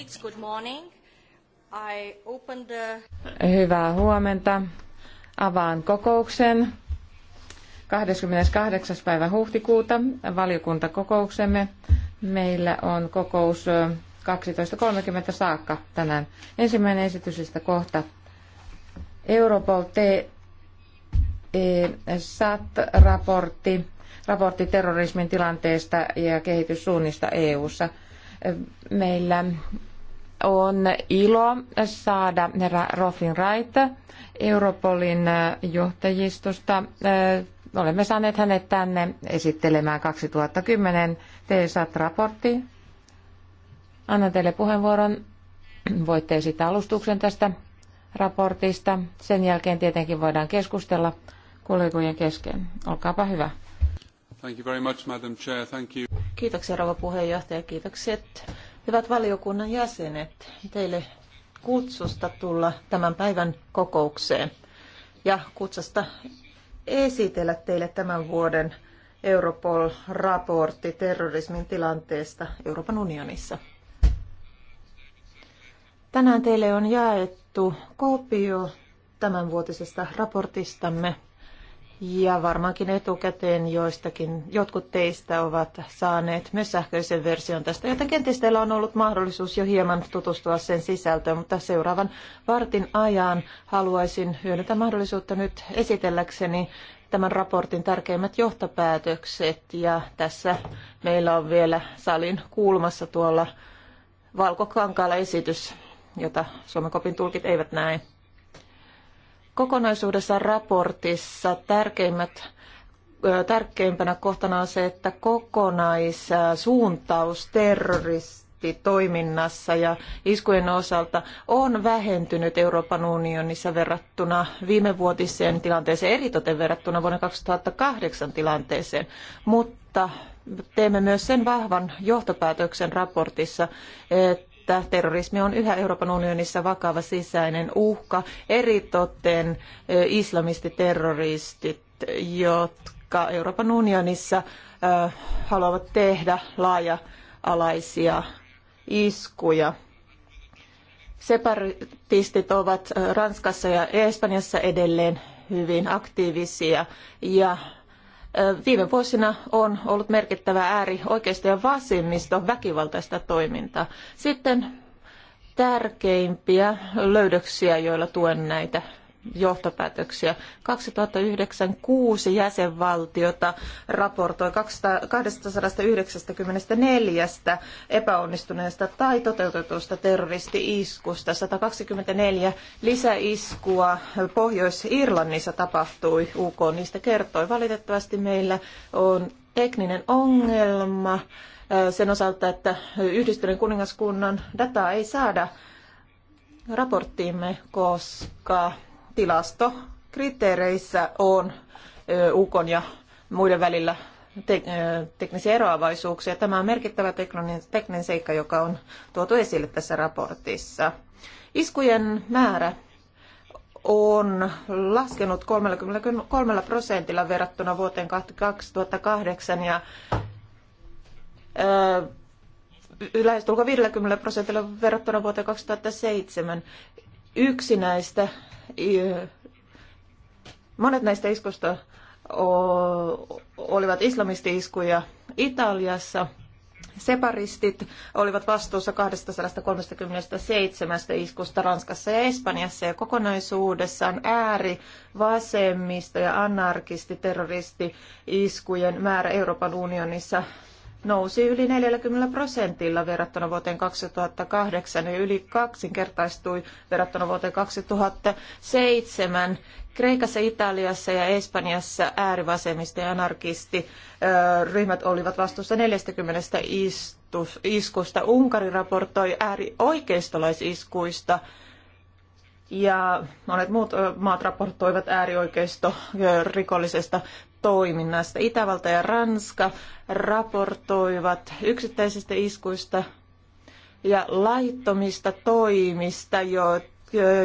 colleagues, good morning. I open the... Hyvää huomenta. Avaan kokouksen. 28. päivä huhtikuuta valiokuntakokouksemme. Meillä on kokous 12.30 saakka tänään. Ensimmäinen esityslistä kohta. Europol T e SAT-raportti, raportti terrorismin tilanteesta ja kehityssuunnista EU:ssa. Meillä on ilo saada herra Rofin Wright Europolin äh, johtajistosta. Äh, olemme saaneet hänet tänne esittelemään 2010 TESAT-raportti. Annan teille puheenvuoron. Voitte esittää alustuksen tästä raportista. Sen jälkeen tietenkin voidaan keskustella kollegojen kesken. Olkaapa hyvä. Thank you very much, Madam Chair. Thank you. Kiitoksia rouva puheenjohtaja. Kiitokset Hyvät valiokunnan jäsenet, teille kutsusta tulla tämän päivän kokoukseen ja kutsusta esitellä teille tämän vuoden Europol-raportti terrorismin tilanteesta Euroopan unionissa. Tänään teille on jaettu kopio tämänvuotisesta raportistamme – ja varmaankin etukäteen joistakin, jotkut teistä ovat saaneet myös sähköisen version tästä, joten kenties teillä on ollut mahdollisuus jo hieman tutustua sen sisältöön, mutta seuraavan vartin ajan haluaisin hyödyntää mahdollisuutta nyt esitelläkseni tämän raportin tärkeimmät johtopäätökset. Ja tässä meillä on vielä salin kulmassa tuolla valkokankaalla esitys, jota Suomen kopin tulkit eivät näe. Kokonaisuudessaan raportissa tärkeimmät tärkeimpänä kohtana on se, että kokonaissuuntaus terroristitoiminnassa ja iskujen osalta on vähentynyt Euroopan unionissa verrattuna viime vuotiseen tilanteeseen, eritoten verrattuna vuonna 2008 tilanteeseen, mutta teemme myös sen vahvan johtopäätöksen raportissa, että että terrorismi on yhä Euroopan unionissa vakava sisäinen uhka, eritoten islamistiterroristit, jotka Euroopan unionissa haluavat tehdä laaja-alaisia iskuja. Separatistit ovat Ranskassa ja Espanjassa edelleen hyvin aktiivisia ja Viime vuosina on ollut merkittävä ääri oikeisto ja vasemmisto väkivaltaista toimintaa. Sitten tärkeimpiä löydöksiä, joilla tuen näitä johtopäätöksiä. 2009 kuusi jäsenvaltiota raportoi 294 epäonnistuneesta tai toteutetusta terroristi-iskusta. 124 lisäiskua Pohjois-Irlannissa tapahtui. UK niistä kertoi. Valitettavasti meillä on tekninen ongelma äh, sen osalta, että yhdistyneen kuningaskunnan dataa ei saada raporttiimme, koska tilastokriteereissä on Ukon ja muiden välillä teknisiä eroavaisuuksia. Tämä on merkittävä tekninen, tekninen seikka, joka on tuotu esille tässä raportissa. Iskujen määrä on laskenut 33 prosentilla verrattuna vuoteen 2008 ja lähestulkoon 50 prosentilla verrattuna vuoteen 2007 yksi näistä, monet näistä iskusta olivat islamistiiskuja iskuja Italiassa. Separistit olivat vastuussa 237 iskusta Ranskassa ja Espanjassa ja kokonaisuudessaan ääri, vasemmista ja anarkisti terroristi iskujen määrä Euroopan unionissa nousi yli 40 prosentilla verrattuna vuoteen 2008 ja yli kaksinkertaistui verrattuna vuoteen 2007. Kreikassa, Italiassa ja Espanjassa äärivasemmisto ja ryhmät olivat vastuussa 40 iskusta. Unkari raportoi äärioikeistolaisiskuista ja monet muut maat raportoivat äärioikeisto rikollisesta toiminnasta. Itävalta ja Ranska raportoivat yksittäisistä iskuista ja laittomista toimista, jo,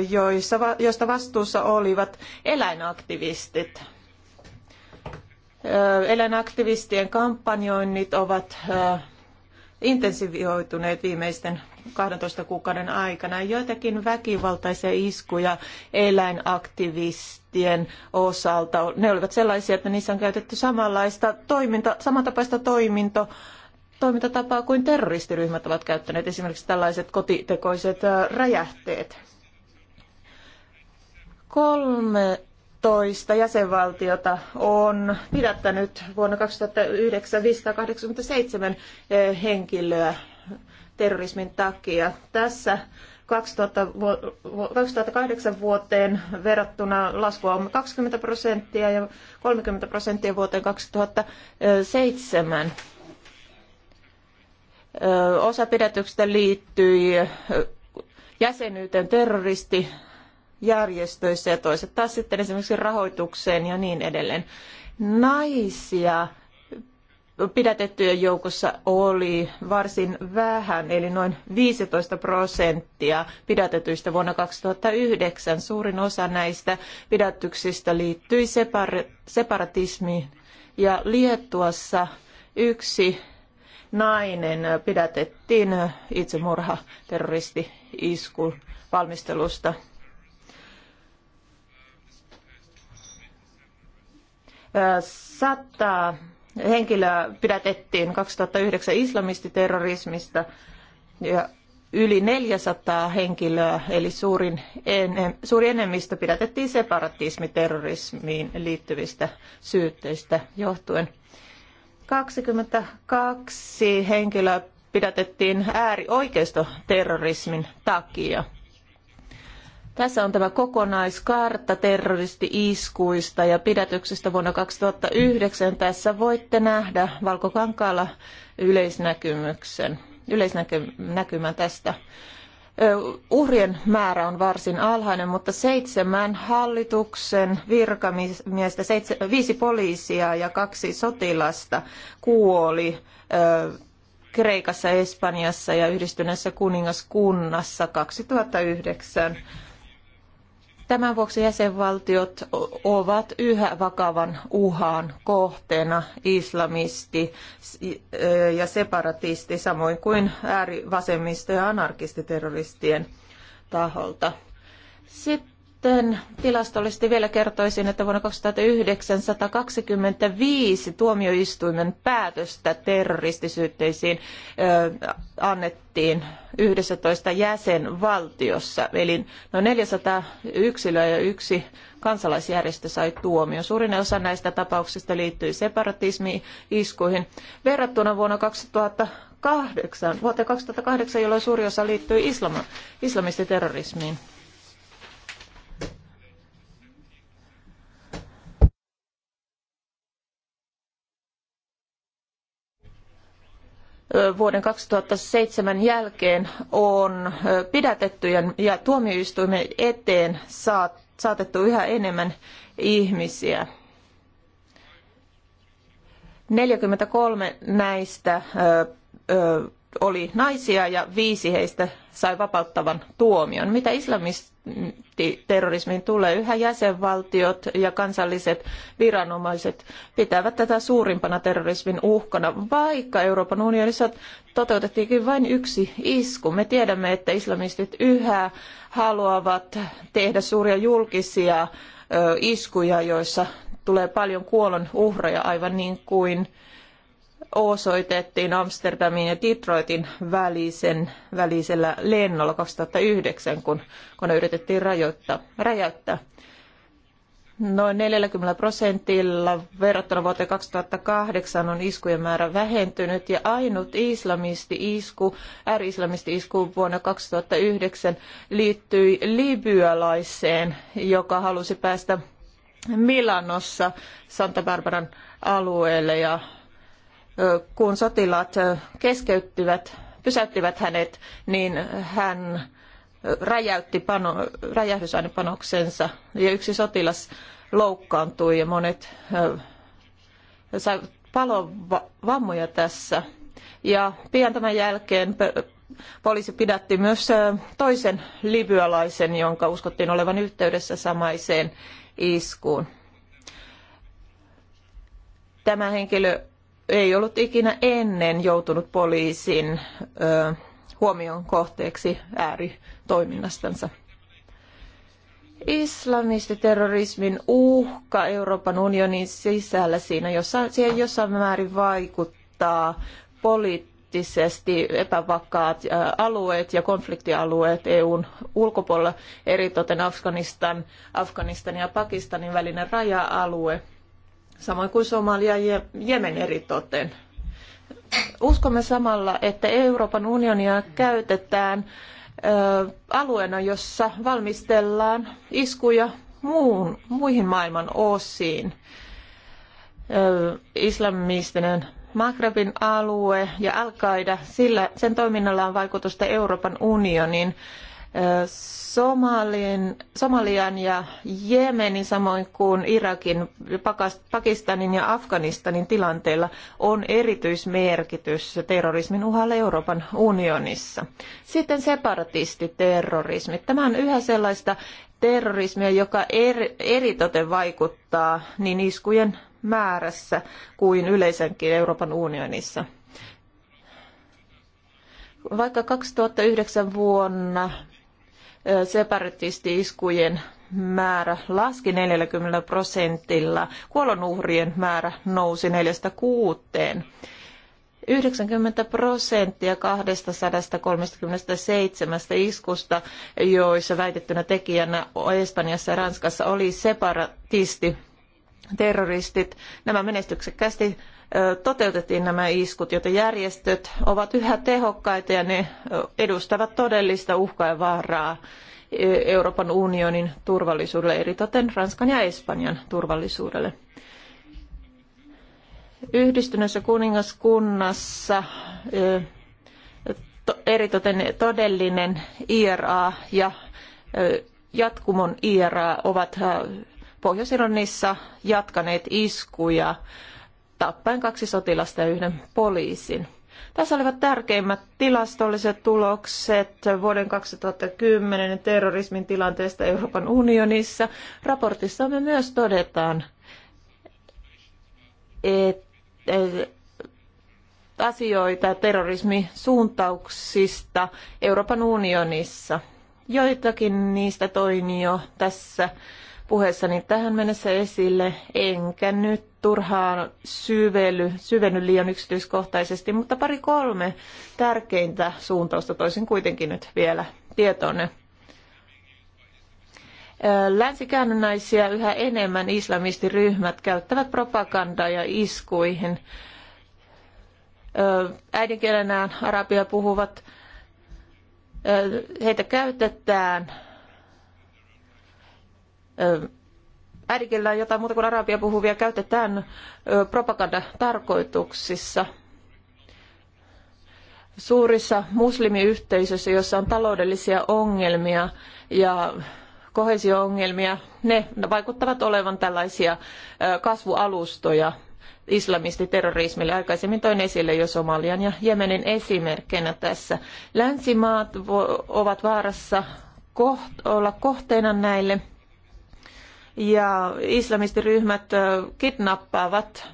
joissa, joista vastuussa olivat eläinaktivistit. Eläinaktivistien kampanjoinnit ovat intensivioituneet viimeisten 12 kuukauden aikana joitakin väkivaltaisia iskuja eläinaktivistien osalta. Ne olivat sellaisia, että niissä on käytetty samanlaista toiminta, samantapaista toiminto, toimintatapaa kuin terroristiryhmät ovat käyttäneet, esimerkiksi tällaiset kotitekoiset räjähteet. 13 jäsenvaltiota on pidättänyt vuonna 2009 587 henkilöä terrorismin takia. Tässä 2008 vuoteen verrattuna laskua on 20 prosenttia ja 30 prosenttia vuoteen 2007. Osa pidätyksistä liittyi jäsenyyteen terroristijärjestöissä ja toiset taas sitten esimerkiksi rahoitukseen ja niin edelleen. Naisia pidätettyjen joukossa oli varsin vähän, eli noin 15 prosenttia pidätetyistä vuonna 2009. Suurin osa näistä pidätyksistä liittyi separ- separatismiin ja Liettuassa yksi nainen pidätettiin itsemurha terroristi-iskun valmistelusta. Sata henkilöä pidätettiin 2009 islamistiterrorismista ja yli 400 henkilöä, eli suurin en, suuri enemmistö pidätettiin separatismiterrorismiin liittyvistä syytteistä johtuen. 22 henkilöä pidätettiin äärioikeistoterrorismin takia. Tässä on tämä kokonaiskartta terroristi-iskuista ja pidätyksistä vuonna 2009. Tässä voitte nähdä valkokankaalla yleisnäkymyksen, yleisnäkymän tästä. Uhrien määrä on varsin alhainen, mutta seitsemän hallituksen virkamiestä, viisi poliisia ja kaksi sotilasta kuoli Kreikassa, Espanjassa ja yhdistyneessä kuningaskunnassa 2009 Tämän vuoksi jäsenvaltiot ovat yhä vakavan uhan kohteena islamisti ja separatisti, samoin kuin äärivasemmisto- ja anarkistiterroristien taholta. Sitten sitten tilastollisesti vielä kertoisin, että vuonna 2009 125 tuomioistuimen päätöstä terroristisyytteisiin annettiin 11 jäsenvaltiossa. Eli noin 400 yksilöä ja yksi kansalaisjärjestö sai tuomion. Suurin osa näistä tapauksista liittyi separatismi-iskuihin. Verrattuna vuonna 2008, vuoteen 2008, jolloin suuri osa liittyi islam, islamistiterrorismiin. vuoden 2007 jälkeen on pidätettyjen ja tuomioistuimen eteen saatettu yhä enemmän ihmisiä. 43 näistä oli naisia ja viisi heistä sai vapauttavan tuomion. Mitä islamistiterrorismiin tulee, yhä jäsenvaltiot ja kansalliset viranomaiset pitävät tätä suurimpana terrorismin uhkana, vaikka Euroopan unionissa toteutettiinkin vain yksi isku. Me tiedämme, että islamistit yhä haluavat tehdä suuria julkisia iskuja, joissa tulee paljon kuolon uhreja, aivan niin kuin osoitettiin Amsterdamin ja Detroitin välisen, välisellä lennolla 2009, kun kone yritettiin rajoittaa, räjäyttää. Noin 40 prosentilla verrattuna vuoteen 2008 on iskujen määrä vähentynyt ja ainut islamisti-isku, ääri-islamisti-isku vuonna 2009 liittyi libyalaiseen, joka halusi päästä Milanossa Santa Barbaran alueelle ja kun sotilaat keskeyttivät, pysäyttivät hänet, niin hän räjäytti pano, räjähdysainepanoksensa ja yksi sotilas loukkaantui ja monet saivat palovammoja tässä. Ja pian tämän jälkeen poliisi pidätti myös toisen libyalaisen, jonka uskottiin olevan yhteydessä samaiseen iskuun. Tämä henkilö ei ollut ikinä ennen joutunut poliisin ö, huomion kohteeksi ääritoiminnastansa. Islamistiterrorismin uhka Euroopan unionin sisällä siinä jossain, siihen jossain määrin vaikuttaa poliittisesti epävakaat alueet ja konfliktialueet EUn ulkopuolella, eritoten Afganistan, Afganistan ja Pakistanin välinen raja-alue – samoin kuin Somalia ja Jemen eri toten. Uskomme samalla, että Euroopan unionia käytetään alueena, jossa valmistellaan iskuja muun, muihin maailman osiin. Islamistinen Maghrebin alue ja Al-Qaida, sillä sen toiminnalla on vaikutusta Euroopan unionin Somalin, Somalian ja Jemenin samoin kuin Irakin, Pakistanin ja Afganistanin tilanteilla on erityismerkitys terrorismin uhalle Euroopan unionissa. Sitten separatistiterrorismi. Tämä on yhä sellaista terrorismia, joka er, eritoten vaikuttaa niin iskujen määrässä kuin yleensäkin Euroopan unionissa. Vaikka 2009 vuonna separatisti-iskujen määrä laski 40 prosentilla, kuolonuhrien määrä nousi neljästä kuuteen. 90 prosenttia 237 iskusta, joissa väitettynä tekijänä Espanjassa ja Ranskassa oli separatisti terroristit. Nämä menestyksekkäästi toteutettiin nämä iskut, joten järjestöt ovat yhä tehokkaita ja ne edustavat todellista uhkaa ja vaaraa Euroopan unionin turvallisuudelle, eritoten Ranskan ja Espanjan turvallisuudelle. Yhdistyneessä kuningaskunnassa eritoten todellinen IRA ja jatkumon IRA ovat Pohjois-Irlannissa jatkaneet iskuja tappaen kaksi sotilasta ja yhden poliisin. Tässä olivat tärkeimmät tilastolliset tulokset vuoden 2010 terrorismin tilanteesta Euroopan unionissa. me myös todetaan, että asioita terrorismisuuntauksista Euroopan unionissa. Joitakin niistä toin jo tässä puheessani tähän mennessä esille, enkä nyt turhaan syvely, syvenny liian yksityiskohtaisesti, mutta pari kolme tärkeintä suuntausta toisin kuitenkin nyt vielä tietoinen. Länsikäännönnäisiä yhä enemmän islamistiryhmät käyttävät propagandaa ja iskuihin. Äidinkielenään arabia puhuvat, heitä käytetään äidinkielellään jotain muuta kuin arabia puhuvia käytetään propagandatarkoituksissa. Suurissa muslimiyhteisöissä, joissa on taloudellisia ongelmia ja kohesio-ongelmia, ne vaikuttavat olevan tällaisia kasvualustoja islamistiterrorismille. Aikaisemmin toin esille jo Somalian ja Jemenin esimerkkinä tässä. Länsimaat ovat vaarassa olla kohteena näille ja islamistiryhmät kidnappaavat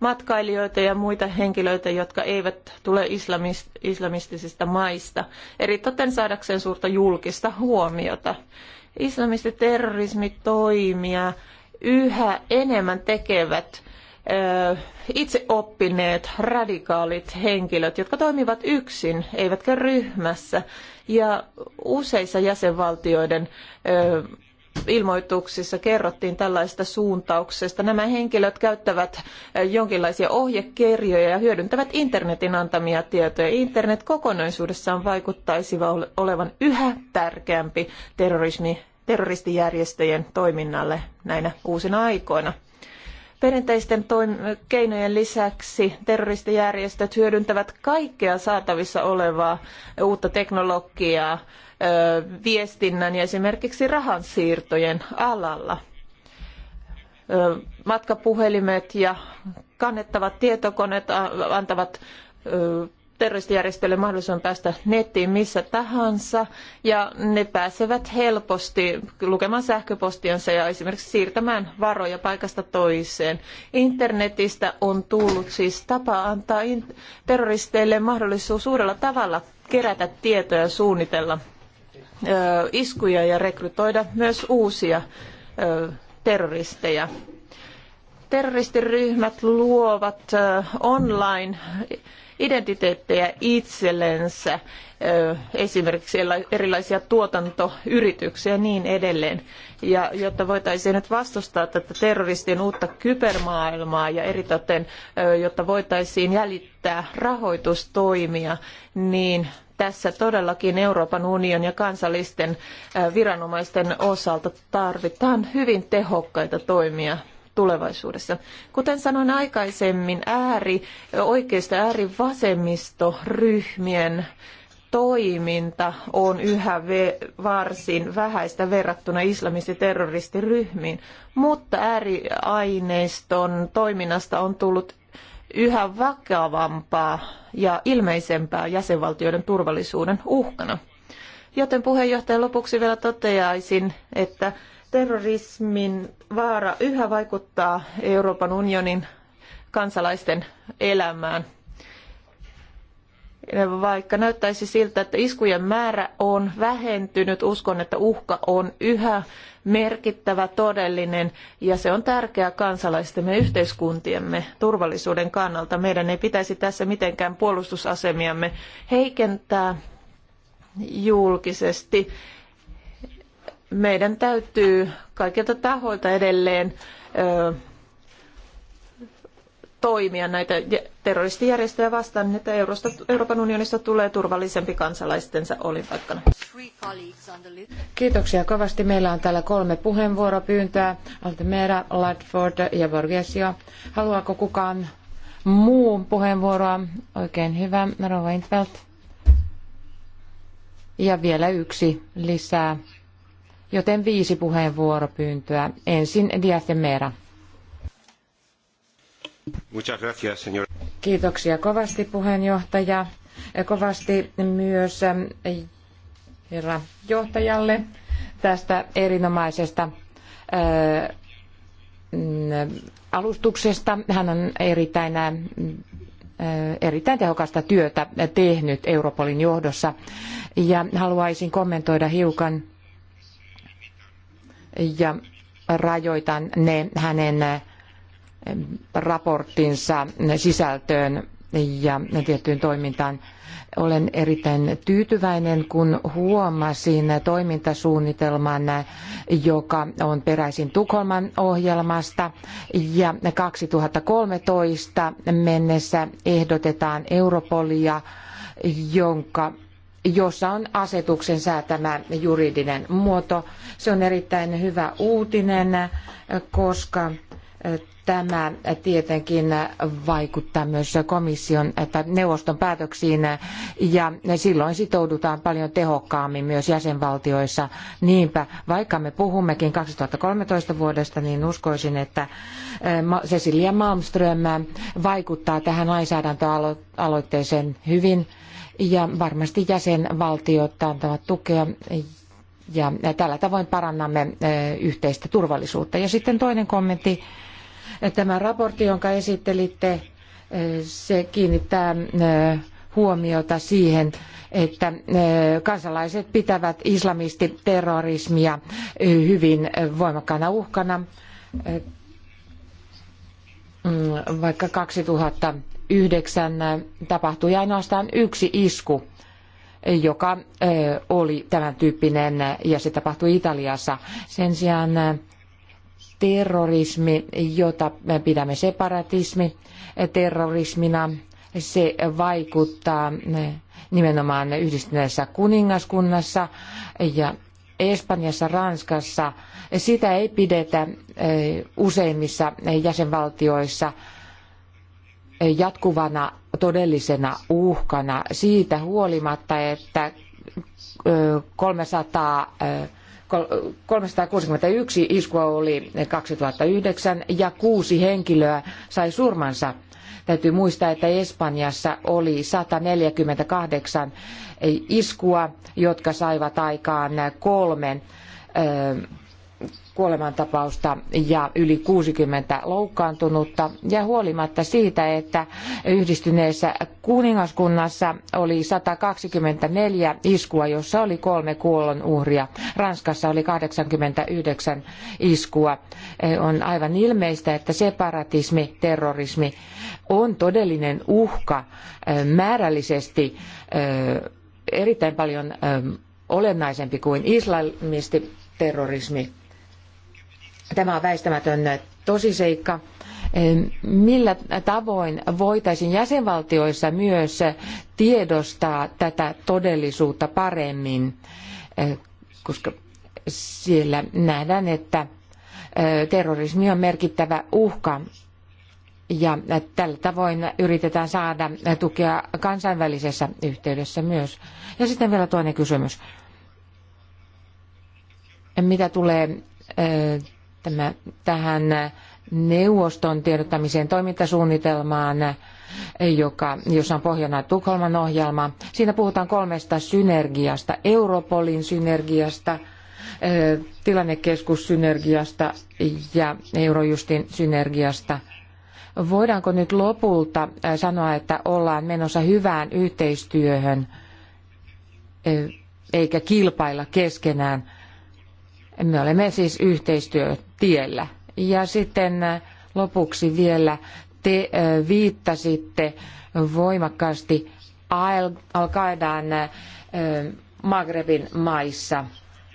matkailijoita ja muita henkilöitä, jotka eivät tule islamist, islamistisista maista, eritoten saadakseen suurta julkista huomiota. Islamistiterrorismitoimia yhä enemmän tekevät itse oppineet radikaalit henkilöt, jotka toimivat yksin, eivätkä ryhmässä. Ja useissa jäsenvaltioiden ilmoituksissa kerrottiin tällaista suuntauksesta. Nämä henkilöt käyttävät eh, jonkinlaisia ohjekirjoja ja hyödyntävät internetin antamia tietoja. Internet kokonaisuudessaan vaikuttaisi olevan yhä tärkeämpi terrorismi, terroristijärjestöjen toiminnalle näinä uusina aikoina. Perinteisten toim- keinojen lisäksi terroristijärjestöt hyödyntävät kaikkea saatavissa olevaa uutta teknologiaa viestinnän ja esimerkiksi rahansiirtojen alalla. Matkapuhelimet ja kannettavat tietokoneet antavat terroristijärjestöille mahdollisuuden päästä nettiin missä tahansa ja ne pääsevät helposti lukemaan sähköpostiansa ja esimerkiksi siirtämään varoja paikasta toiseen. Internetistä on tullut siis tapa antaa terroristeille mahdollisuus uudella tavalla kerätä tietoja ja suunnitella iskuja ja rekrytoida myös uusia terroristeja terroristiryhmät luovat online identiteettejä itsellensä, esimerkiksi erilaisia tuotantoyrityksiä ja niin edelleen. Ja jotta voitaisiin nyt vastustaa tätä terroristien uutta kybermaailmaa ja eritoten, jotta voitaisiin jäljittää rahoitustoimia, niin tässä todellakin Euroopan unionin ja kansallisten viranomaisten osalta tarvitaan hyvin tehokkaita toimia tulevaisuudessa. Kuten sanoin aikaisemmin, ääri oikeista ääri vasemmistoryhmien toiminta on yhä varsin vähäistä verrattuna islamistiterroristiryhmiin, mutta ääriaineiston toiminnasta on tullut yhä vakavampaa ja ilmeisempää jäsenvaltioiden turvallisuuden uhkana. Joten puheenjohtajan lopuksi vielä toteaisin, että Terrorismin vaara yhä vaikuttaa Euroopan unionin kansalaisten elämään. Vaikka näyttäisi siltä, että iskujen määrä on vähentynyt, uskon, että uhka on yhä merkittävä, todellinen ja se on tärkeä kansalaistemme yhteiskuntiemme turvallisuuden kannalta. Meidän ei pitäisi tässä mitenkään puolustusasemiamme heikentää julkisesti meidän täytyy kaikilta tahoilta edelleen ö, toimia näitä terroristijärjestöjä vastaan, niin että Eurosta, Euroopan unionista tulee turvallisempi kansalaistensa olinpaikkana. Kiitoksia kovasti. Meillä on täällä kolme puheenvuoropyyntöä. Altemera, Ladford ja Borgesio. Haluaako kukaan muu puheenvuoroa? Oikein hyvä. Rova Intvelt. Ja vielä yksi lisää joten viisi puheenvuoropyyntöä. Ensin Diaz de Mera. Kiitoksia kovasti puheenjohtaja. Kovasti myös ähm, herra johtajalle tästä erinomaisesta äh, alustuksesta. Hän on erittäin, äh, erittäin tehokasta työtä tehnyt Europolin johdossa ja haluaisin kommentoida hiukan ja rajoitan ne hänen raporttinsa sisältöön ja tiettyyn toimintaan. Olen erittäin tyytyväinen, kun huomasin toimintasuunnitelman, joka on peräisin Tukholman ohjelmasta. Ja 2013 mennessä ehdotetaan Europolia, jonka jossa on asetuksen säätämä juridinen muoto. Se on erittäin hyvä uutinen, koska eh, tämä tietenkin vaikuttaa myös komission että neuvoston päätöksiin ja silloin sitoudutaan paljon tehokkaammin myös jäsenvaltioissa. Niinpä, vaikka me puhummekin 2013 vuodesta, niin uskoisin, että eh, Cecilia Malmström vaikuttaa tähän lainsäädäntöaloitteeseen hyvin ja varmasti jäsenvaltiot antavat tukea ja tällä tavoin parannamme eh, yhteistä turvallisuutta. Ja sitten toinen kommentti. Tämä raportti, jonka esittelitte, eh, se kiinnittää eh, huomiota siihen, että kansalaiset pitävät islamistiterrorismia hyvin voimakkaana uhkana. Mm, vaikka 2000 yhdeksän tapahtui ainoastaan yksi isku, joka oli tämän tyyppinen ja se tapahtui Italiassa. Sen sijaan terrorismi, jota me pidämme separatismi terrorismina, se vaikuttaa nimenomaan yhdistyneessä kuningaskunnassa ja Espanjassa, Ranskassa. Sitä ei pidetä useimmissa jäsenvaltioissa jatkuvana todellisena uhkana siitä huolimatta, että 300 361 iskua oli 2009 ja kuusi henkilöä sai surmansa. Täytyy muistaa, että Espanjassa oli 148 iskua, jotka saivat aikaan kolmen kuolemantapausta ja yli 60 loukkaantunutta. Ja huolimatta siitä, että yhdistyneessä kuningaskunnassa oli 124 iskua, jossa oli kolme kuollon uhria. Ranskassa oli 89 iskua. Eh, on aivan ilmeistä, että separatismi, terrorismi on todellinen uhka eh, määrällisesti eh, erittäin paljon olennaisempi kuin islamistiterrorismi. Tämä on väistämätön tosiseikka. Millä tavoin voitaisiin jäsenvaltioissa myös tiedostaa tätä todellisuutta paremmin, koska siellä nähdään, että terrorismi on merkittävä uhka ja tällä tavoin yritetään saada tukea kansainvälisessä yhteydessä myös. Ja sitten vielä toinen kysymys. Mitä tulee tämä, tähän neuvoston tiedottamiseen toimintasuunnitelmaan, joka, jossa on pohjana Tukholman ohjelma. Siinä puhutaan kolmesta synergiasta, Europolin synergiasta, eh, tilannekeskussynergiasta ja Eurojustin synergiasta. Voidaanko nyt lopulta eh, sanoa, että ollaan menossa hyvään yhteistyöhön eh, eikä kilpailla keskenään? Me olemme siis yhteistyötiellä. Ja sitten äh, lopuksi vielä te äh, viittasitte voimakkaasti Al-Qaedan äh, Magrebin maissa,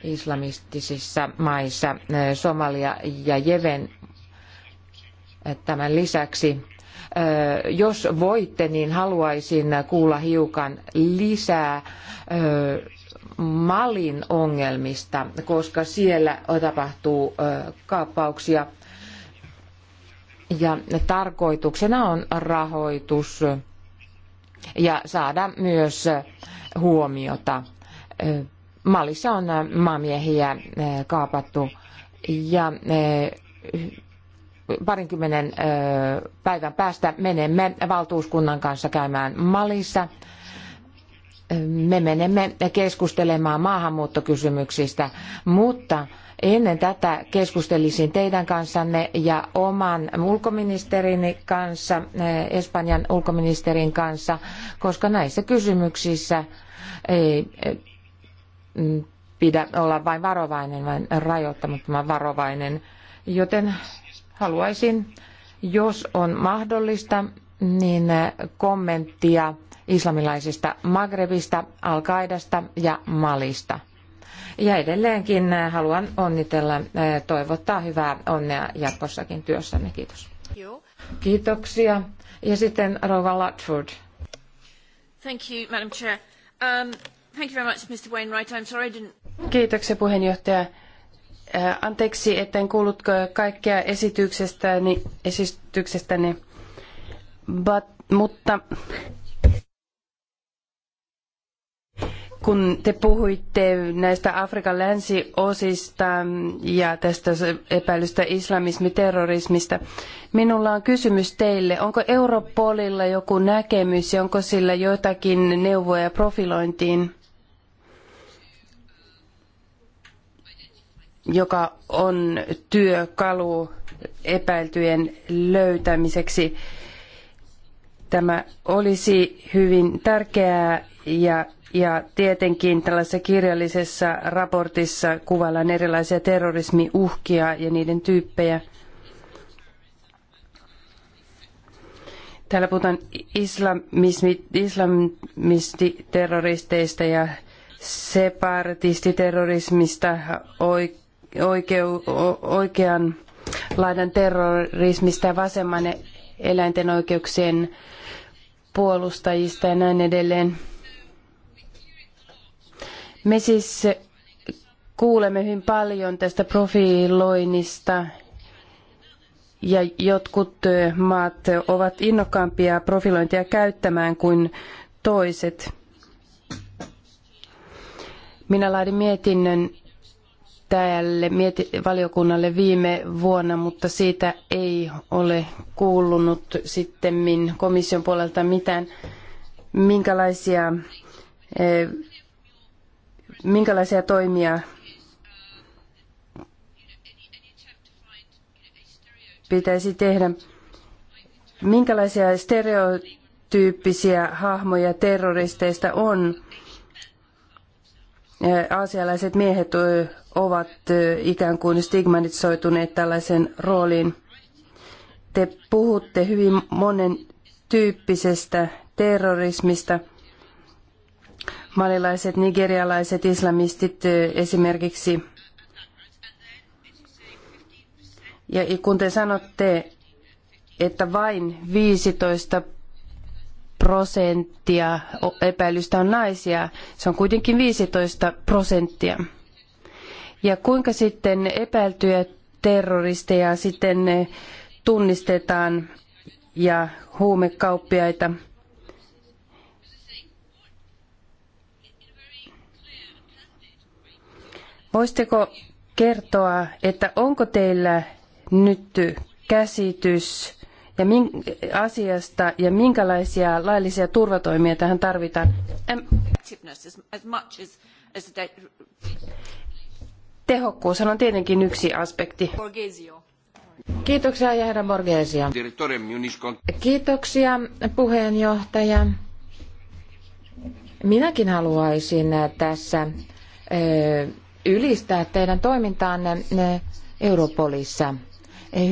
islamistisissa maissa, Somalia ja Jemen tämän lisäksi. Jos voitte, niin haluaisin kuulla hiukan lisää Malin ongelmista, koska siellä tapahtuu kaappauksia ja tarkoituksena on rahoitus ja saada myös huomiota. Malissa on maamiehiä kaapattu ja parinkymmenen päivän päästä menemme valtuuskunnan kanssa käymään Malissa me menemme keskustelemaan maahanmuuttokysymyksistä, mutta ennen tätä keskustelisin teidän kanssanne ja oman ulkoministerini kanssa, eh, Espanjan ulkoministerin kanssa, koska näissä kysymyksissä ei eh, pidä olla vain varovainen, vaan rajoittamattoman varovainen. Joten haluaisin, jos on mahdollista, niin eh, kommenttia islamilaisista Magrebista, Al-Qaidasta ja Malista. Ja edelleenkin äh, haluan onnitella, äh, toivottaa hyvää onnea jatkossakin työssänne. Kiitos. Kiitoksia. Ja sitten Rova Lutford. Thank you, Madam Chair. Um, thank you very much, Mr. Wainwright. I'm sorry I didn't... Kiitoksia puheenjohtaja. Äh, anteeksi, etten kuullut kaikkea esityksestäni, esityksestäni but, mutta kun te puhuitte näistä Afrikan länsiosista ja tästä epäilystä islamismiterrorismista, minulla on kysymys teille. Onko Europolilla joku näkemys ja onko sillä jotakin neuvoja profilointiin, joka on työkalu epäiltyjen löytämiseksi? Tämä olisi hyvin tärkeää ja ja tietenkin tällaisessa kirjallisessa raportissa kuvaillaan erilaisia terrorismiuhkia ja niiden tyyppejä. Täällä puhutaan islamistiterroristeista ja separatistiterrorismista, oikeu, oikean laidan terrorismista ja vasemman eläinten oikeuksien puolustajista ja näin edelleen. Me siis kuulemme hyvin paljon tästä profiloinnista ja jotkut maat ovat innokkaampia profilointia käyttämään kuin toiset. Minä laadin mietinnön tälle mieti- valiokunnalle viime vuonna, mutta siitä ei ole kuulunut sitten komission puolelta mitään, minkälaisia eh, minkälaisia toimia pitäisi tehdä, minkälaisia stereotyyppisiä hahmoja terroristeista on. Aasialaiset miehet ovat ikään kuin stigmatisoituneet tällaisen rooliin. Te puhutte hyvin monen tyyppisestä terrorismista – malilaiset, nigerialaiset islamistit esimerkiksi. Ja kun te sanotte, että vain 15 prosenttia epäilystä on naisia, se on kuitenkin 15 prosenttia. Ja kuinka sitten epäiltyjä terroristeja sitten tunnistetaan ja huumekauppiaita? Voisitteko kertoa, että onko teillä nyt käsitys ja min, asiasta ja minkälaisia laillisia turvatoimia tähän tarvitaan? Tehokkuus on tietenkin yksi aspekti. Kiitoksia Jahda Borgesia. Kiitoksia puheenjohtaja. Minäkin haluaisin tässä eh, ylistää teidän toimintaanne eh, Europolissa.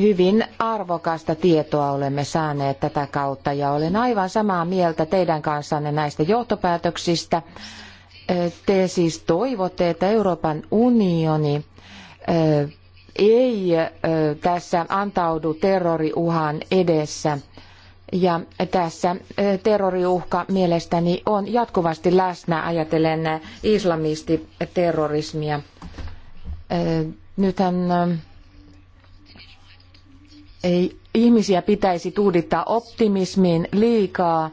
Hyvin arvokasta tietoa olemme saaneet tätä kautta ja olen aivan samaa mieltä teidän kanssanne näistä johtopäätöksistä. Eh, te siis toivotte, että Euroopan unioni eh, ei tässä antaudu terroriuhan edessä – ja tässä terroriuhka mielestäni on jatkuvasti läsnä ajatellen islamistiterrorismia. Nythän ei ihmisiä pitäisi tuudittaa optimismiin liikaa,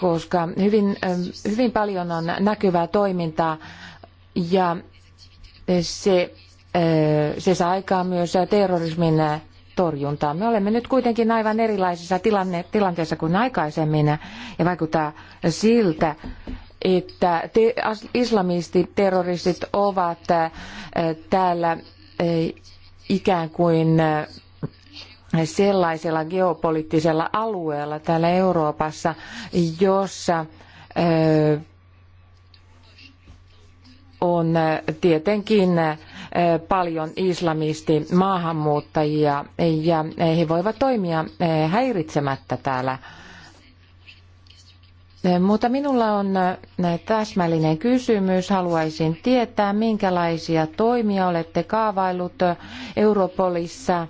koska hyvin, hyvin paljon on näkyvää toimintaa ja se, se saa aikaan myös terrorismin torjuntaa. Me olemme nyt kuitenkin aivan erilaisessa tilanne, tilanteessa kuin aikaisemmin ja vaikuttaa siltä, että te, islamistit, terroristit ovat äh, täällä äh, ikään kuin äh, sellaisella geopoliittisella alueella täällä Euroopassa, jossa on äh, tietenkin äh, paljon islamisti maahanmuuttajia ja äh, he voivat toimia häiritsemättä täällä. Mutta minulla on täsmällinen kysymys. Haluaisin tietää, minkälaisia toimia olette kaavaillut Europolissa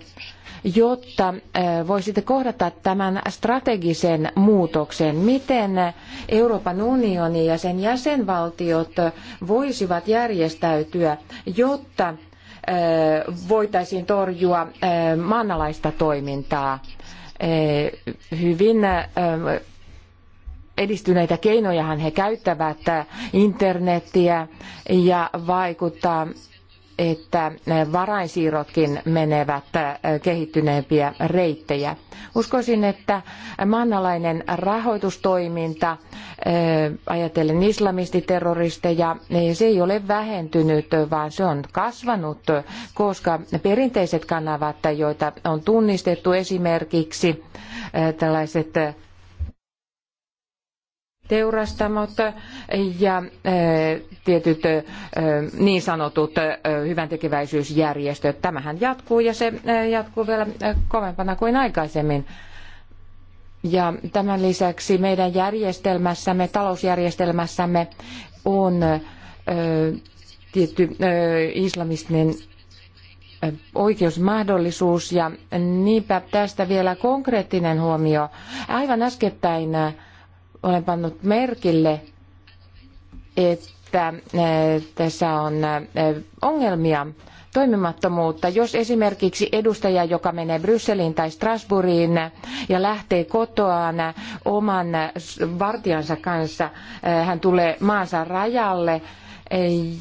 jotta eh, voisitte kohdata tämän strategisen muutoksen? Miten Euroopan unioni ja sen jäsenvaltiot voisivat järjestäytyä, jotta eh, voitaisiin torjua eh, maanalaista toimintaa? Hyvin edistyneitä keinojahan he käyttävät internetiä ja vaikuttaa että varainsiirrotkin menevät äh, kehittyneempiä reittejä. Uskoisin, että maanalainen rahoitustoiminta, äh, ajatellen islamistiterroristeja, äh, se ei ole vähentynyt, vaan se on kasvanut, koska perinteiset kanavat, joita on tunnistettu esimerkiksi tällaiset teurastamot ja eh, tietyt eh, niin sanotut eh, hyvän Tämähän jatkuu ja se jatkuu vielä kovempana kuin aikaisemmin. Ja tämän lisäksi meidän järjestelmässämme, talousjärjestelmässämme on tietty islamistinen oikeusmahdollisuus ja niinpä tästä vielä konkreettinen huomio. Aivan äskettäin olen pannut merkille, että eh, tässä on eh, ongelmia toimimattomuutta. Jos esimerkiksi edustaja, joka menee Brysseliin tai Strasbourgiin ja lähtee kotoaan oman vartijansa kanssa, eh, hän tulee maansa rajalle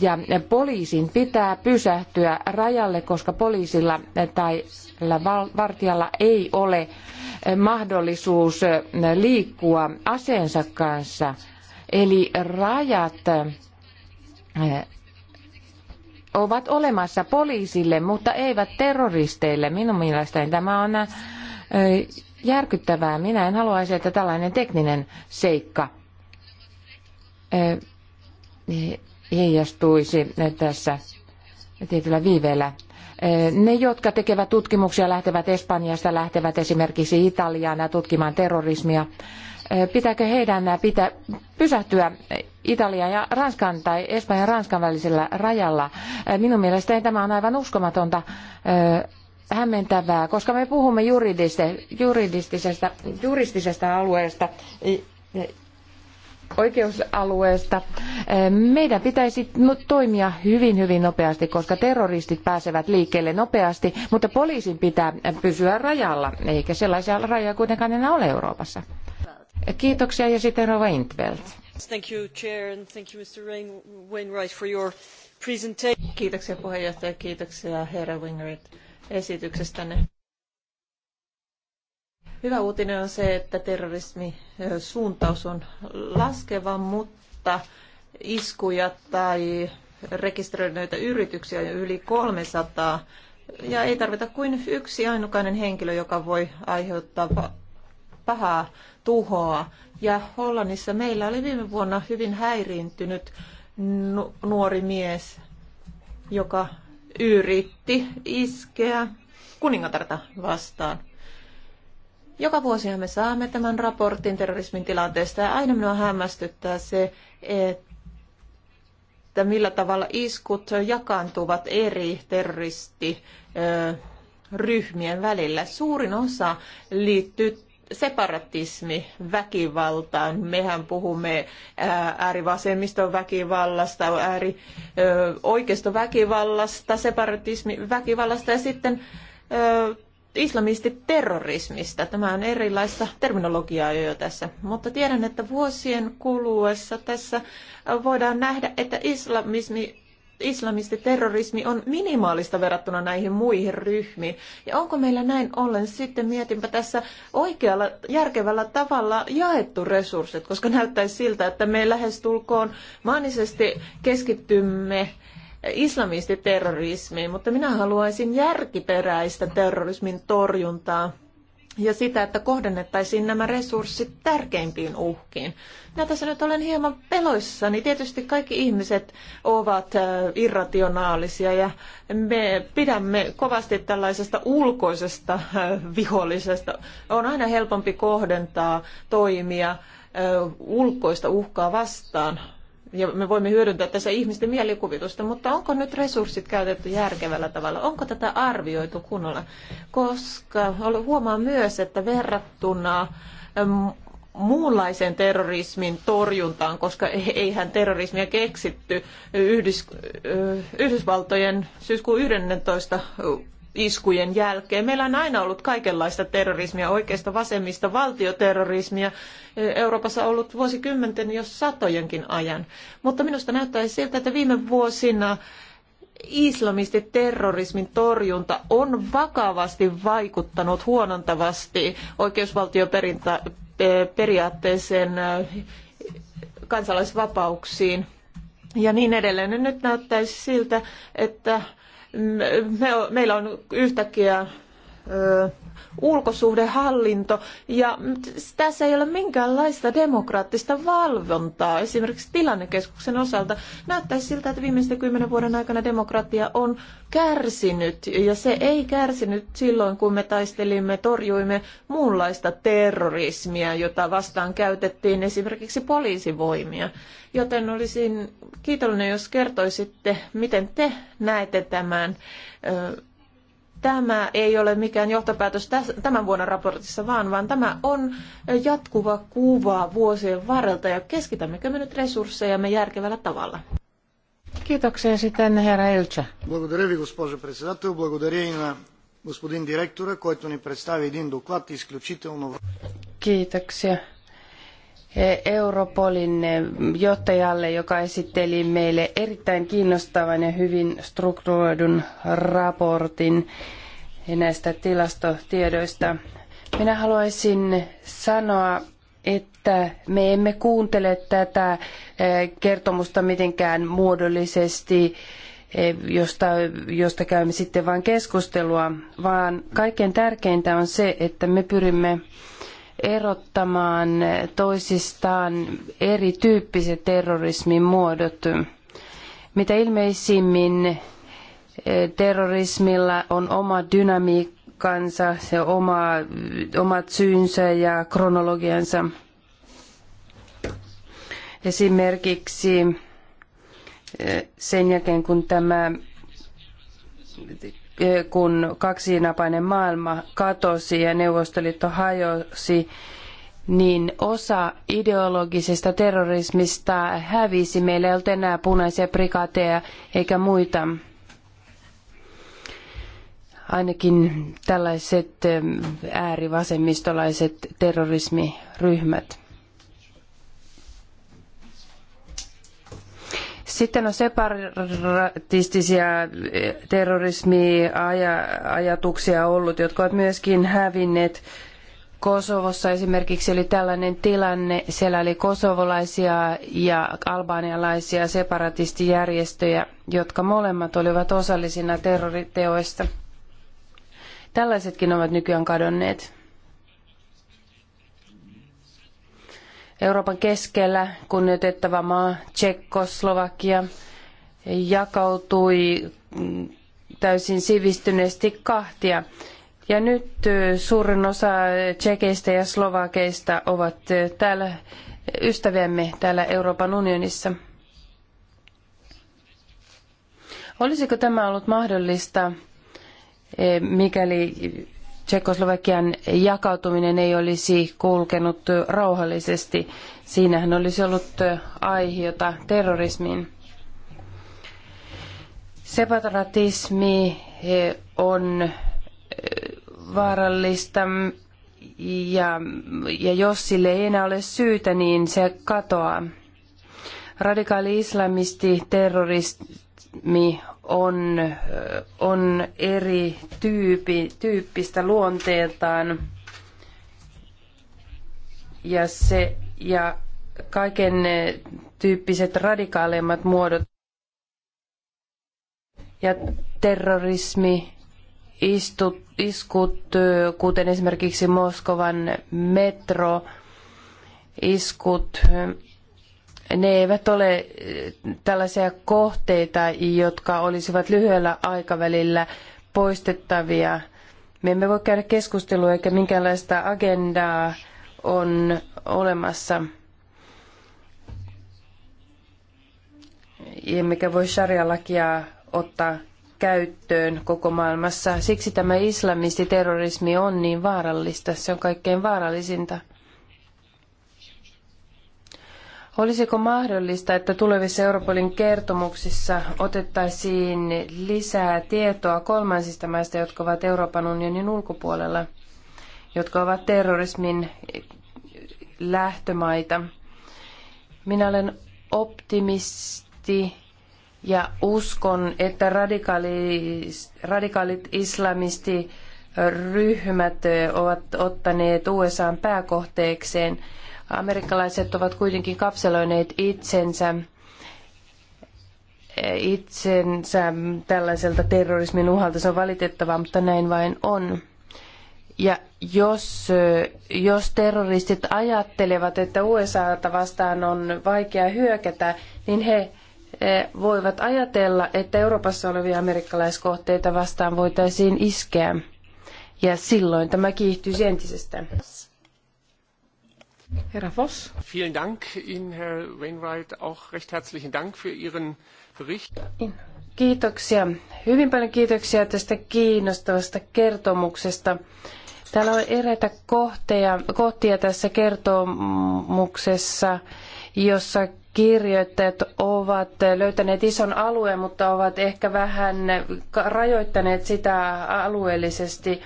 ja poliisin pitää pysähtyä rajalle, koska poliisilla tai vartijalla ei ole mahdollisuus liikkua aseensa kanssa. Eli rajat eh, ovat olemassa poliisille, mutta eivät terroristeille. Minun mielestäni tämä on eh, järkyttävää. Minä en haluaisi, että tällainen tekninen seikka eh, heijastuisi tässä tietyllä viiveellä Eh, ne, jotka tekevät tutkimuksia, lähtevät Espanjasta, lähtevät esimerkiksi Italiaan tutkimaan terrorismia. Eh, Pitääkö heidän pitää pysähtyä Italian ja Ranskan tai Espanjan ja Ranskan välisellä rajalla? Eh, minun mielestäni tämä on aivan uskomatonta hämmentävää, koska me puhumme juridiste, juridistisesta, juristisesta alueesta, oikeusalueesta. Meidän pitäisi no, toimia hyvin, hyvin nopeasti, koska terroristit pääsevät liikkeelle nopeasti, mutta poliisin pitää pysyä rajalla, eikä sellaisia rajoja kuitenkaan enää ole Euroopassa. Kiitoksia ja sitten Rova Intveld. Thank you, Chair, and thank you, Mr. Wainwright, for your presentation. Kiitoksia puheenjohtaja, kiitoksia herra Wainwright esityksestänne. Hyvä uutinen on se, että terrorismisuuntaus on laskeva, mutta iskuja tai rekisteröityneitä yrityksiä on yli 300. Ja ei tarvita kuin yksi ainokainen henkilö, joka voi aiheuttaa pahaa tuhoa. Ja Hollannissa meillä oli viime vuonna hyvin häiriintynyt nuori mies, joka yritti iskeä kuningatarta vastaan. Joka vuosihan me saamme tämän raportin terrorismin tilanteesta ja aina minua hämmästyttää se, että millä tavalla iskut jakaantuvat eri terroristiryhmien välillä. Suurin osa liittyy separatismi väkivaltaan. Mehän puhumme äärivasemmiston väkivallasta, ääri oikeistoväkivallasta, separatismi väkivallasta ja sitten islamistiterrorismista. Tämä on erilaista terminologiaa jo tässä, mutta tiedän, että vuosien kuluessa tässä voidaan nähdä, että islamismi islamistiterrorismi on minimaalista verrattuna näihin muihin ryhmiin. Ja onko meillä näin ollen sitten, mietinpä tässä oikealla, järkevällä tavalla jaettu resurssit, koska näyttäisi siltä, että me lähestulkoon maanisesti keskittymme islamistiterrorismiin, mutta minä haluaisin järkiperäistä terrorismin torjuntaa ja sitä, että kohdennettaisiin nämä resurssit tärkeimpiin uhkiin. Minä tässä nyt olen hieman peloissani. Tietysti kaikki ihmiset ovat äh, irrationaalisia ja me pidämme kovasti tällaisesta ulkoisesta äh, vihollisesta. On aina helpompi kohdentaa toimia äh, ulkoista uhkaa vastaan ja me voimme hyödyntää tässä ihmisten mielikuvitusta, mutta onko nyt resurssit käytetty järkevällä tavalla? Onko tätä arvioitu kunnolla? Koska huomaa myös, että verrattuna muunlaisen terrorismin torjuntaan, koska e- eihän terrorismia keksitty Yhdys, Yhdysvaltojen syyskuun 11 iskujen jälkeen. Meillä on aina ollut kaikenlaista terrorismia, oikeasta vasemmista valtioterrorismia. Euroopassa on ollut vuosikymmenten, jos satojenkin ajan. Mutta minusta näyttää siltä, että viime vuosina islamistiterrorismin torjunta on vakavasti vaikuttanut huonontavasti oikeusvaltioperiaatteeseen, eh, eh, kansalaisvapauksiin ja niin edelleen. nyt näyttäisi siltä, että me, meillä on yhtäkkiä ulkosuhdehallinto ja tässä ei ole minkäänlaista demokraattista valvontaa. Esimerkiksi tilannekeskuksen osalta näyttäisi siltä, että viimeisten kymmenen vuoden aikana demokratia on kärsinyt ja se ei kärsinyt silloin, kun me taistelimme, torjuimme muunlaista terrorismia, jota vastaan käytettiin esimerkiksi poliisivoimia. Joten olisin kiitollinen, jos kertoisitte, miten te näette tämän ö, tämä ei ole mikään johtopäätös tämän vuoden raportissa, vaan, vaan tämä on jatkuva kuva vuosien varrelta ja keskitämmekö me nyt resursseja me järkevällä tavalla. Kiitoksia sitten herra Ilcha. Благодаря ви, госпожо председател. Благодаря и на господин директора, който ни представи един доклад изключително... Kiitoksia Europolin johtajalle, joka esitteli meille erittäin kiinnostavan ja hyvin strukturoidun raportin näistä tilastotiedoista. Minä haluaisin sanoa, että me emme kuuntele tätä eh, kertomusta mitenkään muodollisesti, eh, josta, josta käymme sitten vain keskustelua, vaan kaikkein tärkeintä on se, että me pyrimme erottamaan toisistaan erityyppiset terrorismin muodot. Mitä ilmeisimmin eh, terrorismilla on oma dynamiikkansa, se oma, omat syynsä ja kronologiansa. Esimerkiksi eh, sen jälkeen, kun tämä kun kaksinapainen maailma katosi ja Neuvostoliitto hajosi, niin osa ideologisesta terrorismista hävisi. Meillä ei ollut enää punaisia prikaateja eikä muita. Ainakin tällaiset eh, äärivasemmistolaiset terrorismiryhmät. Sitten on separatistisia eh, terrorismiajatuksia ollut, jotka ovat myöskin hävinneet Kosovossa esimerkiksi oli tällainen tilanne, siellä oli kosovolaisia ja albaanialaisia separatistijärjestöjä, jotka molemmat olivat osallisina terroriteoista. Tällaisetkin ovat nykyään kadonneet. Euroopan keskellä kunnioitettava maa Tsekkoslovakia jakautui mm, täysin sivistyneesti kahtia. Ja nyt suurin osa tsekeistä ja slovakeista ovat täällä ystäviämme täällä Euroopan unionissa. Olisiko tämä ollut mahdollista, e, mikäli Tsekoslovakian jakautuminen ei olisi kulkenut rauhallisesti. Siinähän olisi ollut aihiota terrorismiin. Separatismi on eh, vaarallista ja, ja jos sille ei enää ole syytä, niin se katoaa. Radikaali islamisti terrorismi on, on eri tyypi, tyyppistä luonteeltaan ja, se, ja kaiken tyyppiset radikaaleimmat muodot ja terrorismi, istut, iskut, kuten esimerkiksi Moskovan metro, iskut ne eivät ole eh, tällaisia kohteita, jotka olisivat lyhyellä aikavälillä poistettavia. Me emme voi käydä keskustelua eikä minkäänlaista agendaa on olemassa. Emmekä voi sharia-lakia ottaa käyttöön koko maailmassa. Siksi tämä islamistiterrorismi on niin vaarallista. Se on kaikkein vaarallisinta. Olisiko mahdollista, että tulevissa Europolin kertomuksissa otettaisiin lisää tietoa kolmansista maista, jotka ovat Euroopan unionin ulkopuolella, jotka ovat terrorismin lähtömaita? Minä olen optimisti ja uskon, että radikaalit, radikaalit islamistiryhmät ovat ottaneet USAn pääkohteekseen – Amerikkalaiset ovat kuitenkin kapseloineet itsensä itsensä tällaiselta terrorismin uhalta. Se on valitettavaa, mutta näin vain on. Ja jos, jos terroristit ajattelevat, että USAta vastaan on vaikea hyökätä, niin he voivat ajatella, että Euroopassa olevia amerikkalaiskohteita vastaan voitaisiin iskeä. Ja silloin tämä kiihtyisi entisestään. Herra Voss. Vielen Dank Ihnen, Herr Wainwright, auch recht herzlichen Dank für Ihren Bericht. Kiitoksia. Hyvin paljon kiitoksia tästä kiinnostavasta kertomuksesta. Täällä on eräitä kohteja, kohtia tässä kertomuksessa, jossa kirjoittajat ovat löytäneet ison alueen, mutta ovat ehkä vähän rajoittaneet sitä alueellisesti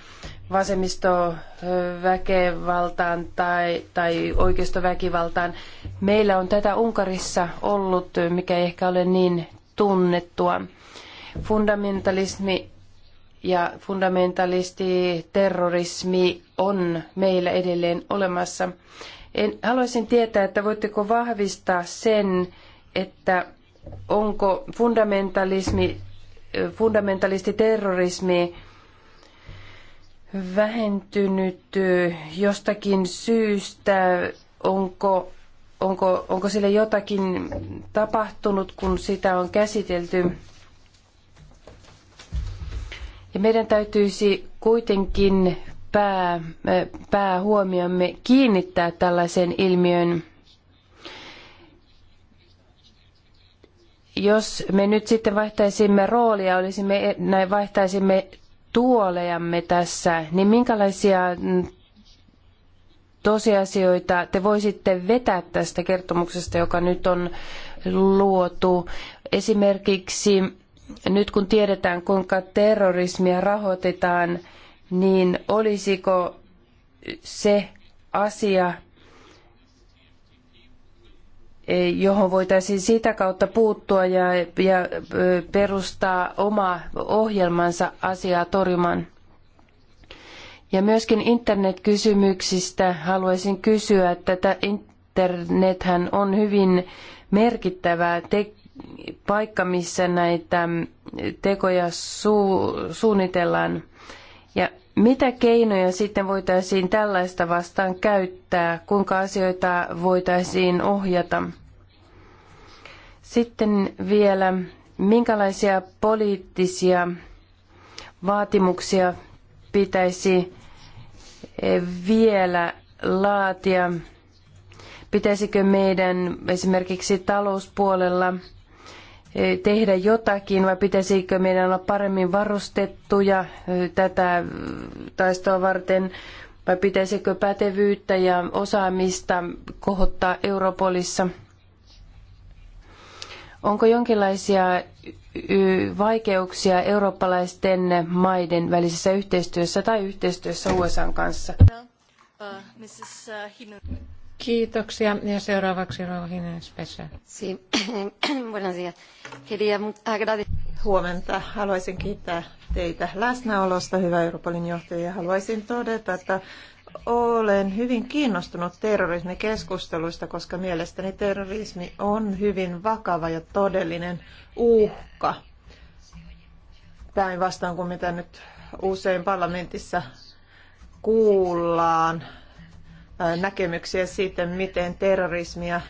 vasemmistoväkevaltaan tai, tai oikeistoväkivaltaan. Meillä on tätä Unkarissa ollut, mikä ei ehkä ole niin tunnettua. Fundamentalismi ja fundamentalisti terrorismi on meillä edelleen olemassa. En, haluaisin tietää, että voitteko vahvistaa sen, että onko fundamentalismi, fundamentalistiterrorismi vähentynyt jostakin syystä, onko, onko, onko sille jotakin tapahtunut, kun sitä on käsitelty. Ja meidän täytyisi kuitenkin pää, päähuomiomme kiinnittää tällaisen ilmiön. Jos me nyt sitten vaihtaisimme roolia, olisimme, näin vaihtaisimme tuolejamme tässä, niin minkälaisia mm, tosiasioita te voisitte vetää tästä kertomuksesta, joka nyt on luotu? Esimerkiksi nyt kun tiedetään, kuinka terrorismia rahoitetaan, niin olisiko se asia, johon voitaisiin sitä kautta puuttua ja, ja perustaa oma ohjelmansa asiaa torjumaan. Ja myöskin internetkysymyksistä haluaisin kysyä, että tätä internethän on hyvin merkittävä te- paikka, missä näitä tekoja su- suunnitellaan. Mitä keinoja sitten voitaisiin tällaista vastaan käyttää? Kuinka asioita voitaisiin ohjata? Sitten vielä, minkälaisia poliittisia vaatimuksia pitäisi eh, vielä laatia? Pitäisikö meidän esimerkiksi talouspuolella tehdä jotakin vai pitäisikö meidän olla paremmin varustettuja tätä taistoa varten vai pitäisikö pätevyyttä ja osaamista kohottaa Europolissa? Onko jonkinlaisia vaikeuksia eurooppalaisten maiden välisessä yhteistyössä tai yhteistyössä USAn kanssa? No, uh, uh, Kiitoksia. Ja seuraavaksi Rohinen Spesä. Buenos días. Quería Huomenta. Haluaisin kiittää teitä läsnäolosta, hyvä Europolin johtaja. Haluaisin todeta, että olen hyvin kiinnostunut terrorismikeskusteluista, koska mielestäni terrorismi on hyvin vakava ja todellinen uhka. Päinvastoin kuin mitä nyt usein parlamentissa kuullaan näkemyksiä siitä, miten terrorismia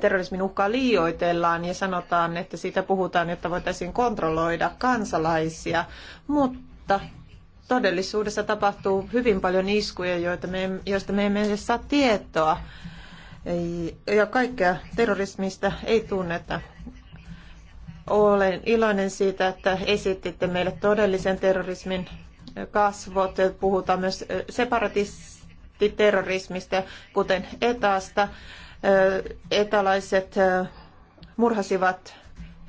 terrorismin uhkaa liioitellaan ja sanotaan, että siitä puhutaan, jotta voitaisiin kontrolloida kansalaisia, mutta todellisuudessa tapahtuu hyvin paljon iskuja, joita me, joista me emme edes saa tietoa. Ja kaikkea terrorismista ei tunneta. Olen iloinen siitä, että esititte meille todellisen terrorismin kasvot. Puhutaan myös separatismista puhutti terrorismista, kuten etaasta. Etalaiset murhasivat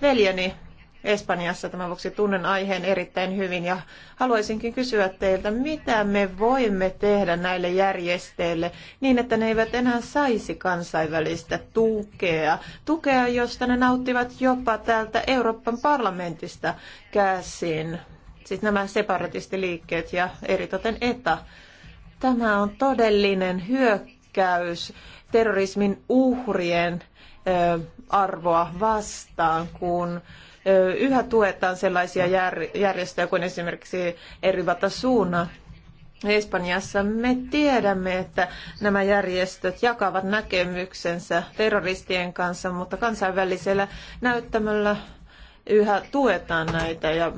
veljeni Espanjassa. Tämän vuoksi tunnen aiheen erittäin hyvin ja haluaisinkin kysyä teiltä, mitä me voimme tehdä näille järjestöille niin, että ne eivät enää saisi kansainvälistä tukea. Tukea, josta ne nauttivat jopa täältä Euroopan parlamentista käsin. Siis nämä separatistiliikkeet ja eritoten ETA. Tämä on todellinen hyökkäys terrorismin uhrien arvoa vastaan, kun yhä tuetaan sellaisia järjestöjä kuin esimerkiksi Erivata Suuna. Espanjassa me tiedämme, että nämä järjestöt jakavat näkemyksensä terroristien kanssa, mutta kansainvälisellä näyttämöllä yhä tuetaan näitä ja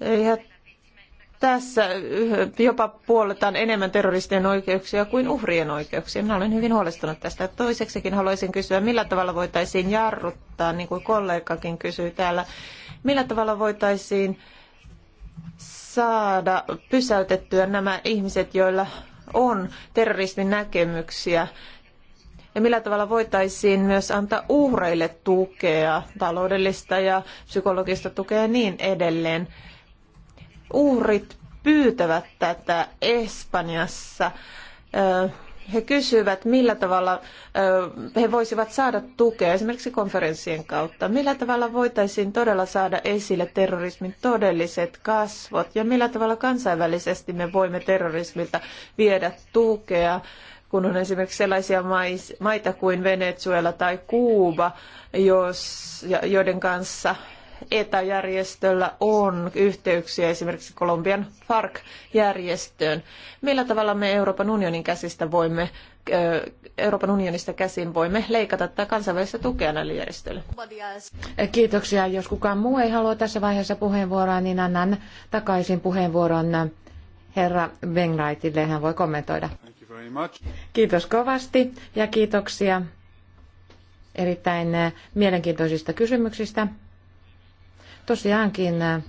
Ja tässä jopa puoletaan enemmän terroristien oikeuksia kuin uhrien oikeuksia. Minä olen hyvin huolestunut tästä. Toiseksikin haluaisin kysyä, millä tavalla voitaisiin jarruttaa, niin kuin kollegakin kysyi täällä, millä tavalla voitaisiin saada pysäytettyä nämä ihmiset, joilla on terrorismin näkemyksiä, ja millä tavalla voitaisiin myös antaa uhreille tukea, taloudellista ja psykologista tukea ja niin edelleen uhrit pyytävät tätä Espanjassa. He kysyvät, millä tavalla he voisivat saada tukea esimerkiksi konferenssien kautta. Millä tavalla voitaisiin todella saada esille terrorismin todelliset kasvot ja millä tavalla kansainvälisesti me voimme terrorismilta viedä tukea kun on esimerkiksi sellaisia maita kuin Venezuela tai Kuuba, jos, joiden kanssa etäjärjestöllä on yhteyksiä esimerkiksi Kolumbian FARC-järjestöön. Millä tavalla me Euroopan unionin käsistä voimme Euroopan unionista käsin voimme leikata tätä kansainvälistä tukea näille järjestöille. Kiitoksia. Jos kukaan muu ei halua tässä vaiheessa puheenvuoroa, niin annan takaisin puheenvuoron herra Wainwrightille. Hän voi kommentoida. Kiitos kovasti ja kiitoksia erittäin mielenkiintoisista kysymyksistä. Tosiaankin äh, äh,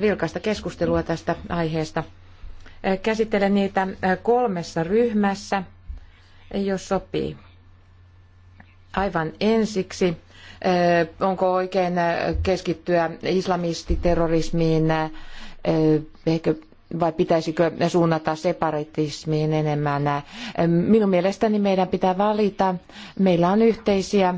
vilkasta keskustelua tästä aiheesta. Äh, käsittelen niitä kolmessa ryhmässä, jos sopii. Aivan ensiksi, onko oikein keskittyä islamistiterrorismiin ehkä, vai pitäisikö suunnata separatismiin enemmän? Minun mielestäni meidän pitää valita. Meillä on yhteisiä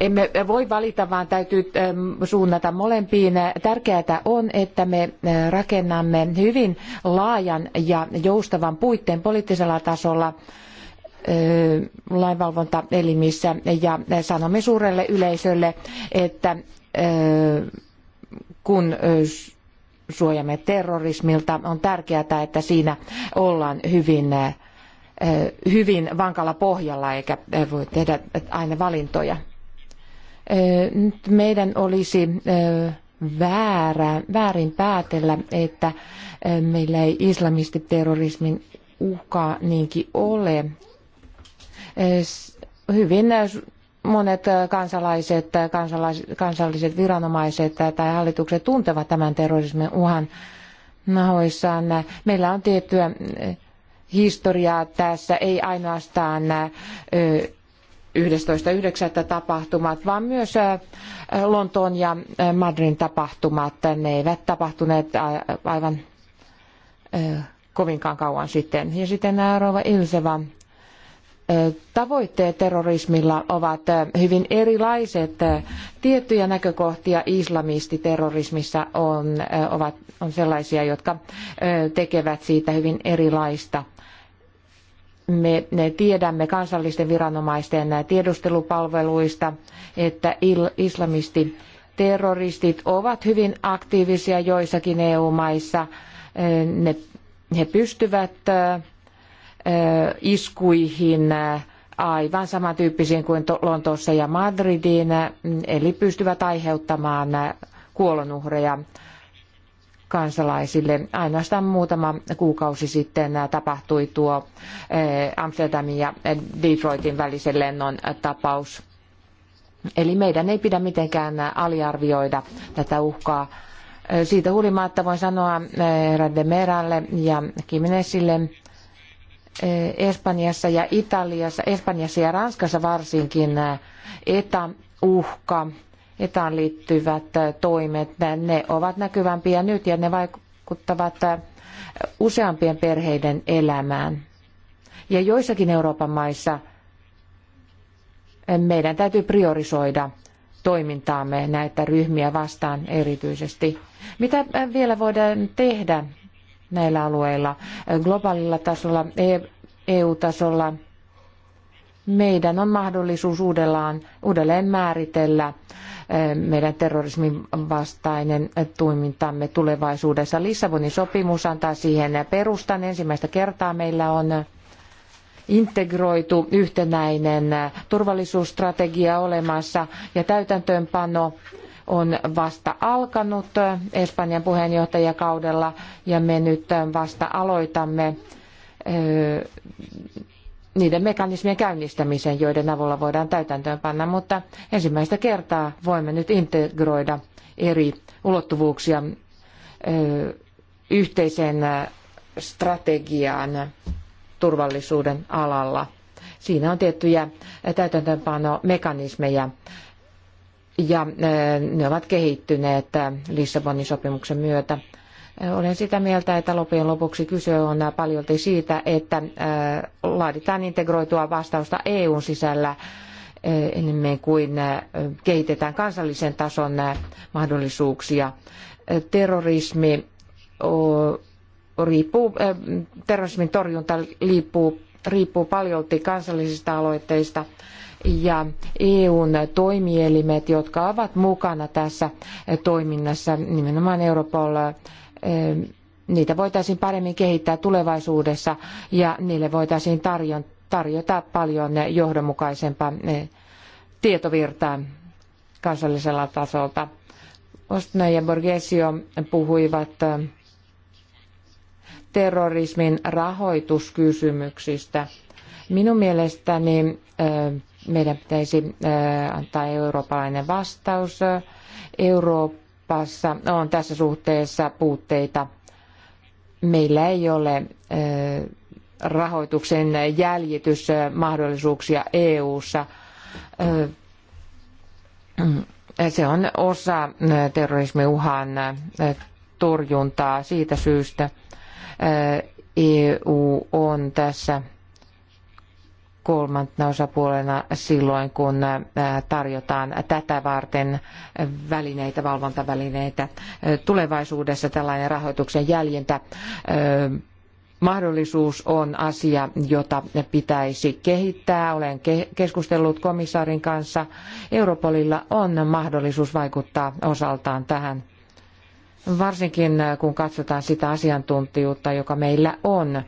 emme voi valita, vaan täytyy ähm, suunnata molempiin. Tärkeää on, että me äh, rakennamme hyvin laajan ja joustavan puitteen poliittisella tasolla äh, lainvalvontaelimissä ja sanomme suurelle yleisölle, että äh, kun suojamme terrorismilta, on tärkeää, että siinä ollaan hyvin hyvin vankalla pohjalla eikä voi tehdä aina valintoja. Nyt meidän olisi väärä, väärin päätellä, että meillä ei islamistiterrorismin uhkaa niinkin ole. Hyvin monet kansalaiset, kansalais, kansalliset viranomaiset tai hallitukset tuntevat tämän terrorismin uhan nahoissaan. Meillä on tiettyä historiaa tässä, ei ainoastaan 11.9. tapahtumat, vaan myös Lontoon ja Madridin tapahtumat. Ne eivät tapahtuneet aivan kovinkaan kauan sitten. Ja sitten Rova Ilseva. Tavoitteet terrorismilla ovat hyvin erilaiset. Tiettyjä näkökohtia islamistiterrorismissa on, ovat, on sellaisia, jotka tekevät siitä hyvin erilaista me tiedämme kansallisten viranomaisten tiedustelupalveluista, että islamistiterroristit terroristit ovat hyvin aktiivisia joissakin EU-maissa. Ne, he pystyvät iskuihin aivan samantyyppisiin kuin Lontoossa ja Madridiin, eli pystyvät aiheuttamaan kuolonuhreja kansalaisille. Ainoastaan muutama kuukausi sitten tapahtui tuo eh, Amsterdamin ja Detroitin välisen lennon tapaus. Eli meidän ei pidä mitenkään aliarvioida tätä uhkaa. Eh, siitä huolimatta voin sanoa herra eh, de Meralle ja Kimenesille, Espanjassa ja Italiassa, Espanjassa ja Ranskassa varsinkin etäuhka etaan liittyvät toimet, ne ovat näkyvämpiä nyt ja ne vaikuttavat useampien perheiden elämään. Ja joissakin Euroopan maissa meidän täytyy priorisoida toimintaamme näitä ryhmiä vastaan erityisesti. Mitä vielä voidaan tehdä näillä alueilla globaalilla tasolla, EU-tasolla? Meidän on mahdollisuus uudelleen määritellä meidän terrorismin vastainen toimintamme tulevaisuudessa. Lissabonin sopimus antaa siihen perustan. Ensimmäistä kertaa meillä on integroitu yhtenäinen turvallisuusstrategia olemassa ja täytäntöönpano on vasta alkanut Espanjan puheenjohtajakaudella ja me nyt vasta aloitamme niiden mekanismien käynnistämiseen, joiden avulla voidaan täytäntöönpanna, mutta ensimmäistä kertaa voimme nyt integroida eri ulottuvuuksia yhteiseen strategiaan turvallisuuden alalla. Siinä on tiettyjä täytäntöönpanomekanismeja ja ne ovat kehittyneet Lissabonin sopimuksen myötä. Olen sitä mieltä, että loppujen lopuksi kyse on paljolti siitä, että laaditaan integroitua vastausta EUn sisällä enemmän kuin kehitetään kansallisen tason mahdollisuuksia. Terrorismi riippuu, terrorismin torjunta liippuu, riippuu paljolti kansallisista aloitteista ja EUn toimielimet, jotka ovat mukana tässä toiminnassa, nimenomaan Europol, niitä voitaisiin paremmin kehittää tulevaisuudessa ja niille voitaisiin tarjota paljon johdonmukaisempaa tietovirtaa kansallisella tasolta. Ostner ja Borgesio puhuivat terrorismin rahoituskysymyksistä. Minun mielestäni meidän pitäisi antaa eurooppalainen vastaus. Eurooppa Euroopassa on tässä suhteessa puutteita. Meillä ei ole rahoituksen jäljitysmahdollisuuksia EU-ssa. Se on osa terrorismiuhan torjuntaa siitä syystä. EU on tässä kolmantena osapuolena silloin, kun tarjotaan tätä varten välineitä, valvontavälineitä. Tulevaisuudessa tällainen rahoituksen jäljintä mahdollisuus on asia, jota pitäisi kehittää. Olen keskustellut komissaarin kanssa. Europolilla on mahdollisuus vaikuttaa osaltaan tähän varsinkin kun katsotaan sitä asiantuntijuutta, joka meillä on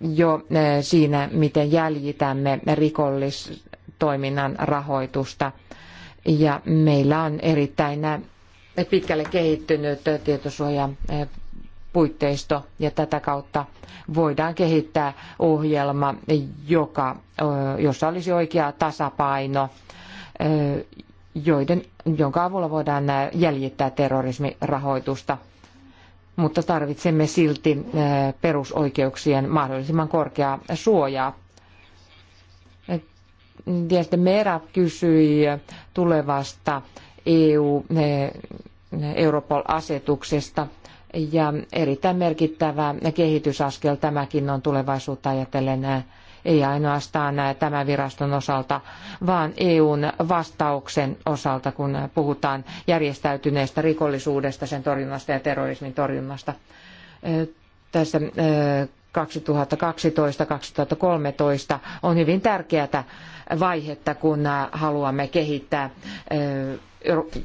jo eh, siinä, miten jäljitämme rikollistoiminnan rahoitusta. Ja meillä on erittäin eh, pitkälle kehittynyt eh, tietosuoja puitteisto ja tätä kautta voidaan kehittää ohjelma, joka, jossa olisi oikea tasapaino, joiden, jonka avulla voidaan jäljittää terrorismirahoitusta mutta tarvitsemme silti eh, perusoikeuksien mahdollisimman korkeaa suojaa. Dieste Mera kysyi tulevasta EU, eh, Europol-asetuksesta ja erittäin merkittävä kehitysaskel tämäkin on tulevaisuutta ajatellen eh, ei ainoastaan tämän viraston osalta, vaan EUn vastauksen osalta, kun puhutaan järjestäytyneestä rikollisuudesta, sen torjunnasta ja terrorismin torjunnasta. Tässä 2012-2013 on hyvin tärkeää vaihetta, kun haluamme kehittää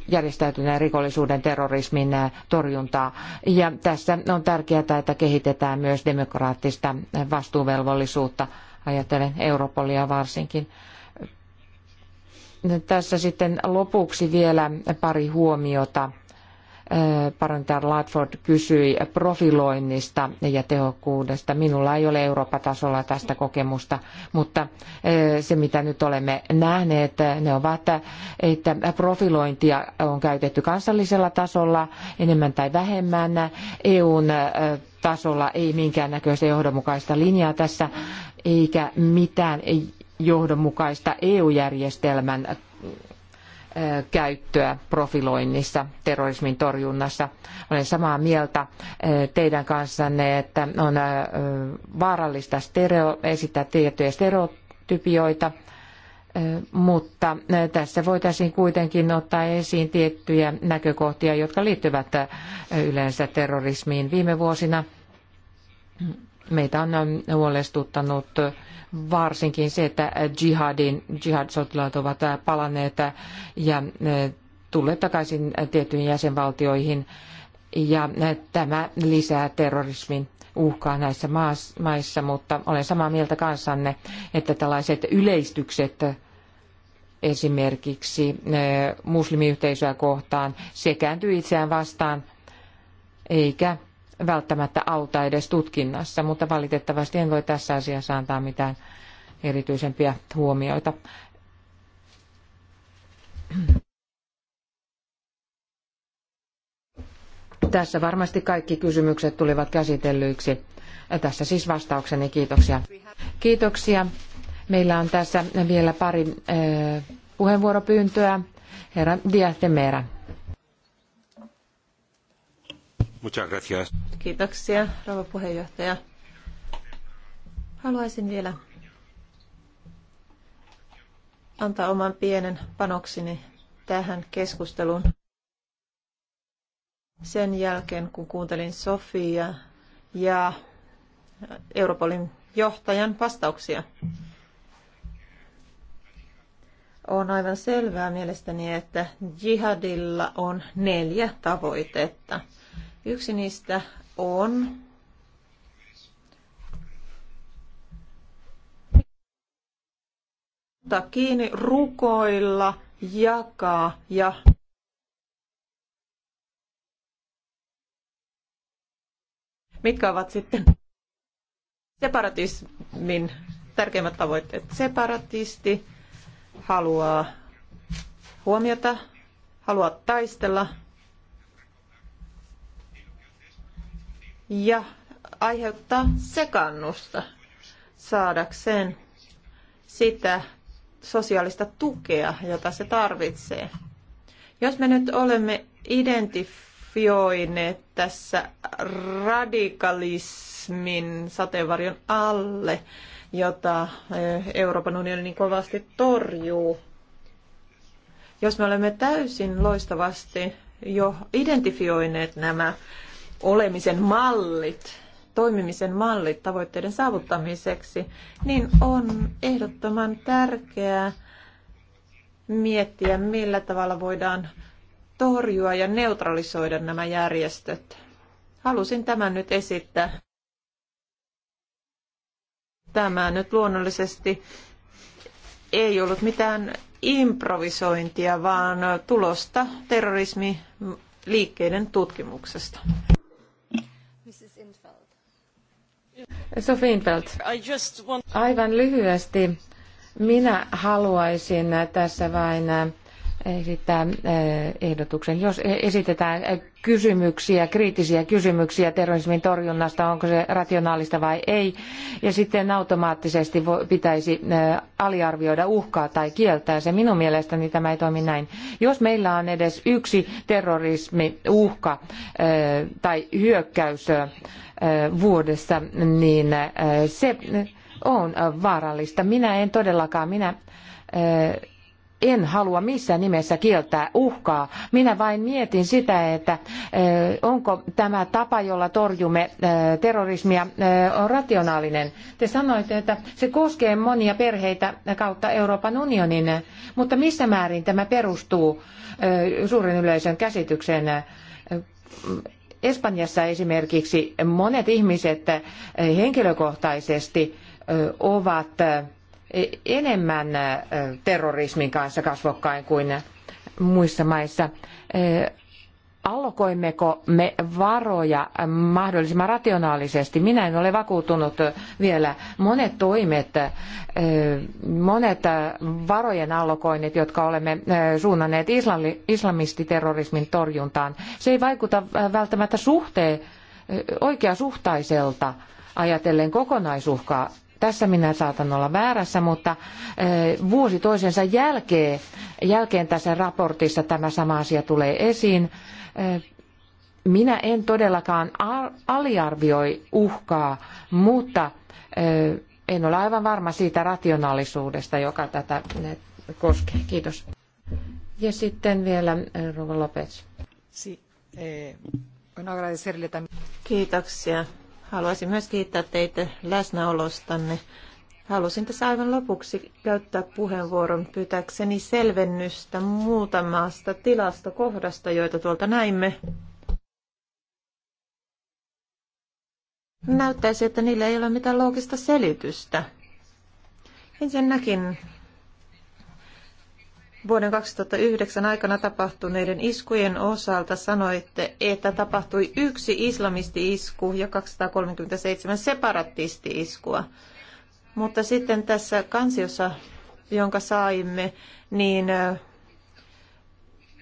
järjestäytyneen rikollisuuden terrorismin torjuntaa. Ja tässä on tärkeää, että kehitetään myös demokraattista vastuuvelvollisuutta ajatellen Europolia varsinkin. Tässä sitten lopuksi vielä pari huomiota Parantajan Ladford kysyi profiloinnista ja tehokkuudesta. Minulla ei ole Euroopan tasolla tästä kokemusta, mutta se mitä nyt olemme nähneet, ne ovat, että profilointia on käytetty kansallisella tasolla enemmän tai vähemmän. EUn tasolla ei minkäännäköistä johdonmukaista linjaa tässä, eikä mitään johdonmukaista EU-järjestelmän käyttöä profiloinnissa, terrorismin torjunnassa. Olen samaa mieltä teidän kanssanne, että on vaarallista stereo, esittää tiettyjä stereotypioita, mutta tässä voitaisiin kuitenkin ottaa esiin tiettyjä näkökohtia, jotka liittyvät yleensä terrorismiin. Viime vuosina meitä on huolestuttanut varsinkin se, että jihadin, jihad-sotilaat ovat äh, palanneet äh, ja äh, tulleet takaisin tiettyihin jäsenvaltioihin. Ja tämä lisää terrorismin uhkaa näissä maissa, mutta olen samaa mieltä kanssanne, että tällaiset yleistykset esimerkiksi muslimiyhteisöä kohtaan, se itseään vastaan, eikä välttämättä auta edes tutkinnassa, mutta valitettavasti en voi tässä asiassa antaa mitään erityisempiä huomioita. Tässä varmasti kaikki kysymykset tulivat käsitellyiksi. Tässä siis vastaukseni, kiitoksia. Kiitoksia. Meillä on tässä vielä pari äh, puheenvuoropyyntöä. Herra Diaz de Mera. Muchas gracias. Kiitoksia, rouva puheenjohtaja. Haluaisin vielä antaa oman pienen panokseni tähän keskusteluun. Sen jälkeen, kun kuuntelin Sofia ja Europolin johtajan vastauksia, on aivan selvää mielestäni, että jihadilla on neljä tavoitetta – Yksi niistä on ottaa kiinni, rukoilla, jakaa ja mitkä ovat sitten separatismin tärkeimmät tavoitteet. Separatisti haluaa huomiota, haluaa taistella ja aiheuttaa sekannusta saadakseen sitä sosiaalista tukea, jota se tarvitsee. Jos me nyt olemme identifioineet tässä radikalismin sateenvarjon alle, jota eh, Euroopan unioni niin kovasti torjuu, jos me olemme täysin loistavasti jo identifioineet nämä olemisen mallit, toimimisen mallit tavoitteiden saavuttamiseksi, niin on ehdottoman tärkeää miettiä, millä tavalla voidaan torjua ja neutralisoida nämä järjestöt. Halusin tämän nyt esittää. Tämä nyt luonnollisesti ei ollut mitään improvisointia, vaan tulosta terrorismi liikkeiden tutkimuksesta. Sophie aivan lyhyesti. Minä haluaisin tässä vain esittää äh, ehdotuksen. Jos esitetään äh, kysymyksiä, kriittisiä kysymyksiä terrorismin torjunnasta, onko se rationaalista vai ei, ja sitten automaattisesti pitäisi äh, aliarvioida uhkaa tai kieltää se. Minun mielestäni tämä ei toimi näin. Jos meillä on edes yksi terrorismiuhka tai hyökkäys vuodessa, niin se on vaarallista. Minä en todellakaan, minä en halua missään nimessä kieltää uhkaa. Minä vain mietin sitä, että eh, onko tämä tapa, jolla torjumme eh, terrorismia, eh, on rationaalinen. Te sanoitte, että se koskee monia perheitä kautta Euroopan unionin, mutta missä määrin tämä perustuu suuren yleisön käsitykseen? Espanjassa esimerkiksi monet ihmiset henkilökohtaisesti ovat enemmän terrorismin kanssa kasvokkain kuin muissa maissa. Allokoimmeko me varoja mahdollisimman rationaalisesti? Minä en ole vakuuttunut vielä. Monet toimet, monet varojen allokoinnit, jotka olemme suunnanneet islamistiterrorismin torjuntaan, se ei vaikuta välttämättä suhteen oikeasuhtaiselta ajatellen kokonaisuhkaa tässä minä saatan olla väärässä, mutta eh, vuosi toisensa jälkeen, jälkeen tässä raportissa tämä sama asia tulee esiin. Eh, minä en todellakaan aliarvioi uhkaa, mutta eh, en ole aivan varma siitä rationaalisuudesta, joka tätä koskee. Kiitos. Ja sitten vielä Rova Lopez. Kiitoksia. Haluaisin myös kiittää teitä läsnäolostanne. Halusin tässä aivan lopuksi käyttää puheenvuoron pyytäkseni selvennystä muutamasta tilastokohdasta, joita tuolta näimme. Näyttäisi, että niillä ei ole mitään loogista selitystä. Ensinnäkin vuoden 2009 aikana tapahtuneiden iskujen osalta sanoitte, että tapahtui yksi islamisti-isku ja 237 separatisti-iskua. Mutta sitten tässä kansiossa, jonka saimme, niin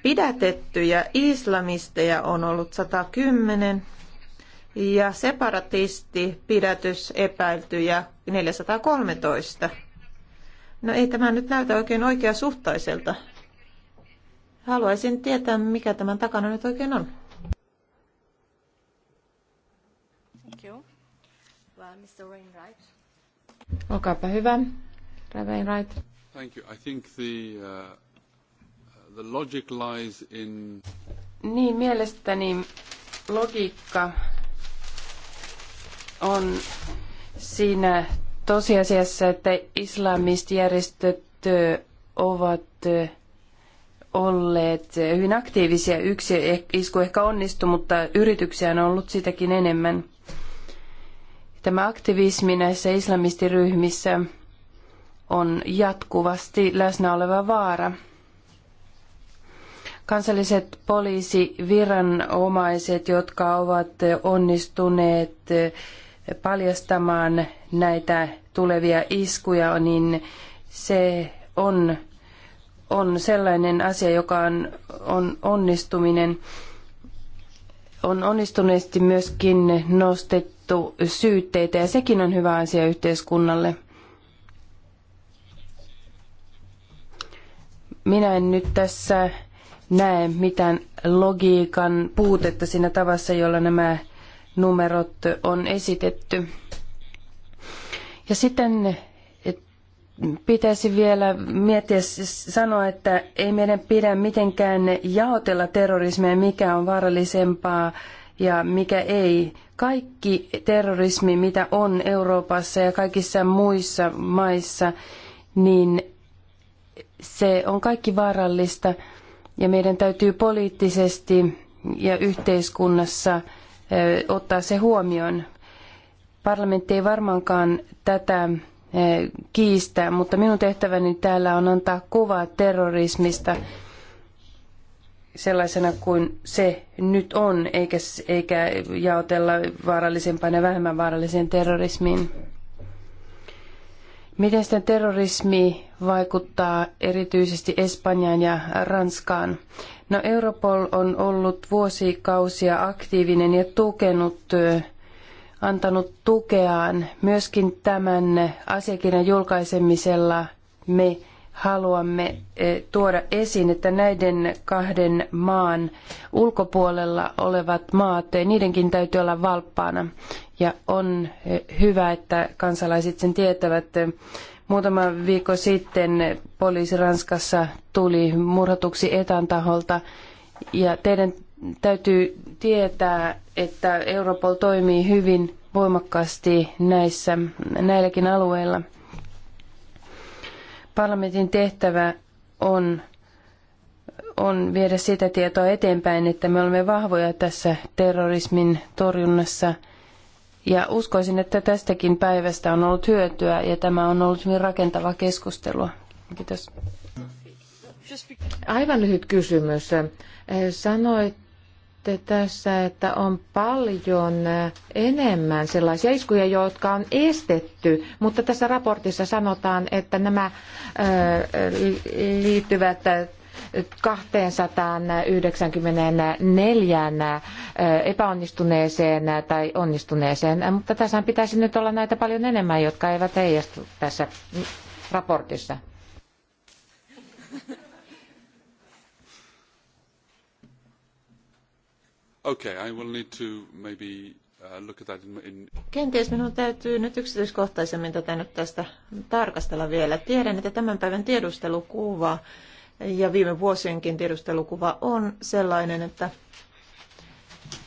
pidätettyjä islamisteja on ollut 110 ja separatisti epäiltyjä 413. No ei tämä nyt näytä oikein oikeasuhtaiselta. Haluaisin tietää, mikä tämän takana nyt oikein on. Thank you. Well, Mr. Wainwright. Olkaapa hyvä, Wainwright. Thank you. I think the, uh, the logic lies in... Niin, mielestäni logiikka on siinä tosiasiassa, että islamistijärjestöt ovat olleet hyvin aktiivisia. Yksi eh, isku ehkä onnistui, mutta yrityksiä on ollut sitäkin enemmän. Tämä aktivismi näissä islamistiryhmissä on jatkuvasti läsnä oleva vaara. Kansalliset poliisiviranomaiset, jotka ovat onnistuneet paljastamaan näitä tulevia iskuja, niin se on, on sellainen asia, joka on, on onnistuminen. On onnistuneesti myöskin nostettu syytteitä ja sekin on hyvä asia yhteiskunnalle. Minä en nyt tässä näe mitään logiikan puutetta siinä tavassa, jolla nämä numerot on esitetty. Ja sitten pitäisi vielä miettiä sanoa, että ei meidän pidä mitenkään jaotella terrorismia, mikä on vaarallisempaa ja mikä ei. Kaikki terrorismi, mitä on Euroopassa ja kaikissa muissa maissa, niin se on kaikki vaarallista ja meidän täytyy poliittisesti ja yhteiskunnassa – ottaa se huomioon. Parlamentti ei varmaankaan tätä kiistä, mutta minun tehtäväni täällä on antaa kuvaa terrorismista sellaisena kuin se nyt on, eikä, eikä jaotella vaarallisempaan ja vähemmän vaaralliseen terrorismiin. Miten sitten terrorismi vaikuttaa erityisesti Espanjaan ja Ranskaan? No Europol on ollut vuosikausia aktiivinen ja tukenut, antanut tukeaan. Myöskin tämän asiakirjan julkaisemisella me haluamme tuoda esiin, että näiden kahden maan ulkopuolella olevat maat, niidenkin täytyy olla valppaana. Ja on hyvä, että kansalaiset sen tietävät. Muutama viikko sitten poliisi Ranskassa tuli murhatuksi etan taholta ja teidän täytyy tietää, että Europol toimii hyvin voimakkaasti näissä, näilläkin alueilla. Parlamentin tehtävä on, on viedä sitä tietoa eteenpäin, että me olemme vahvoja tässä terrorismin torjunnassa – ja uskoisin, että tästäkin päivästä on ollut hyötyä ja tämä on ollut hyvin rakentavaa keskustelua. Kiitos. Aivan lyhyt kysymys. Sanoitte tässä, että on paljon enemmän sellaisia iskuja, jotka on estetty, mutta tässä raportissa sanotaan, että nämä liittyvät 294 epäonnistuneeseen tai onnistuneeseen, mutta tässä pitäisi nyt olla näitä paljon enemmän, jotka eivät heijastu tässä raportissa. Okay, I will need to maybe uh, look at that in... Kenties minun täytyy nyt yksityiskohtaisemmin tätä nyt tästä tarkastella vielä. Tiedän, että tämän päivän tiedustelukuva ja viime vuosienkin tiedustelukuva on sellainen, että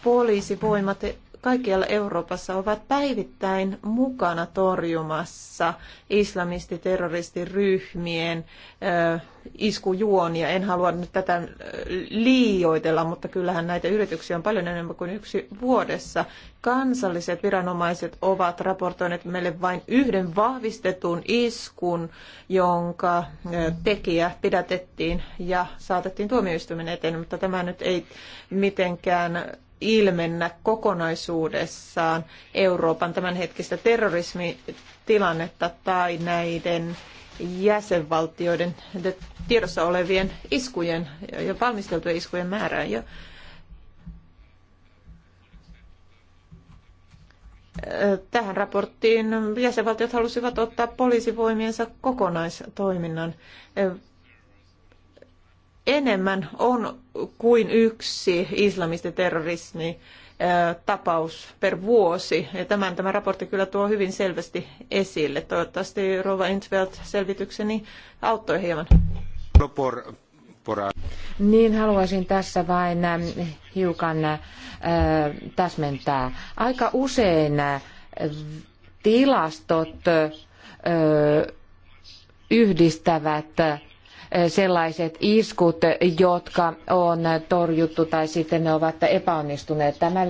poliisivoimat kaikkialla Euroopassa ovat päivittäin mukana torjumassa islamistiterroristiryhmien iskujuonia. En halua nyt tätä liioitella, mutta kyllähän näitä yrityksiä on paljon enemmän kuin yksi vuodessa. Kansalliset viranomaiset ovat raportoineet meille vain yhden vahvistetun iskun, jonka tekijä pidätettiin ja saatettiin tuomioistuimen eteen, mutta tämä nyt ei mitenkään ilmennä kokonaisuudessaan Euroopan tämänhetkistä terrorismitilannetta tai näiden jäsenvaltioiden tiedossa olevien iskujen ja valmisteltujen iskujen määrää. Ja Tähän raporttiin jäsenvaltiot halusivat ottaa poliisivoimiensa kokonaistoiminnan enemmän on kuin yksi islamistiterrorismi tapaus per vuosi. Ja tämän tämä raportti kyllä tuo hyvin selvästi esille. Toivottavasti Rova Intveld selvitykseni auttoi hieman. No, niin haluaisin tässä vain hiukan äh, täsmentää. Aika usein tilastot äh, yhdistävät sellaiset iskut, jotka on torjuttu tai sitten ne ovat epäonnistuneet. Tämä äh,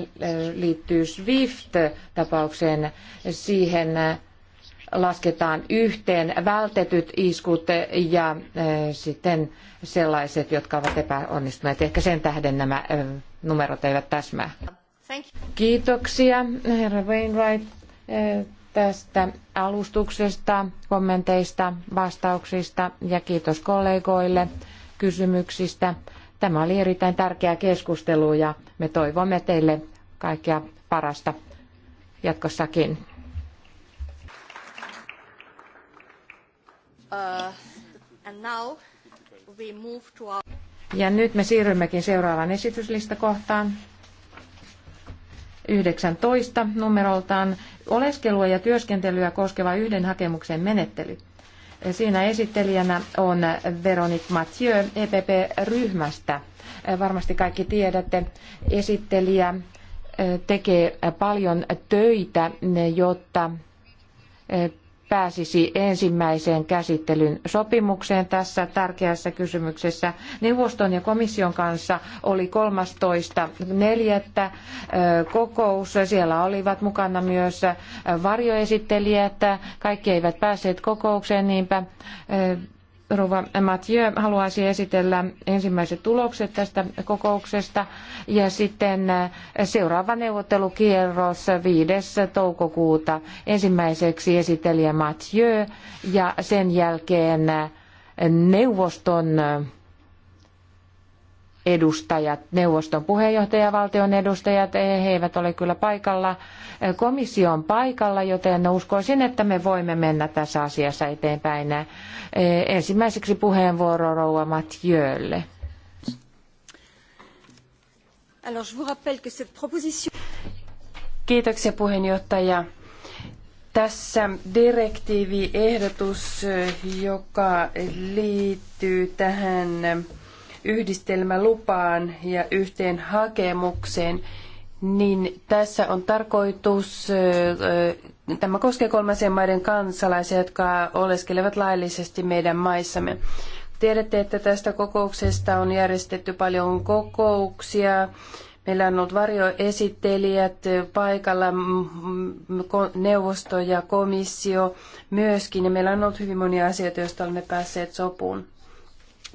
liittyy SWIFT-tapaukseen siihen äh, lasketaan yhteen vältetyt iskut ja äh, sitten sellaiset, jotka ovat epäonnistuneet. Ehkä sen tähden nämä numerot eivät täsmää. Kiitoksia, herra Wainwright tästä alustuksesta, kommenteista, vastauksista ja kiitos kollegoille kysymyksistä. Tämä oli erittäin tärkeä keskustelu ja me toivomme teille kaikkea parasta jatkossakin. Uh, our... Ja nyt me siirrymmekin seuraavaan esityslistakohtaan. 19 numeroltaan oleskelua ja työskentelyä koskeva yhden hakemuksen menettely. Siinä esittelijänä on Veronique Mathieu EPP-ryhmästä. Varmasti kaikki tiedätte, esittelijä e, tekee paljon töitä, jotta e, pääsisi ensimmäiseen käsittelyn sopimukseen tässä tärkeässä kysymyksessä. Neuvoston ja komission kanssa oli 13.4. kokous. Siellä olivat mukana myös varjoesittelijät. Kaikki eivät päässeet kokoukseen, niinpä Rova Mathieu haluaisi esitellä ensimmäiset tulokset tästä kokouksesta ja sitten eh, seuraava neuvottelukierros 5. toukokuuta ensimmäiseksi esittelijä Mathieu ja sen jälkeen eh, neuvoston eh, edustajat, neuvoston puheenjohtaja, valtion edustajat, eh, he eivät ole kyllä paikalla. Eh, komissio on paikalla, joten uskoisin, että me voimme mennä tässä asiassa eteenpäin. Eh, ensimmäiseksi puheenvuoro Rouva Mathieulle. Kiitoksia puheenjohtaja. Tässä direktiiviehdotus, joka liittyy tähän yhdistelmälupaan ja yhteen hakemukseen, niin tässä on tarkoitus, tämä koskee kolmansien maiden kansalaisia, jotka oleskelevat laillisesti meidän maissamme. Tiedätte, että tästä kokouksesta on järjestetty paljon kokouksia. Meillä on ollut varjoesittelijät paikalla, neuvosto ja komissio myöskin, ja meillä on ollut hyvin monia asioita, joista olemme päässeet sopuun.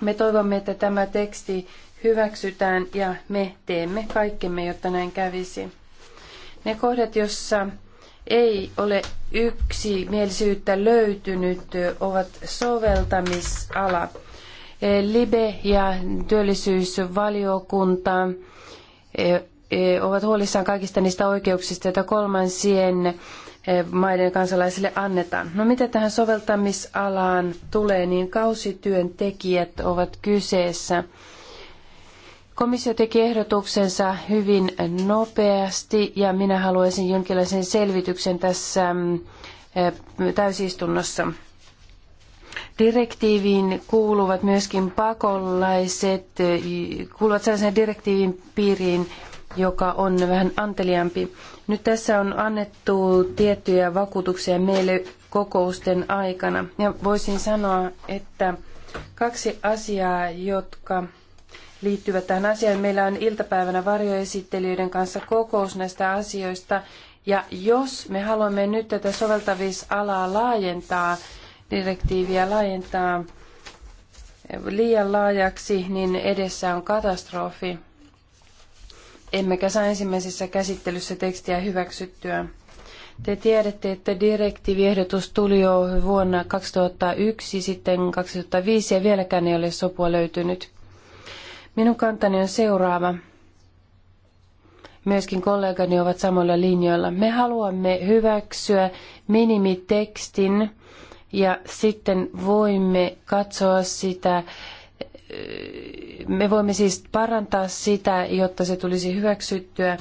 Me toivomme, että tämä teksti hyväksytään ja me teemme kaikkemme, jotta näin kävisi. Ne kohdat, joissa ei ole yksimielisyyttä löytynyt, ovat soveltamisala. Libe ja työllisyysvaliokunta e, e, ovat huolissaan kaikista niistä oikeuksista, joita kolmansien Eh, maiden kansalaisille annetaan. No mitä tähän soveltamisalaan tulee, niin kausityöntekijät ovat kyseessä. Komissio teki ehdotuksensa hyvin nopeasti ja minä haluaisin jonkinlaisen selvityksen tässä mm, eh, täysistunnossa. Direktiiviin kuuluvat myöskin pakolaiset, eh, kuuluvat sellaisen direktiivin piiriin, joka on vähän anteliampi. Nyt tässä on annettu tiettyjä vakuutuksia meille kokousten aikana. Ja voisin sanoa, että kaksi asiaa, jotka liittyvät tähän asiaan. Meillä on iltapäivänä varjoesittelijöiden kanssa kokous näistä asioista. Ja jos me haluamme nyt tätä soveltavisalaa laajentaa, direktiiviä laajentaa liian laajaksi, niin edessä on katastrofi emmekä saa ensimmäisessä käsittelyssä tekstiä hyväksyttyä. Te tiedätte, että direktiiviehdotus tuli jo vuonna 2001, sitten 2005 ja vieläkään ei ole sopua löytynyt. Minun kantani on seuraava. Myöskin kollegani ovat samoilla linjoilla. Me haluamme hyväksyä minimitekstin ja sitten voimme katsoa sitä me voimme siis parantaa sitä, jotta se tulisi hyväksyttyä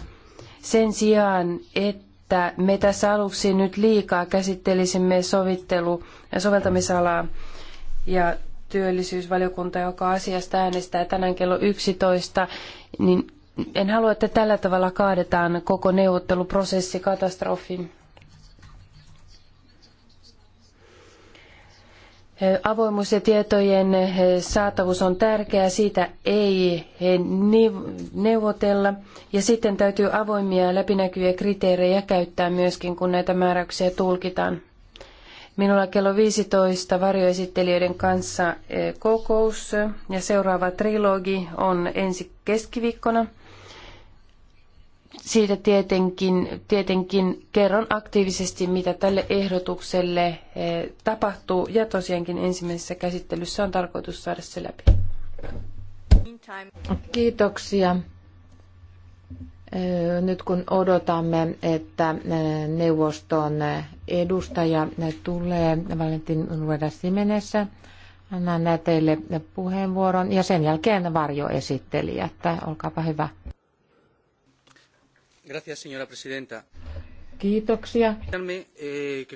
sen sijaan, että me tässä aluksi nyt liikaa käsittelisimme sovittelu- ja soveltamisalaa ja työllisyysvaliokunta, joka asiasta äänestää tänään kello 11, niin en halua, että tällä tavalla kaadetaan koko neuvotteluprosessi katastrofin. Avoimuus ja tietojen saatavuus on tärkeää, siitä ei neuvotella. Ja sitten täytyy avoimia ja läpinäkyviä kriteerejä käyttää myöskin, kun näitä määräyksiä tulkitaan. Minulla kello 15 varjoesittelijöiden kanssa kokous ja seuraava trilogi on ensi keskiviikkona siitä tietenkin, tietenkin kerron aktiivisesti, mitä tälle ehdotukselle eh, tapahtuu. Ja tosiaankin ensimmäisessä käsittelyssä on tarkoitus saada se läpi. Kiitoksia. Eh, nyt kun odotamme, että eh, neuvoston edustaja tulee Valentin Rueda Simenessä, annan teille puheenvuoron ja sen jälkeen varjoesittelijä. Olkaapa hyvä. Gracias, señora presidenta. Kiitoksia. Eh,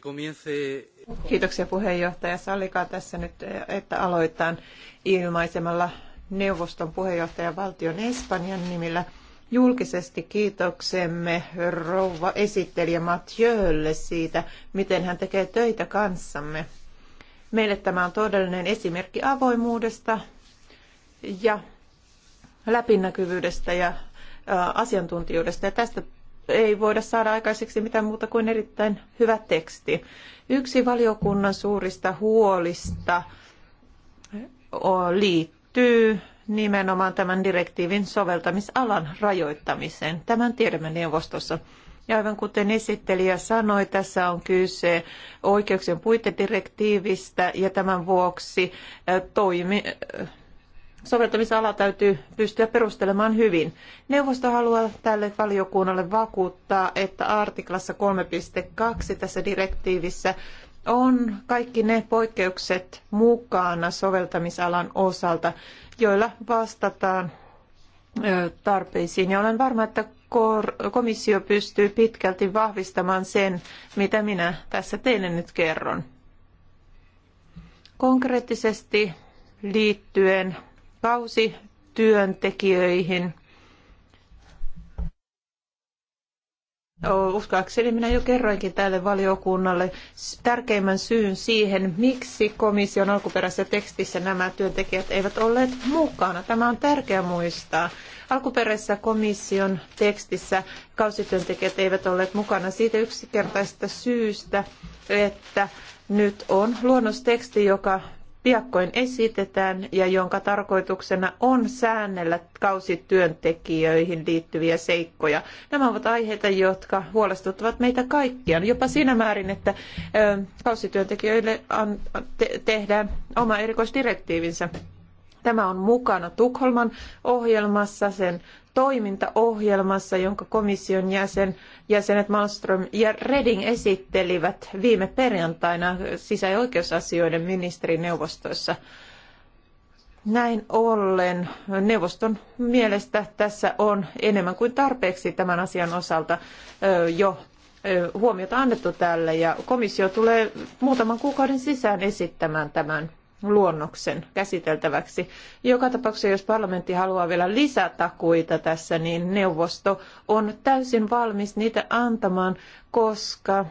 Kiitoksia puheenjohtaja. Sallikaa tässä nyt, eh, että aloitan ilmaisemalla neuvoston puheenjohtajan valtion Espanjan nimillä julkisesti kiitoksemme rouva esittelijä Mathieulle siitä, miten hän tekee töitä kanssamme. Meille tämä on todellinen esimerkki avoimuudesta ja läpinäkyvyydestä ja asiantuntijuudesta ja tästä ei voida saada aikaiseksi mitään muuta kuin erittäin hyvä teksti. Yksi valiokunnan suurista huolista liittyy nimenomaan tämän direktiivin soveltamisalan rajoittamiseen. Tämän tiedämme neuvostossa. Ja aivan kuten esittelijä sanoi, tässä on kyse oikeuksien puitedirektiivistä ja tämän vuoksi toimi, soveltamisala täytyy pystyä perustelemaan hyvin. Neuvosto haluaa tälle valiokunnalle vakuuttaa, että artiklassa 3.2 tässä direktiivissä on kaikki ne poikkeukset mukana soveltamisalan osalta, joilla vastataan tarpeisiin. Ja olen varma, että komissio pystyy pitkälti vahvistamaan sen, mitä minä tässä teille nyt kerron. Konkreettisesti liittyen kausityöntekijöihin. Uskoakseni minä jo kerroinkin tälle valiokunnalle tärkeimmän syyn siihen, miksi komission alkuperäisessä tekstissä nämä työntekijät eivät olleet mukana. Tämä on tärkeää muistaa. Alkuperäisessä komission tekstissä kausityöntekijät eivät olleet mukana siitä yksinkertaisesta syystä, että nyt on luonnosteksti, joka piakkoin esitetään ja jonka tarkoituksena on säännellä kausityöntekijöihin liittyviä seikkoja. Nämä ovat aiheita, jotka huolestuttavat meitä kaikkia, jopa siinä määrin, että kausityöntekijöille tehdään oma erikoisdirektiivinsä. Tämä on mukana Tukholman ohjelmassa, sen toimintaohjelmassa, jonka komission jäsen, jäsenet Malmström ja Reding esittelivät viime perjantaina sisä- ja oikeusasioiden ministerineuvostoissa. Näin ollen neuvoston mielestä tässä on enemmän kuin tarpeeksi tämän asian osalta jo huomiota annettu tälle ja komissio tulee muutaman kuukauden sisään esittämään tämän luonnoksen käsiteltäväksi. Joka tapauksessa, jos parlamentti haluaa vielä lisätakuita tässä, niin neuvosto on täysin valmis niitä antamaan, koska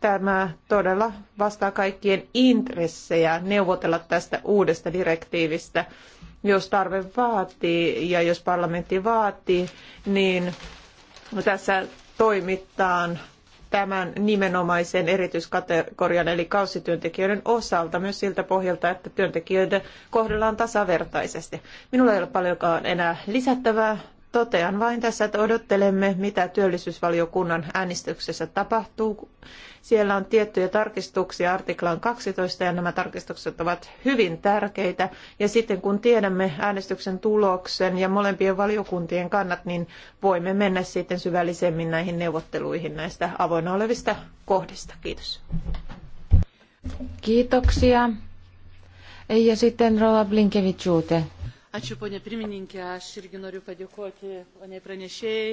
tämä todella vastaa kaikkien intressejä neuvotella tästä uudesta direktiivistä. Jos tarve vaatii ja jos parlamentti vaatii, niin tässä toimitaan tämän nimenomaisen erityiskategorian eli kausityöntekijöiden osalta myös siltä pohjalta, että työntekijöiden kohdellaan tasavertaisesti. Minulla ei ole paljonkaan enää lisättävää Totean vain tässä, että odottelemme, mitä työllisyysvaliokunnan äänestyksessä tapahtuu. Siellä on tiettyjä tarkistuksia artiklaan 12 ja nämä tarkistukset ovat hyvin tärkeitä. Ja sitten kun tiedämme äänestyksen tuloksen ja molempien valiokuntien kannat, niin voimme mennä sitten syvällisemmin näihin neuvotteluihin näistä avoinna olevista kohdista. Kiitos. Kiitoksia. Ja sitten Rola Blinkevichute. Aš irgi noriu padėkoti pranešėjai.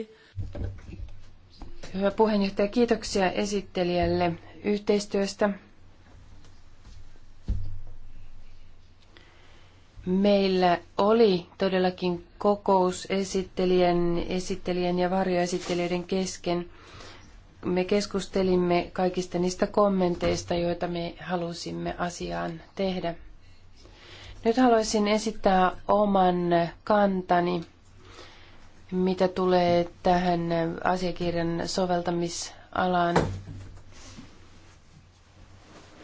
Hyvä puheenjohtaja, kiitoksia esittelijälle yhteistyöstä. Meillä oli todellakin kokous esittelijän, esittelijän ja varjoesittelijöiden kesken. Me keskustelimme kaikista niistä kommenteista, joita me halusimme asiaan tehdä. Nyt haluaisin esittää oman kantani, mitä tulee tähän asiakirjan soveltamisalaan.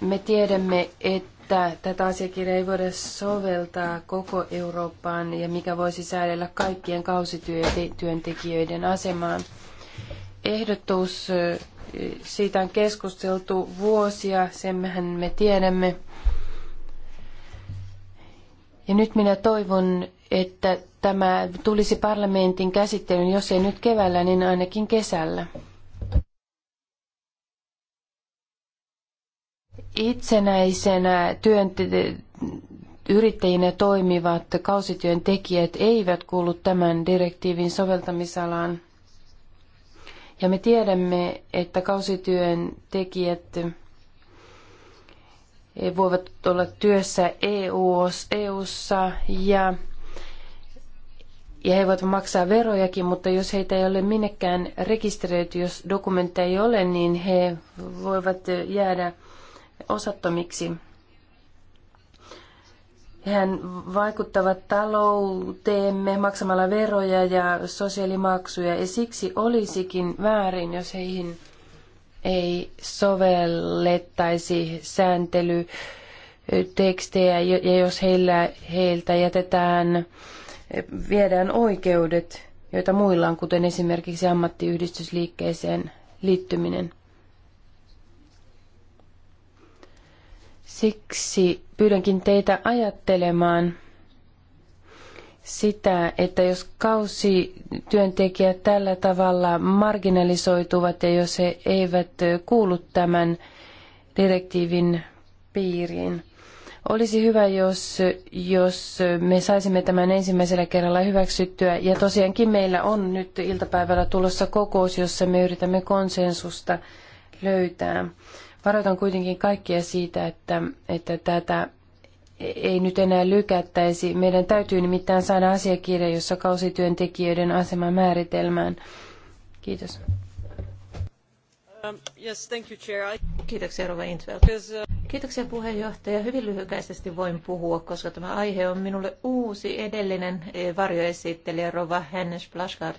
Me tiedämme, että tätä asiakirjaa ei voida soveltaa koko Eurooppaan ja mikä voisi säädellä kaikkien kausityöntekijöiden asemaan. Ehdotus, siitä on keskusteltu vuosia, semmehän me tiedämme. Ja nyt minä toivon, että tämä tulisi parlamentin käsittelyyn, jos ei nyt keväällä, niin ainakin kesällä. Itsenäisenä työnte- yrittäjinä toimivat kausityöntekijät eivät kuulu tämän direktiivin soveltamisalaan. Ja me tiedämme, että kausityöntekijät tekijät voivat olla työssä EU-ssa e ja, ja he voivat maksaa verojakin, mutta jos heitä ei ole minnekään rekisteröity, jos dokumentteja ei ole, niin he voivat jäädä osattomiksi. Hän vaikuttavat talouteemme maksamalla veroja ja sosiaalimaksuja, ja siksi olisikin väärin, jos heihin ei sovellettaisi sääntelytekstejä ja jos heillä, heiltä jätetään, viedään oikeudet, joita muilla on, kuten esimerkiksi ammattiyhdistysliikkeeseen liittyminen. Siksi pyydänkin teitä ajattelemaan sitä, että jos kausityöntekijät tällä tavalla marginalisoituvat ja jos he eivät kuulu tämän direktiivin piiriin. Olisi hyvä, jos, jos me saisimme tämän ensimmäisellä kerralla hyväksyttyä. Ja tosiaankin meillä on nyt iltapäivällä tulossa kokous, jossa me yritämme konsensusta löytää. Varoitan kuitenkin kaikkia siitä, että, että tätä ei nyt enää lykättäisi. Meidän täytyy nimittäin saada asiakirja, jossa kausityöntekijöiden asema määritellään. Kiitos. Um, yes, Kiitoksia, Rova Intveld. Uh, Kiitoksia puheenjohtaja. Hyvin lyhykäisesti voin puhua, koska tämä aihe on minulle uusi. Edellinen e, varjoesittelijä Rova Hennes Plaskard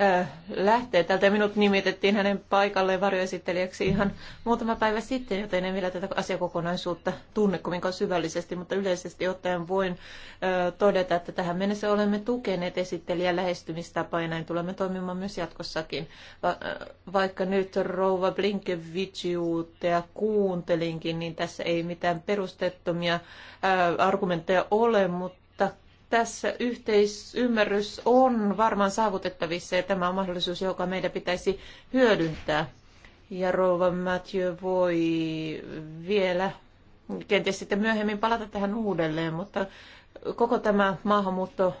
e, lähtee täältä ja minut nimitettiin hänen paikalleen varjoesittelijäksi ihan muutama päivä sitten, joten en vielä tätä asiakokonaisuutta tunne kovinkaan syvällisesti, mutta yleisesti ottaen voin e, todeta, että tähän mennessä olemme tukeneet esittelijän lähestymistapaa ja näin tulemme toimimaan myös jatkossakin. vaikka nyt Rova rouva ja kuuntelinkin, niin tässä ei mitään perustettomia ää, argumentteja ole, mutta tässä yhteisymmärrys on varmaan saavutettavissa ja tämä on mahdollisuus, joka meidän pitäisi hyödyntää. Ja rouva Mathieu voi vielä kenties sitten myöhemmin palata tähän uudelleen, mutta koko tämä maahanmuutto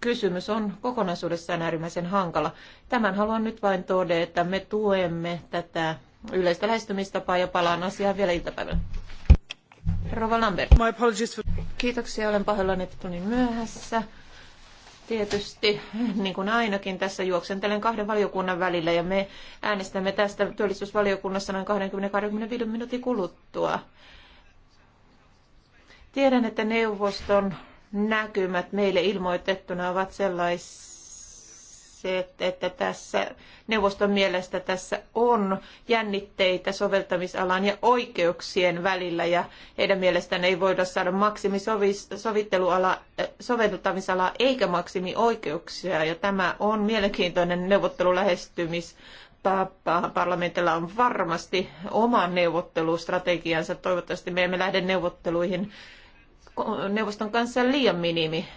kysymys on kokonaisuudessaan äärimmäisen hankala. Tämän haluan nyt vain todeta, että me tuemme tätä yleistä lähestymistapaa ja palaan asiaan vielä iltapäivällä. Rova Lambert. My apologies for... Kiitoksia, olen pahoillani, että tulin myöhässä. Tietysti, niin kuin ainakin tässä juoksentelen kahden valiokunnan välillä ja me äänestämme tästä työllisyysvaliokunnassa noin 20-25 minuutin kuluttua. Tiedän, että neuvoston näkymät meille ilmoitettuna ovat sellaiset, että tässä neuvoston mielestä tässä on jännitteitä soveltamisalan ja oikeuksien välillä ja heidän mielestään ei voida saada maksimisovitteluala, eh, soveltamisalaa eikä maksimioikeuksia ja tämä on mielenkiintoinen neuvottelulähestymis parlamentilla on varmasti oma neuvottelustrategiansa. Toivottavasti me emme lähde neuvotteluihin neuvoston kanssa liian minimi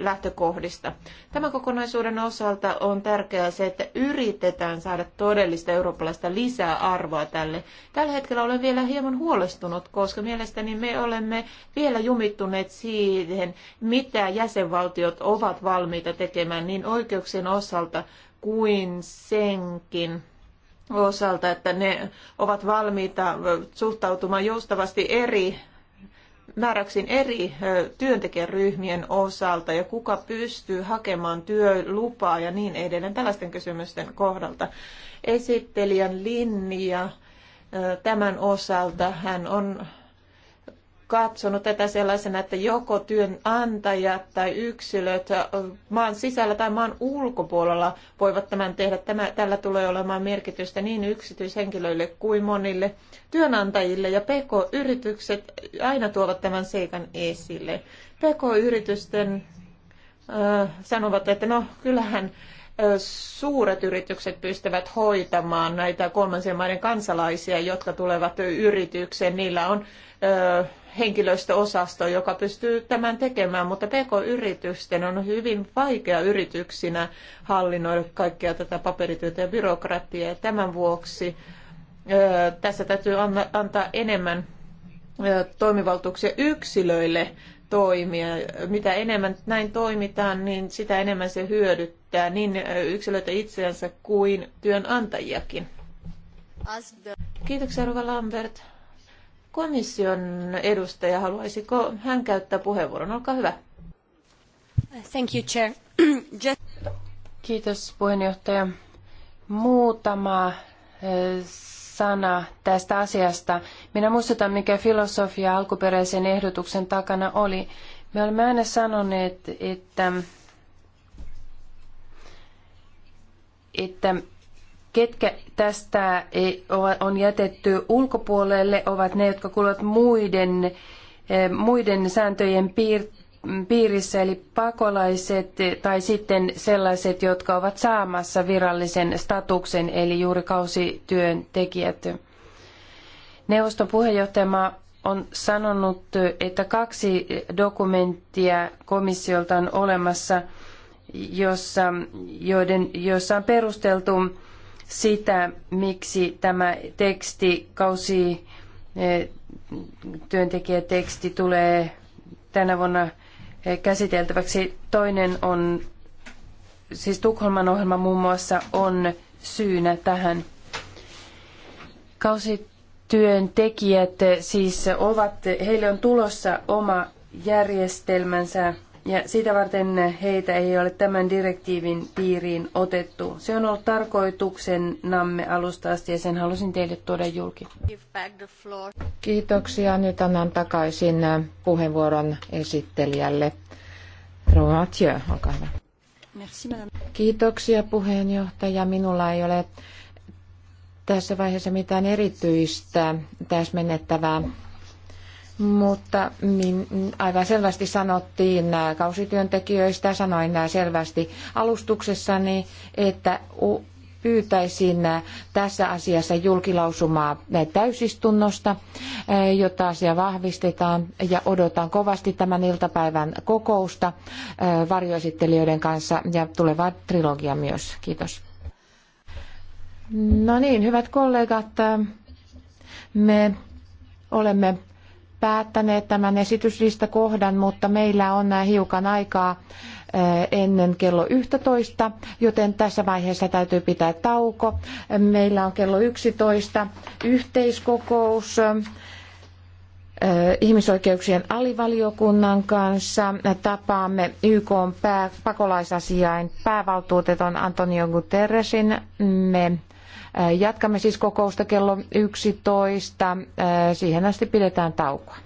lähtökohdista. Tämän kokonaisuuden osalta on tärkeää se, että yritetään saada todellista eurooppalaista lisää arvoa tälle. Tällä hetkellä olen vielä hieman huolestunut, koska mielestäni me olemme vielä jumittuneet siihen, mitä jäsenvaltiot ovat valmiita tekemään niin oikeuksien osalta kuin senkin osalta, että ne ovat valmiita suhtautumaan joustavasti eri määräksin eri työntekijäryhmien osalta ja kuka pystyy hakemaan työlupaa ja niin edelleen tällaisten kysymysten kohdalta. Esittelijän linja tämän osalta hän on katsonut tätä sellaisena, että joko työnantajat tai yksilöt maan sisällä tai maan ulkopuolella voivat tämän tehdä. Tämä, tällä tulee olemaan merkitystä niin yksityishenkilöille kuin monille työnantajille. Ja PK-yritykset aina tuovat tämän seikan esille. PK-yritysten äh, sanovat, että no kyllähän suuret yritykset pystyvät hoitamaan näitä kolmansien maiden kansalaisia, jotka tulevat yritykseen. Niillä on henkilöstöosasto, joka pystyy tämän tekemään, mutta PK-yritysten on hyvin vaikea yrityksinä hallinnoida kaikkea tätä paperityötä ja byrokratiaa. Tämän vuoksi tässä täytyy antaa enemmän toimivaltuuksia yksilöille toimia. Mitä enemmän näin toimitaan, niin sitä enemmän se hyödyttää niin yksilöitä itseänsä kuin työnantajiakin. Kiitoksia, Rova Lambert. Komission edustaja, haluaisiko hän käyttää puheenvuoron? Olkaa hyvä. Thank you, Chair. Just... Kiitos puheenjohtaja. Muutama eh, sana tästä asiasta. Minä muistutan, mikä filosofia alkuperäisen ehdotuksen takana oli. Me olemme aina sanoneet, että, että ketkä tästä e, on jätetty ulkopuolelle, ovat ne, jotka kuuluvat muiden, e, muiden sääntöjen piirissä, eli pakolaiset tai sitten sellaiset, jotka ovat saamassa virallisen statuksen, eli juuri kausityöntekijät. Neuvoston puheenjohtaja on sanonut, että kaksi dokumenttia komissiolta on olemassa, jossa, joiden, jossa on perusteltu sitä, miksi tämä teksti, kausi eh, työntekijäteksti tulee tänä vuonna eh, käsiteltäväksi. Toinen on, siis Tukholman ohjelma muun muassa on syynä tähän. Kausityöntekijät eh, siis ovat, heille on tulossa oma järjestelmänsä ja sitä varten heitä ei ole tämän direktiivin piiriin otettu. Se on ollut tarkoituksen namme alusta asti ja sen halusin teille tuoda julki. Kiitoksia. Nyt annan takaisin puheenvuoron esittelijälle. Rouva Mathieu, olkaa hyvä. Kiitoksia puheenjohtaja. Minulla ei ole tässä vaiheessa mitään erityistä täsmennettävää mutta min, aivan selvästi sanottiin äh, kausityöntekijöistä, sanoin äh, selvästi alustuksessani, että pyytäisin äh, tässä asiassa julkilausumaa täysistunnosta, jotta asia vahvistetaan ja odotan kovasti tämän iltapäivän kokousta varjoesittelijöiden kanssa ja tulevaa trilogia myös. Kiitos. No niin, hyvät kollegat, me olemme päättäneet tämän esityslistakohdan, mutta meillä on hiukan aikaa eh, ennen kello 11, joten tässä vaiheessa täytyy pitää tauko. Meillä on kello 11 yhteiskokous eh, ihmisoikeuksien alivaliokunnan kanssa. Tapaamme YK pää, pakolaisasiain päävaltuutetun Antonio Guterresin. Me Jatkamme siis kokousta kello 11. Siihen asti pidetään taukoa.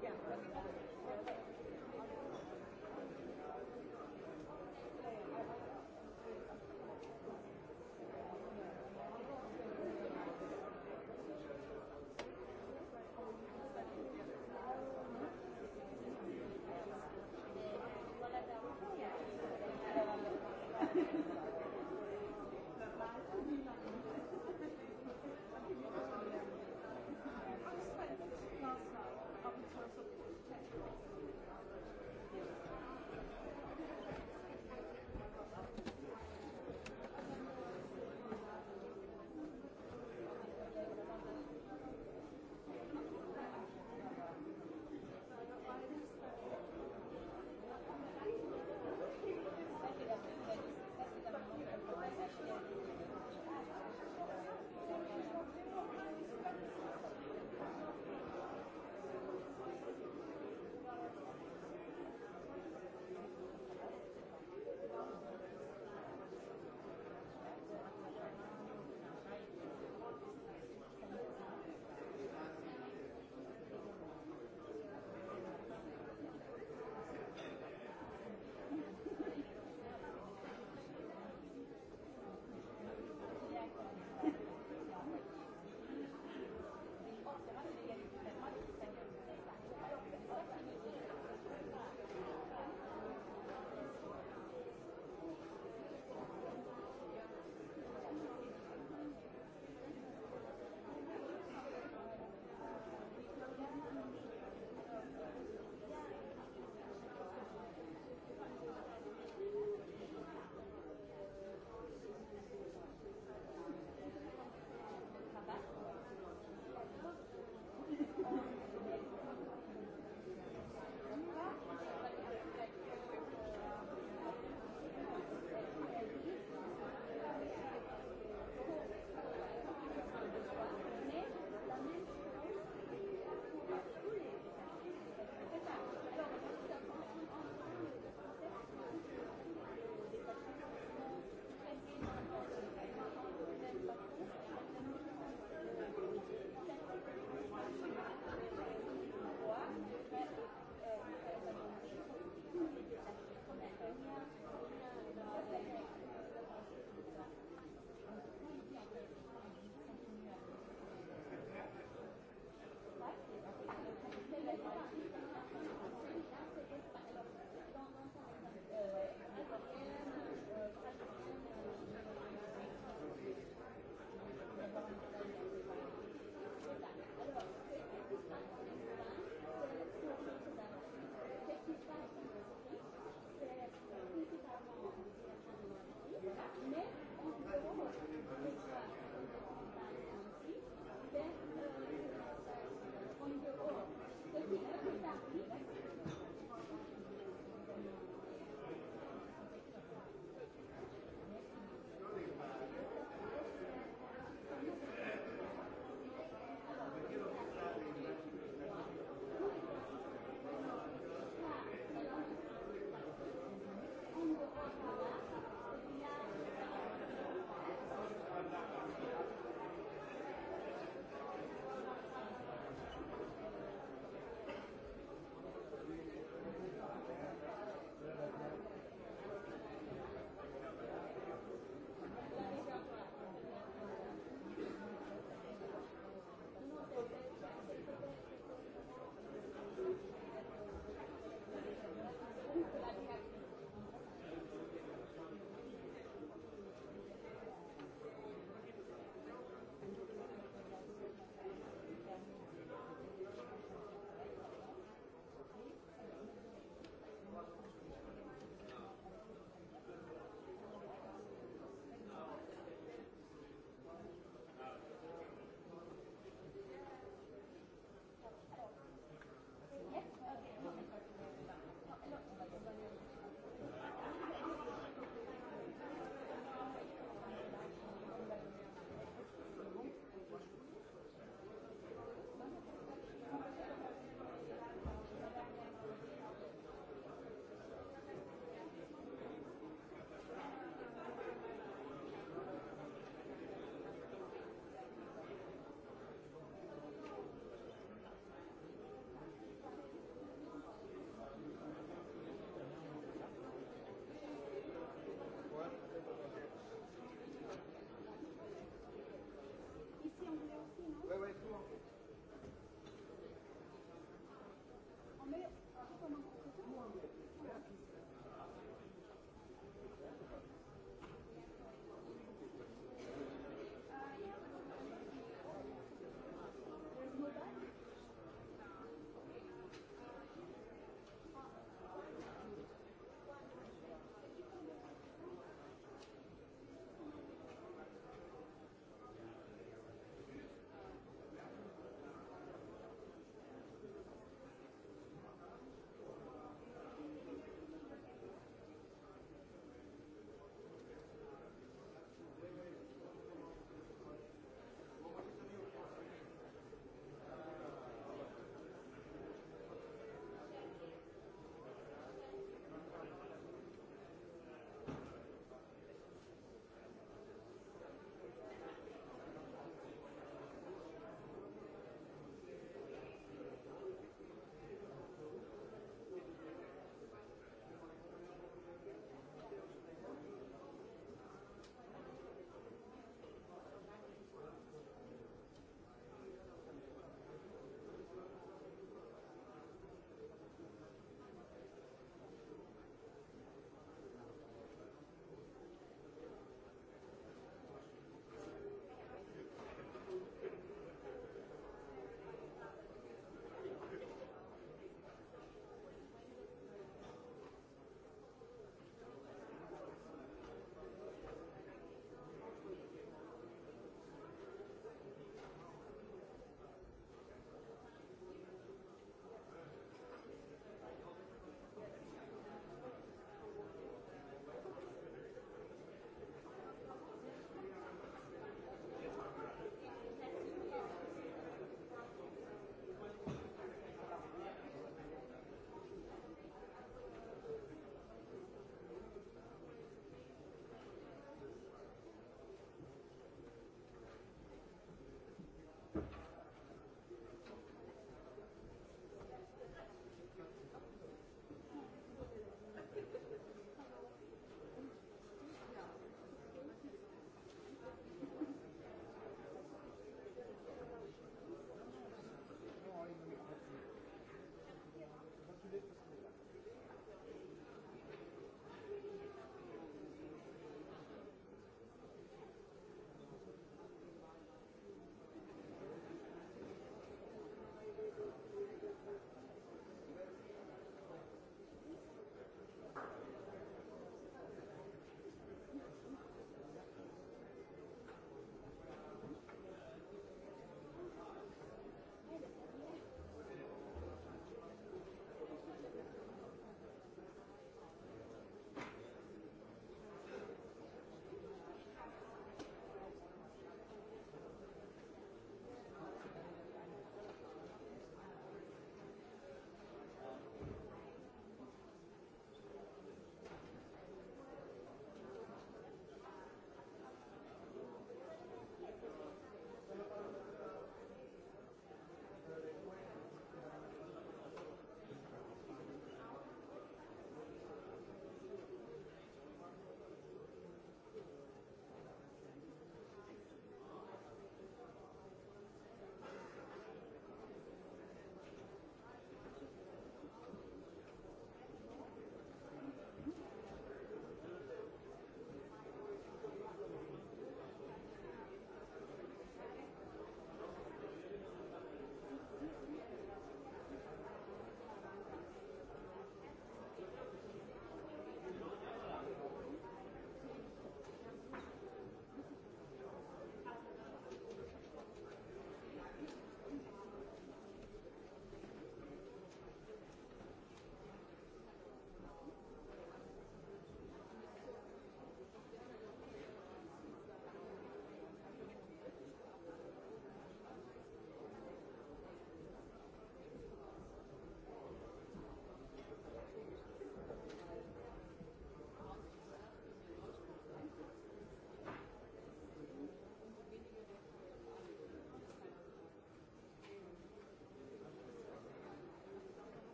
Yeah.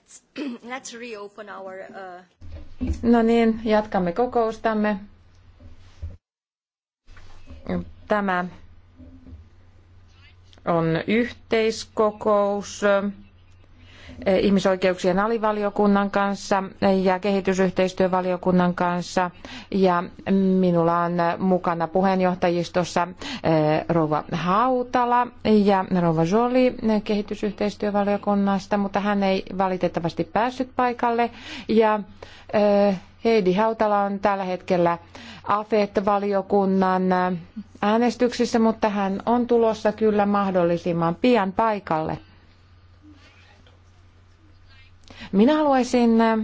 Let's, let's reopen our, uh... No niin, jatkamme kokoustamme. Tämä on yhteiskokous. Eh, ihmisoikeuksien alivaliokunnan kanssa ja kehitysyhteistyövaliokunnan kanssa. Ja minulla on mukana puheenjohtajistossa eh, rouva Hautala ja rouva Joli eh, kehitysyhteistyövaliokunnasta, mutta hän ei valitettavasti päässyt paikalle. Ja Heidi Hautala on tällä hetkellä AFET-valiokunnan äänestyksissä, mutta hän on tulossa kyllä mahdollisimman pian paikalle. Minä haluaisin äh,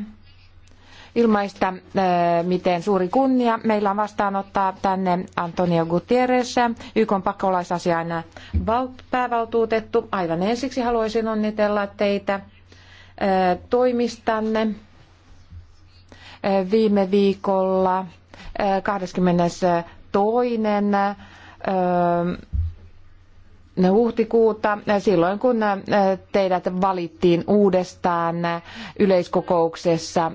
ilmaista, äh, miten suuri kunnia meillä on vastaanottaa tänne Antonio Gutierrez, YK pakolaisasiain päävaltuutettu. Aivan ensiksi haluaisin onnitella teitä äh, toimistanne viime viikolla 22 huhtikuuta, silloin kun teidät valittiin uudestaan yleiskokouksessa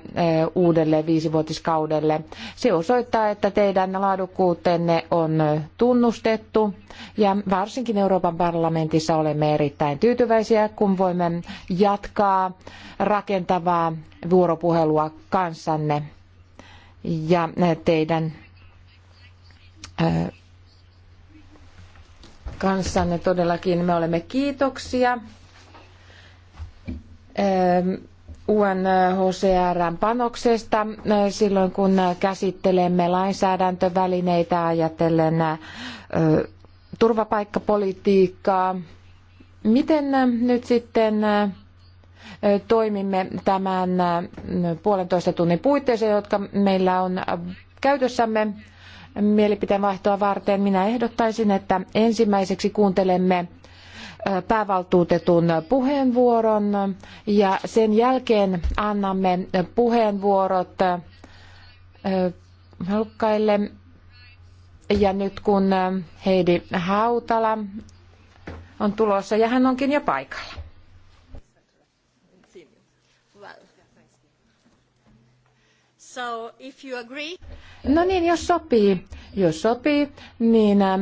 uudelle viisivuotiskaudelle. Se osoittaa, että teidän laadukkuutenne on tunnustettu ja varsinkin Euroopan parlamentissa olemme erittäin tyytyväisiä, kun voimme jatkaa rakentavaa vuoropuhelua kanssanne ja teidän kanssanne todellakin. Me olemme kiitoksia. Ehm, UNHCRn panoksesta eh, silloin, kun käsittelemme lainsäädäntövälineitä ajatellen eh, turvapaikkapolitiikkaa. Miten eh, nyt sitten toimimme tämän puolentoista tunnin puitteissa, jotka meillä on käytössämme mielipiteen vaihtoa varten. Minä ehdottaisin, että ensimmäiseksi kuuntelemme päävaltuutetun puheenvuoron ja sen jälkeen annamme puheenvuorot halukkaille. Ja nyt kun Heidi Hautala on tulossa ja hän onkin jo paikalla. So if you agree... No niin, jos sopii, jos sopii, niin äh,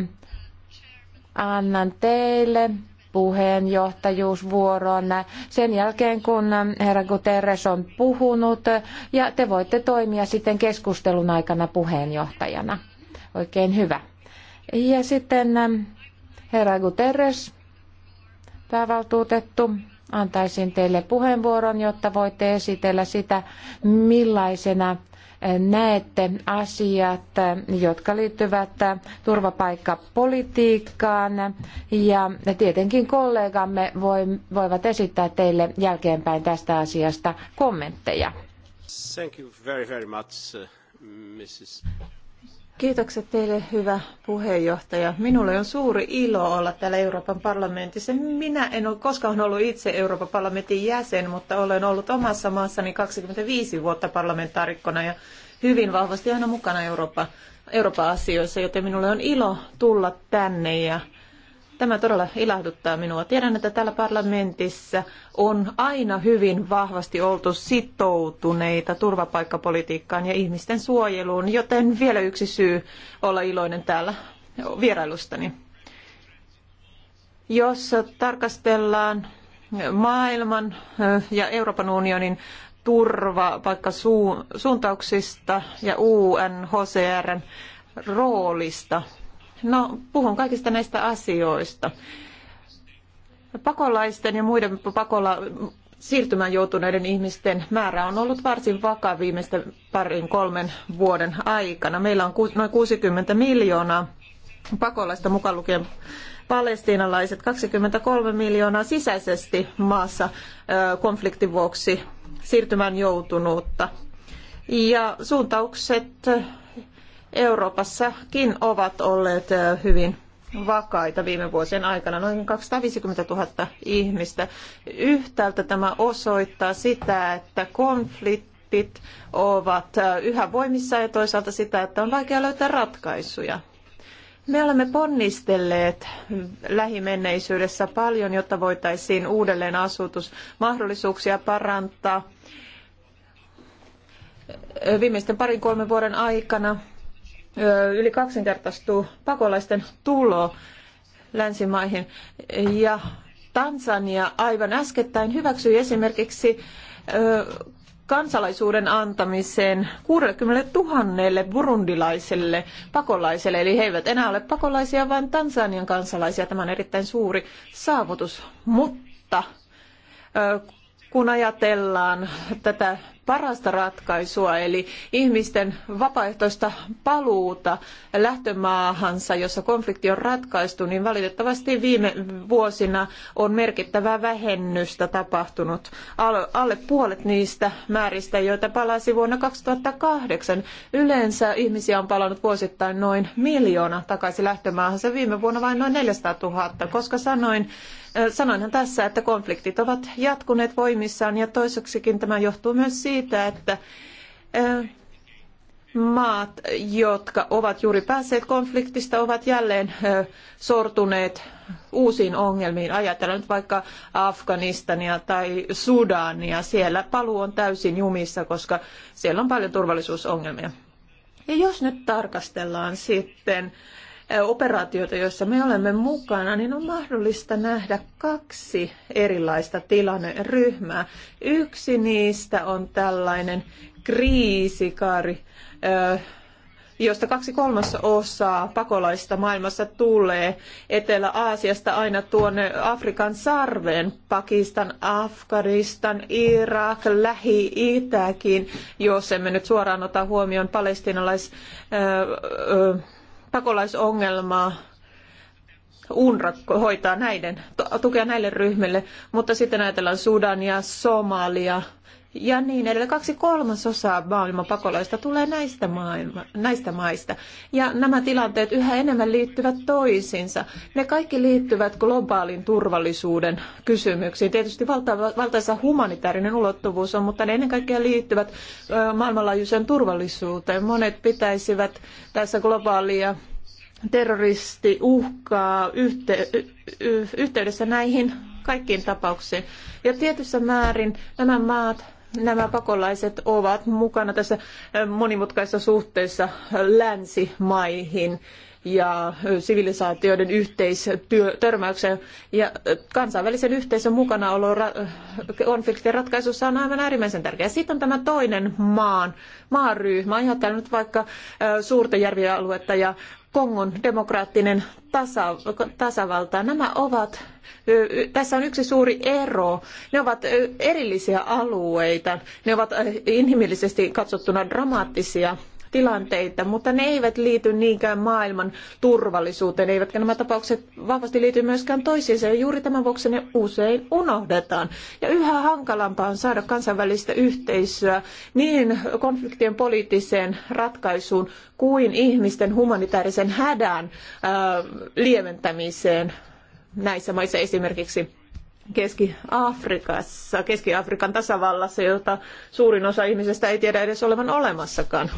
annan teille puheenjohtajuusvuoron sen jälkeen, kun äh, herra Guterres on puhunut, äh, ja te voitte toimia sitten keskustelun aikana puheenjohtajana. Oikein hyvä. Ja sitten herra Guterres, päävaltuutettu, antaisin teille puheenvuoron, jotta voitte esitellä sitä, millaisena eh, näette asiat, eh, jotka liittyvät eh, turvapaikkapolitiikkaan. Ja tietenkin kollegamme voivat esittää teille jälkeenpäin tästä asiasta kommentteja. Thank you very, very much, Mrs. Kiitokset teille, hyvä puheenjohtaja. Minulle on suuri ilo olla täällä Euroopan parlamentissa. Minä en ole koskaan ollut itse Euroopan parlamentin jäsen, mutta olen ollut omassa maassani 25 vuotta parlamentaarikkona ja hyvin vahvasti aina mukana Eurooppa, Euroopan asioissa, joten minulle on ilo tulla tänne ja Tämä todella ilahduttaa minua. Tiedän, että täällä parlamentissa on aina hyvin vahvasti oltu sitoutuneita turvapaikkapolitiikkaan ja ihmisten suojeluun, joten vielä yksi syy olla iloinen täällä vierailustani. Jos tarkastellaan maailman eh, ja Euroopan unionin turvapaikkasuuntauksista ja UNHCRn roolista No, puhun kaikista näistä asioista. Pakolaisten ja muiden pakolla siirtymään joutuneiden ihmisten määrä on ollut varsin vakaa viimeisten parin kolmen vuoden aikana. Meillä on noin 60 miljoonaa pakolaista mukaan lukien palestiinalaiset, 23 miljoonaa sisäisesti maassa konfliktin vuoksi siirtymään joutunutta. Ja suuntaukset Euroopassakin ovat olleet hyvin vakaita viime vuosien aikana, noin 250 000 ihmistä. Yhtäältä tämä osoittaa sitä, että konfliktit ovat yhä voimissa ja toisaalta sitä, että on vaikea löytää ratkaisuja. Me olemme ponnistelleet lähimenneisyydessä paljon, jotta voitaisiin uudelleen asutusmahdollisuuksia parantaa. Viimeisten parin kolmen vuoden aikana yli kaksinkertaistuu pakolaisten tulo länsimaihin. Ja Tansania aivan äskettäin hyväksyi esimerkiksi kansalaisuuden antamiseen 60 000 burundilaiselle pakolaiselle. Eli he eivät enää ole pakolaisia, vaan Tansanian kansalaisia. Tämä on erittäin suuri saavutus. Mutta kun ajatellaan tätä parasta ratkaisua, eli ihmisten vapaaehtoista paluuta lähtömaahansa, jossa konflikti on ratkaistu, niin valitettavasti viime vuosina on merkittävää vähennystä tapahtunut. Alle puolet niistä määristä, joita palasi vuonna 2008. Yleensä ihmisiä on palannut vuosittain noin miljoona takaisin lähtömaahansa, viime vuonna vain noin 400 000, koska sanoin, äh, Sanoinhan tässä, että konfliktit ovat jatkuneet voimissaan ja toiseksikin tämä johtuu myös siitä, siitä, että maat, jotka ovat juuri päässeet konfliktista, ovat jälleen sortuneet uusiin ongelmiin. Ajatellaan nyt vaikka Afganistania tai Sudania. Siellä paluu on täysin jumissa, koska siellä on paljon turvallisuusongelmia. Ja jos nyt tarkastellaan sitten operaatioita, joissa me olemme mukana, niin on mahdollista nähdä kaksi erilaista tilanneryhmää. Yksi niistä on tällainen kriisikaari, josta kaksi kolmassa osaa pakolaista maailmassa tulee Etelä-Aasiasta aina tuonne Afrikan sarveen, Pakistan, Afganistan, Irak, Lähi-Itäkin, jos emme nyt suoraan ota huomioon palestinalais... Öö, öö, pakolaisongelmaa UNRWA hoitaa näiden, tukea näille ryhmille, mutta sitten ajatellaan Sudania, Somalia, ja niin edelleen. Kaksi kolmasosaa maailman pakolaista tulee näistä, maailma, näistä maista. Ja nämä tilanteet yhä enemmän liittyvät toisiinsa. Ne kaikki liittyvät globaalin turvallisuuden kysymyksiin. Tietysti valta, valtaisa humanitaarinen ulottuvuus on, mutta ne ennen kaikkea liittyvät maailmanlaajuiseen turvallisuuteen. Monet pitäisivät tässä globaalia uhkaa yhte, yhteydessä näihin kaikkiin tapauksiin. Ja tietyssä määrin nämä maat nämä pakolaiset ovat mukana tässä monimutkaisessa suhteessa länsimaihin ja sivilisaatioiden yhteistörmäyksen ja kansainvälisen yhteisön mukanaolo konfliktien ratkaisussa on aivan äärimmäisen tärkeää. Sitten on tämä toinen maan, maaryhmä. Ajatellaan nyt vaikka suurta järvialuetta ja Kongon demokraattinen tasa, tasavalta. Nämä ovat, tässä on yksi suuri ero. Ne ovat erillisiä alueita. Ne ovat inhimillisesti katsottuna dramaattisia tilanteita, mutta ne eivät liity niinkään maailman turvallisuuteen, eivätkä nämä tapaukset vahvasti liity myöskään toisiinsa, ja juuri tämän vuoksi ne usein unohdetaan. Ja yhä hankalampaa on saada kansainvälistä yhteisöä niin konfliktien poliittiseen ratkaisuun kuin ihmisten humanitaarisen hädän lieventämiseen näissä maissa esimerkiksi Keski-Afrikassa, Keski-Afrikan tasavallassa, jota suurin osa ihmisistä ei tiedä edes olevan olemassakaan.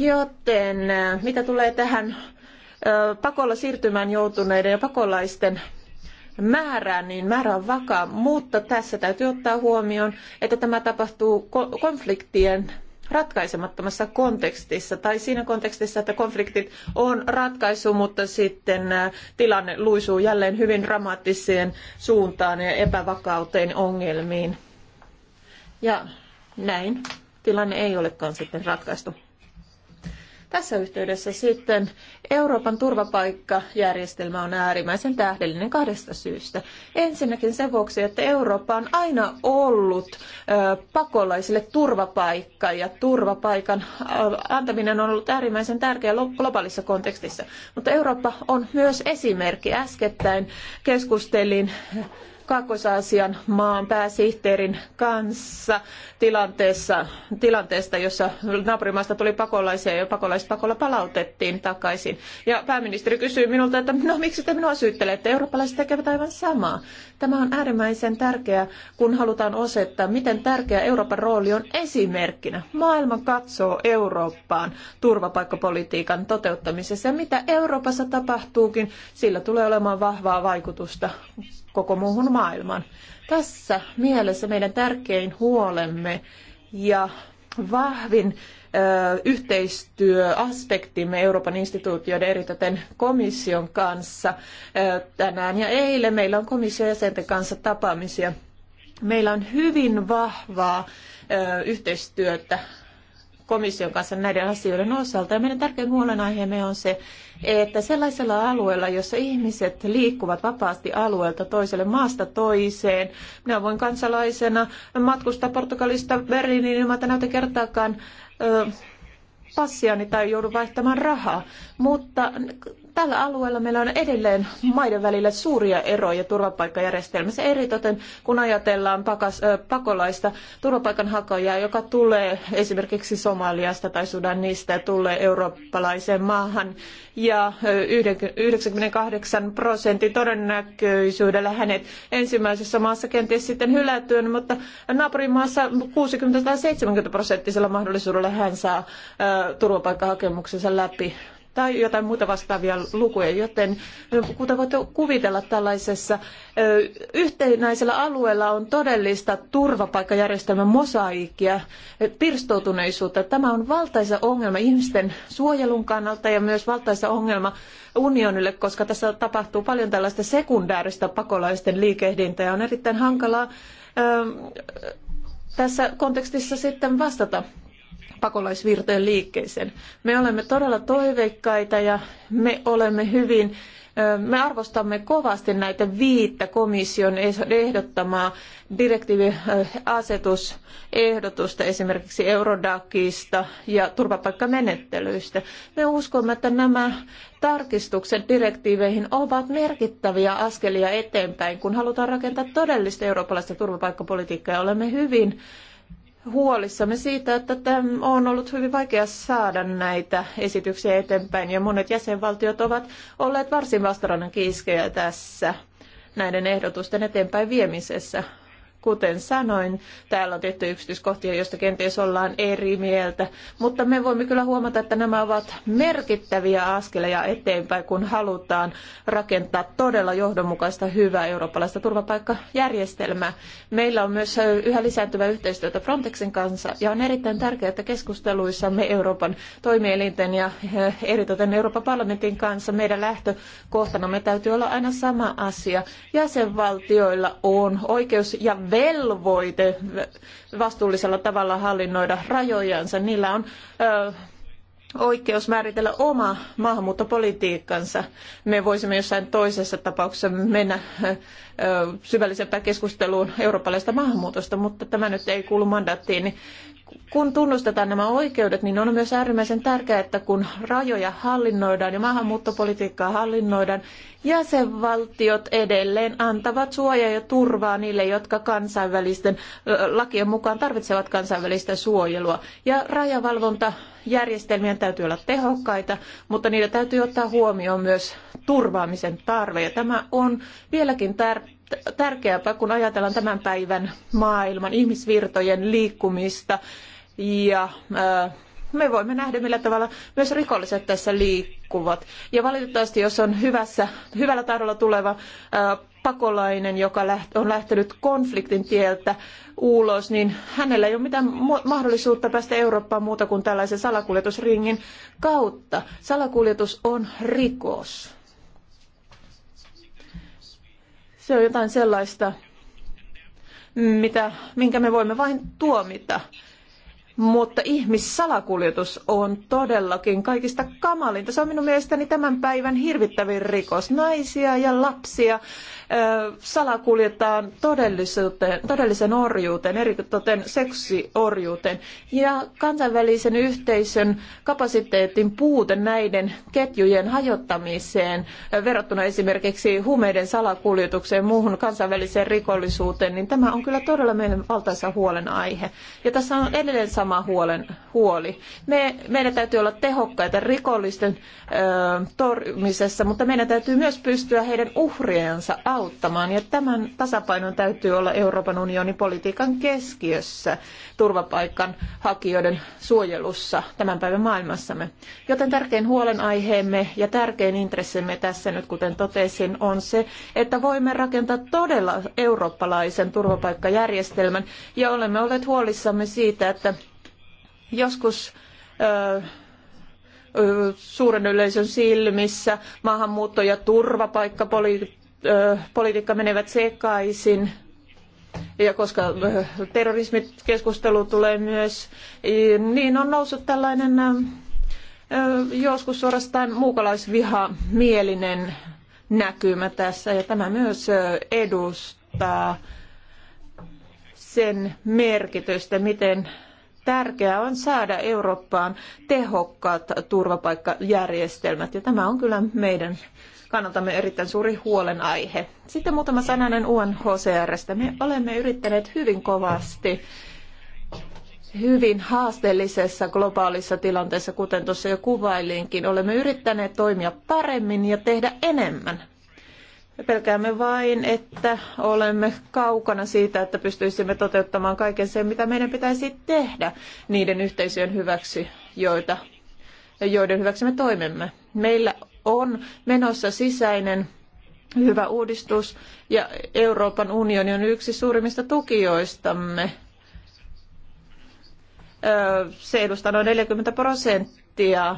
Joten äh, mitä tulee tähän äh, pakolla siirtymään joutuneiden ja pakolaisten määrään, niin määrä on vakaa, mutta tässä täytyy ottaa huomioon, että tämä tapahtuu konfliktien ratkaisemattomassa kontekstissa tai siinä kontekstissa, että konfliktit on ratkaisu, mutta sitten äh, tilanne luisuu jälleen hyvin dramaattiseen suuntaan ja epävakauteen ongelmiin. Ja näin tilanne ei olekaan sitten ratkaistu. Tässä yhteydessä sitten Euroopan turvapaikkajärjestelmä on äärimmäisen tähdellinen kahdesta syystä. Ensinnäkin sen vuoksi, että Eurooppa on aina ollut pakolaisille turvapaikka ja turvapaikan antaminen on ollut äärimmäisen tärkeä globaalissa kontekstissa. Mutta Eurooppa on myös esimerkki. Äskettäin keskustelin Kaakkois-Aasian maan pääsihteerin kanssa tilanteessa, tilanteesta, jossa naapurimaasta tuli pakolaisia ja pakolaispakolla palautettiin takaisin. Ja pääministeri kysyi minulta, että no miksi te minua syyttelette, eurooppalaiset tekevät aivan samaa. Tämä on äärimmäisen tärkeää, kun halutaan osoittaa, miten tärkeä Euroopan rooli on esimerkkinä. Maailma katsoo Eurooppaan turvapaikkapolitiikan toteuttamisessa ja mitä Euroopassa tapahtuukin, sillä tulee olemaan vahvaa vaikutusta koko muuhun maailmaan. Tässä mielessä meidän tärkein huolemme ja vahvin ö, yhteistyöaspektimme Euroopan instituutioiden eritoten komission kanssa ö, tänään ja eilen. Meillä on komission jäsenten kanssa tapaamisia. Meillä on hyvin vahvaa ö, yhteistyötä komission kanssa näiden asioiden osalta. Ja meidän tärkein huolenaiheemme on se, että sellaisella alueella, jossa ihmiset liikkuvat vapaasti alueelta toiselle maasta toiseen, minä voin kansalaisena matkustaa Portugalista Berliiniin ilman näitä kertaakaan passiani tai joudu vaihtamaan rahaa. Mutta Tällä alueella meillä on edelleen maiden välillä suuria eroja turvapaikkajärjestelmässä, eritoten kun ajatellaan pakas, äh, pakolaista turvapaikanhakijaa, joka tulee esimerkiksi Somaliasta tai Sudanista ja tulee eurooppalaiseen maahan. Ja 98 prosentin todennäköisyydellä hänet ensimmäisessä maassa kenties sitten hylätyn, mutta naapurimaassa 60 tai 70 prosenttisella mahdollisuudella hän saa äh, turvapaikkahakemuksensa läpi tai jotain muita vastaavia lukuja, joten kuten voitte kuvitella tällaisessa yhtenäisellä alueella on todellista turvapaikkajärjestelmän mosaikkia, pirstoutuneisuutta. Tämä on valtaisa ongelma ihmisten suojelun kannalta ja myös valtaisa ongelma unionille, koska tässä tapahtuu paljon tällaista sekundääristä pakolaisten liikehdintää ja on erittäin hankalaa tässä kontekstissa sitten vastata pakolaisvirtojen liikkeeseen. Me olemme todella toiveikkaita ja me olemme hyvin me arvostamme kovasti näitä viittä komission ehdottamaa direktiiviasetusehdotusta esimerkiksi Eurodakista ja turvapaikkamenettelyistä. Me uskomme, että nämä tarkistukset direktiiveihin ovat merkittäviä askelia eteenpäin, kun halutaan rakentaa todellista eurooppalaista turvapaikkapolitiikkaa. Olemme hyvin huolissamme siitä, että on ollut hyvin vaikea saada näitä esityksiä eteenpäin ja monet jäsenvaltiot ovat olleet varsin vastarannan kiiskejä tässä näiden ehdotusten eteenpäin viemisessä kuten sanoin, täällä on tietty yksityiskohtia, joista kenties ollaan eri mieltä, mutta me voimme kyllä huomata, että nämä ovat merkittäviä askeleja eteenpäin, kun halutaan rakentaa todella johdonmukaista, hyvää eurooppalaista turvapaikkajärjestelmää. Meillä on myös yhä lisääntyvää yhteistyötä Frontexin kanssa, ja on erittäin tärkeää, että keskusteluissamme Euroopan toimielinten ja eh, eritoten Euroopan parlamentin kanssa meidän lähtökohtanamme täytyy olla aina sama asia. Jäsenvaltioilla on oikeus ja velvoite vastuullisella tavalla hallinnoida rajojansa. Niillä on oikeus määritellä oma maahanmuuttopolitiikkansa. Me voisimme jossain toisessa tapauksessa mennä syvällisempään keskusteluun eurooppalaisesta maahanmuutosta, mutta tämä nyt ei kuulu mandaattiin kun tunnustetaan nämä oikeudet, niin on myös äärimmäisen tärkeää, että kun rajoja hallinnoidaan ja maahanmuuttopolitiikkaa hallinnoidaan, jäsenvaltiot edelleen antavat suojaa ja turvaa niille, jotka kansainvälisten lakien mukaan tarvitsevat kansainvälistä suojelua. Ja rajavalvontajärjestelmien täytyy olla tehokkaita, mutta niiden täytyy ottaa huomioon myös turvaamisen tarve. Ja tämä on vieläkin tärkeää tärkeämpää, kun ajatellaan tämän päivän maailman ihmisvirtojen liikkumista ja me voimme nähdä, millä tavalla myös rikolliset tässä liikkuvat. Ja valitettavasti, jos on hyvässä, hyvällä tahdolla tuleva pakolainen, joka on lähtenyt konfliktin tieltä ulos, niin hänellä ei ole mitään mahdollisuutta päästä Eurooppaan muuta kuin tällaisen salakuljetusringin kautta. Salakuljetus on rikos. Se on jotain sellaista, mitä, minkä me voimme vain tuomita. Mutta ihmissalakuljetus on todellakin kaikista kamalinta. Se on minun mielestäni tämän päivän hirvittävin rikos. Naisia ja lapsia salakuljetaan todellisuuteen, todellisen orjuuteen, eritoten seksiorjuuteen. Ja kansainvälisen yhteisön kapasiteetin puute näiden ketjujen hajottamiseen verrattuna esimerkiksi huumeiden salakuljetukseen ja muuhun kansainväliseen rikollisuuteen, niin tämä on kyllä todella meidän valtaisa huolenaihe. Ja tässä on edelleen sama huolen, huoli. Me, meidän täytyy olla tehokkaita rikollisten ö, torjumisessa, mutta meidän täytyy myös pystyä heidän uhriensa auttamaan auttamaan. Ja tämän tasapainon täytyy olla Euroopan unionin politiikan keskiössä turvapaikan hakijoiden suojelussa tämän päivän maailmassamme. Joten tärkein huolenaiheemme ja tärkein intressimme tässä nyt, kuten totesin, on se, että voimme rakentaa todella eurooppalaisen turvapaikkajärjestelmän. Ja olemme olleet huolissamme siitä, että joskus öö, suuren yleisön silmissä maahanmuutto- ja turvapaikkapolitiikka politiikka menevät sekaisin. Ja koska terrorismikeskustelu tulee myös, niin on noussut tällainen joskus suorastaan muukalaisviha mielinen näkymä tässä. Ja tämä myös edustaa sen merkitystä, miten tärkeää on saada Eurooppaan tehokkaat turvapaikkajärjestelmät. Ja tämä on kyllä meidän kannaltamme erittäin suuri huolenaihe. Sitten muutama sananen UNHCRstä. Me olemme yrittäneet hyvin kovasti hyvin haasteellisessa globaalissa tilanteessa, kuten tuossa jo kuvailinkin. Olemme yrittäneet toimia paremmin ja tehdä enemmän. Me pelkäämme vain, että olemme kaukana siitä, että pystyisimme toteuttamaan kaiken sen, mitä meidän pitäisi tehdä niiden yhteisöjen hyväksi, joita, joiden hyväksi me toimimme. Meillä on menossa sisäinen hyvä uudistus ja Euroopan unioni on yksi suurimmista tukijoistamme. Se edustaa noin 40 prosenttia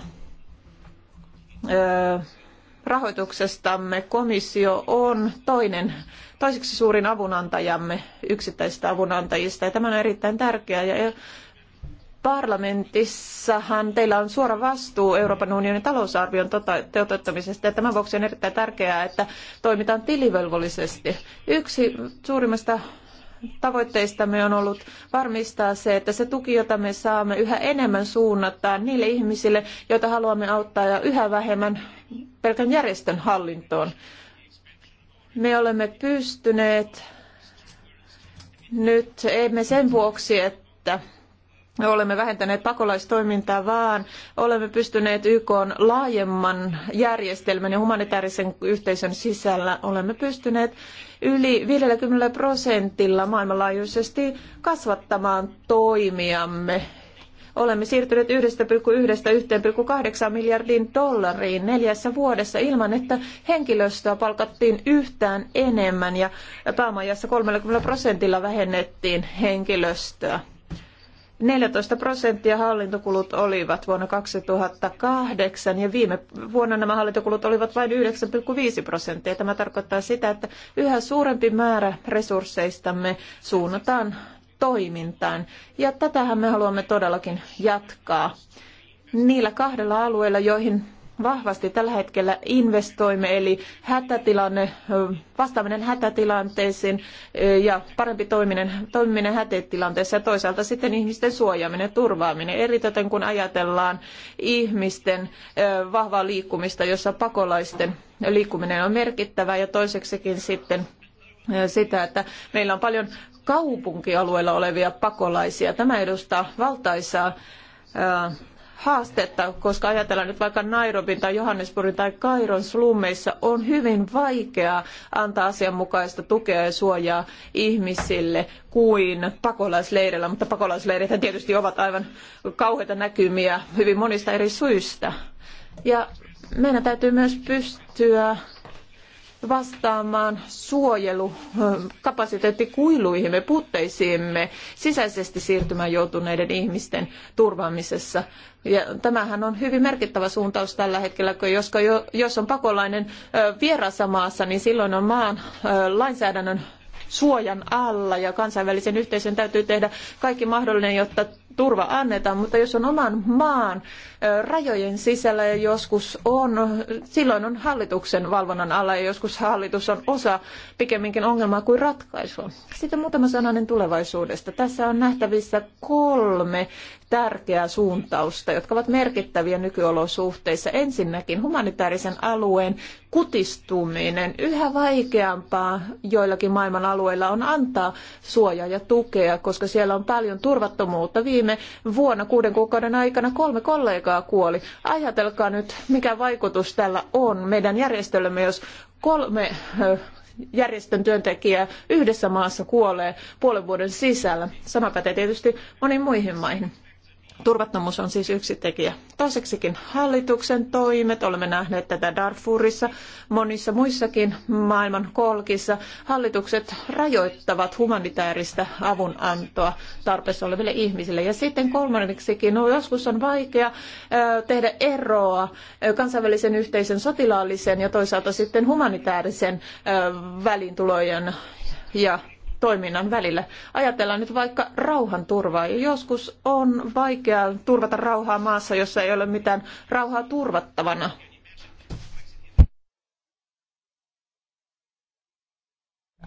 rahoituksestamme. Komissio on toinen, toiseksi suurin avunantajamme yksittäisistä avunantajista ja tämä on erittäin tärkeää ja Parlamentissahan teillä on suora vastuu Euroopan unionin talousarvion tota- toteuttamisesta ja tämän vuoksi on erittäin tärkeää, että toimitaan tilivelvollisesti. Yksi suurimmista tavoitteistamme on ollut varmistaa se, että se tuki, jota me saamme, yhä enemmän suunnataan niille ihmisille, joita haluamme auttaa ja yhä vähemmän pelkän järjestön hallintoon. Me olemme pystyneet nyt, emme sen vuoksi, että olemme vähentäneet pakolaistoimintaa, vaan olemme pystyneet YK laajemman järjestelmän ja humanitaarisen yhteisön sisällä olemme pystyneet yli 50 prosentilla maailmanlaajuisesti kasvattamaan toimiamme. Olemme siirtyneet 1,1-1,8 miljardin dollariin neljässä vuodessa ilman, että henkilöstöä palkattiin yhtään enemmän ja päämajassa 30 prosentilla vähennettiin henkilöstöä. 14 prosenttia hallintokulut olivat vuonna 2008 ja viime vuonna nämä hallintokulut olivat vain 9,5 prosenttia. Tämä tarkoittaa sitä, että yhä suurempi määrä resursseistamme suunnataan toimintaan ja tätähän me haluamme todellakin jatkaa niillä kahdella alueella, joihin vahvasti tällä hetkellä investoimme, eli hätätilanne, vastaaminen hätätilanteisiin ja parempi toiminen, toimiminen hätätilanteessa ja toisaalta sitten ihmisten suojaaminen ja turvaaminen. Eritoten kun ajatellaan ihmisten vahvaa liikkumista, jossa pakolaisten liikkuminen on merkittävää ja toiseksikin sitten sitä, että meillä on paljon kaupunkialueilla olevia pakolaisia. Tämä edustaa valtaisaa haastetta, koska ajatellaan nyt vaikka Nairobin tai Johannesburgin tai Kairon slummeissa on hyvin vaikeaa antaa asianmukaista tukea ja suojaa ihmisille kuin pakolaisleireillä, mutta pakolaisleirit tietysti ovat aivan kauheita näkymiä hyvin monista eri syistä. Ja meidän täytyy myös pystyä vastaamaan suojelukapasiteettikuiluihimme, puutteisiimme sisäisesti siirtymään joutuneiden ihmisten turvaamisessa. Ja tämähän on hyvin merkittävä suuntaus tällä hetkellä, koska jos on pakolainen vieraassa maassa, niin silloin on maan lainsäädännön suojan alla ja kansainvälisen yhteisön täytyy tehdä kaikki mahdollinen, jotta turva annetaan, mutta jos on oman maan rajojen sisällä ja joskus on, silloin on hallituksen valvonnan alla ja joskus hallitus on osa pikemminkin ongelmaa kuin ratkaisua. Sitten muutama sananen tulevaisuudesta. Tässä on nähtävissä kolme tärkeää suuntausta, jotka ovat merkittäviä nykyolosuhteissa. Ensinnäkin humanitaarisen alueen kutistuminen. Yhä vaikeampaa joillakin maailman alueilla on antaa suojaa ja tukea, koska siellä on paljon turvattomuutta. Viime vuonna kuuden kuukauden aikana kolme kollegaa kuoli. Ajatelkaa nyt, mikä vaikutus tällä on meidän järjestöllemme, jos kolme järjestön työntekijää yhdessä maassa kuolee puolen vuoden sisällä. Sama pätee tietysti moniin muihin maihin. Turvattomuus on siis yksi tekijä. Toiseksikin hallituksen toimet, olemme nähneet tätä Darfurissa, monissa muissakin maailman kolkissa. Hallitukset rajoittavat humanitaarista avunantoa tarpeessa oleville ihmisille. Ja sitten kolmanneksikin, no joskus on vaikea tehdä eroa kansainvälisen yhteisön sotilaallisen ja toisaalta sitten humanitaarisen välintulojen ja toiminnan välillä. Ajatellaan nyt vaikka rauhanturvaa. Joskus on vaikea turvata rauhaa maassa, jossa ei ole mitään rauhaa turvattavana.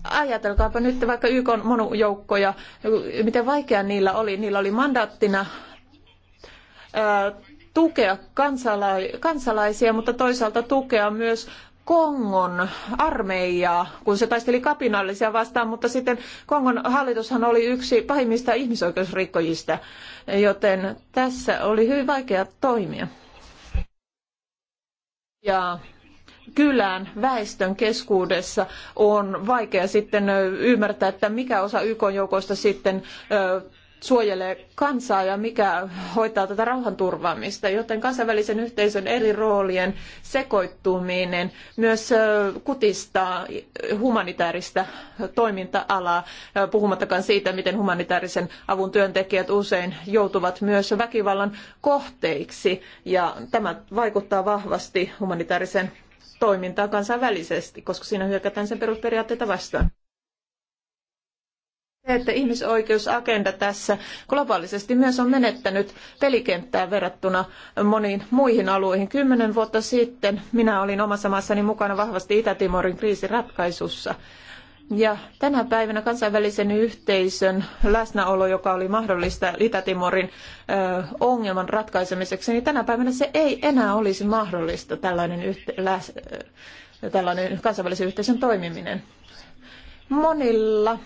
Ajatelkaapa nyt vaikka YK monujoukkoja, miten vaikea niillä oli. Niillä oli mandaattina tukea kansalaisia, mutta toisaalta tukea myös Kongon armeijaa, kun se taisteli kapinallisia vastaan, mutta sitten Kongon hallitushan oli yksi pahimmista ihmisoikeusrikkojista, joten tässä oli hyvin vaikea toimia. Ja kylän väestön keskuudessa on vaikea sitten ymmärtää, että mikä osa YK joukoista sitten suojelee kansaa ja mikä hoitaa tätä rauhanturvaamista, joten kansainvälisen yhteisön eri roolien sekoittuminen myös kutistaa humanitaarista toiminta-alaa, puhumattakaan siitä, miten humanitaarisen avun työntekijät usein joutuvat myös väkivallan kohteiksi ja tämä vaikuttaa vahvasti humanitaariseen toimintaan kansainvälisesti, koska siinä hyökätään sen perusperiaatteita vastaan se, että ihmisoikeusagenda tässä globaalisesti myös on menettänyt pelikenttää verrattuna moniin muihin alueihin. Kymmenen vuotta sitten minä olin omassa maassani mukana vahvasti Itä-Timorin kriisiratkaisussa. Ja tänä päivänä kansainvälisen yhteisön läsnäolo, joka oli mahdollista Itä-Timorin ongelman ratkaisemiseksi, niin tänä päivänä se ei enää olisi mahdollista tällainen, yhte- tällainen kansainvälisen yhteisön toimiminen. Monilla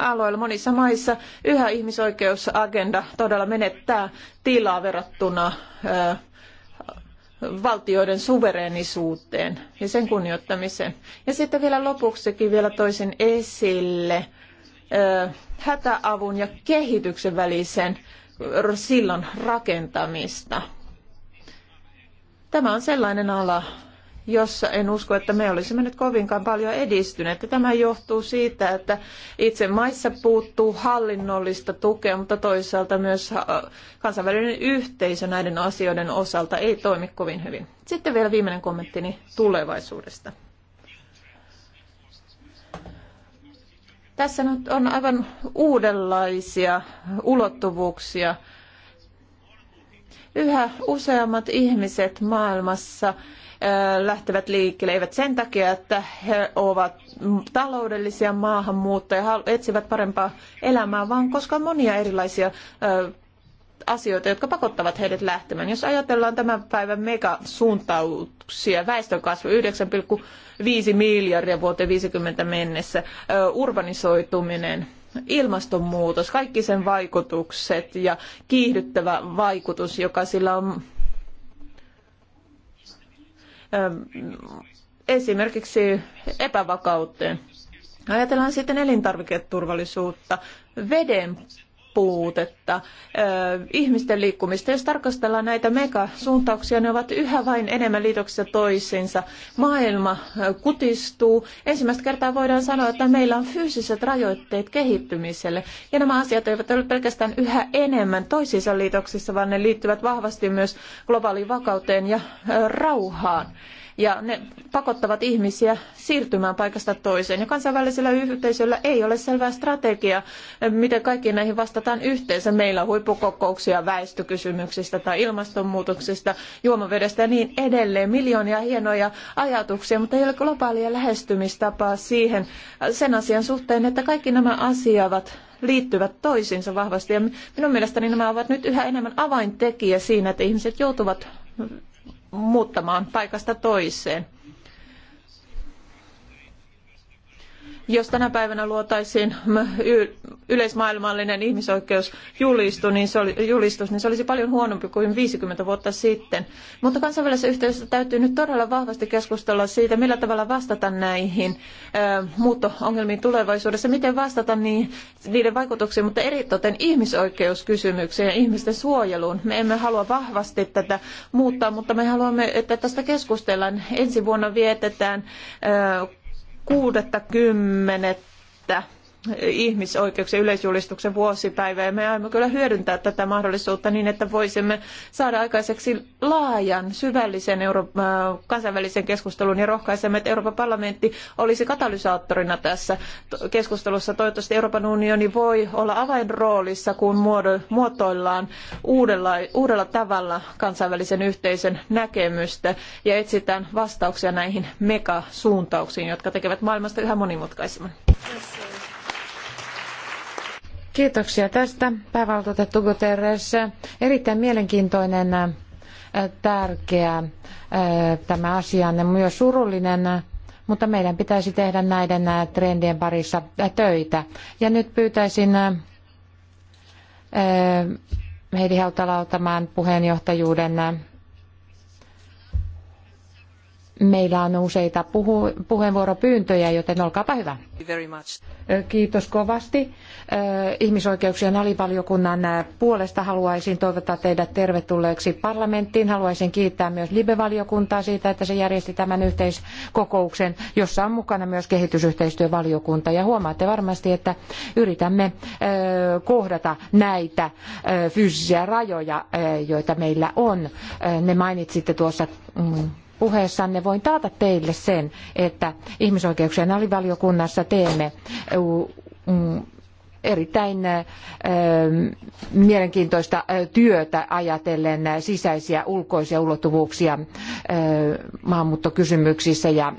aloilla monissa maissa yhä ihmisoikeusagenda todella menettää tilaa verrattuna valtioiden suvereenisuuteen ja sen kunnioittamiseen. Ja sitten vielä lopuksikin vielä toisin esille hätäavun ja kehityksen välisen sillan rakentamista. Tämä on sellainen ala, jossa en usko, että me olisimme nyt kovinkaan paljon edistyneet. Ja tämä johtuu siitä, että itse maissa puuttuu hallinnollista tukea, mutta toisaalta myös äh, kansainvälinen yhteisö näiden asioiden osalta ei toimi kovin hyvin. Sitten vielä viimeinen kommenttini tulevaisuudesta. Tässä nyt on aivan uudenlaisia ulottuvuuksia. Yhä useammat ihmiset maailmassa lähtevät liikkeelle eivät sen takia, että he ovat taloudellisia maahanmuuttajia, etsivät parempaa elämää, vaan koska on monia erilaisia asioita, jotka pakottavat heidät lähtemään. Jos ajatellaan tämän päivän megasuuntauksia, väestönkasvu 9,5 miljardia vuoteen 50 mennessä, urbanisoituminen, ilmastonmuutos, kaikki sen vaikutukset ja kiihdyttävä vaikutus, joka sillä on esimerkiksi epävakauteen. Ajatellaan sitten elintarviketurvallisuutta. Veden puutetta, ihmisten liikkumista. Jos tarkastellaan näitä megasuuntauksia, ne ovat yhä vain enemmän liitoksissa toisiinsa. Maailma kutistuu. Ensimmäistä kertaa voidaan sanoa, että meillä on fyysiset rajoitteet kehittymiselle. Ja nämä asiat eivät ole pelkästään yhä enemmän toisiinsa liitoksissa, vaan ne liittyvät vahvasti myös globaaliin vakauteen ja rauhaan ja ne pakottavat ihmisiä siirtymään paikasta toiseen. Ja kansainvälisellä yhteisöllä ei ole selvää strategiaa, miten kaikkiin näihin vastataan yhteensä. Meillä on huippukokouksia väestökysymyksistä tai ilmastonmuutoksesta, juomavedestä ja niin edelleen. Miljoonia hienoja ajatuksia, mutta ei ole globaalia lähestymistapaa siihen, sen asian suhteen, että kaikki nämä asiat liittyvät toisiinsa vahvasti. Ja minun mielestäni nämä ovat nyt yhä enemmän avaintekijä siinä, että ihmiset joutuvat muuttamaan paikasta toiseen. Jos tänä päivänä luotaisiin yleismaailmallinen ihmisoikeusjulistus, niin se, oli, julistus, niin se olisi paljon huonompi kuin 50 vuotta sitten. Mutta kansainvälisessä yhteisössä täytyy nyt todella vahvasti keskustella siitä, millä tavalla vastata näihin ö, muutto-ongelmiin tulevaisuudessa, miten vastata niin, niiden vaikutuksiin, mutta eritoten ihmisoikeuskysymyksiin ja ihmisten suojeluun. Me emme halua vahvasti tätä muuttaa, mutta me haluamme, että tästä keskustellaan. Ensi vuonna vietetään kuudetta kymmenettä ihmisoikeuksien yleisjulistuksen vuosipäivä ja me aiomme kyllä hyödyntää tätä mahdollisuutta niin, että voisimme saada aikaiseksi laajan, syvällisen Euro- äh, kansainvälisen keskustelun ja rohkaisemme, että Euroopan parlamentti olisi katalysaattorina tässä keskustelussa. Toivottavasti Euroopan unioni voi olla avainroolissa, kun muotoillaan uudella, uudella tavalla kansainvälisen yhteisön näkemystä ja etsitään vastauksia näihin megasuuntauksiin, jotka tekevät maailmasta yhä monimutkaisemman. Kiitoksia tästä, päävaltuutettu Guterres. Erittäin mielenkiintoinen, äh, tärkeä äh, tämä asia myös surullinen, mutta meidän pitäisi tehdä näiden äh, trendien parissa töitä. Ja nyt pyytäisin Heidi Hautala ottamaan puheenjohtajuuden Meillä on useita puhu, puheenvuoropyyntöjä, joten olkaapa hyvä. Kiitos kovasti. Ihmisoikeuksien alivaliokunnan puolesta haluaisin toivottaa teidät tervetulleeksi parlamenttiin. Haluaisin kiittää myös Libe-valiokuntaa siitä, että se järjesti tämän yhteiskokouksen, jossa on mukana myös kehitysyhteistyövaliokunta. Ja huomaatte varmasti, että yritämme kohdata näitä fyysisiä rajoja, joita meillä on. Ne mainitsitte tuossa mm, puheessanne voin taata teille sen, että ihmisoikeuksien alivaliokunnassa teemme mm, erittäin mielenkiintoista työtä ajatellen sisäisiä ulkoisia ulottuvuuksia maahanmuuttokysymyksissä ja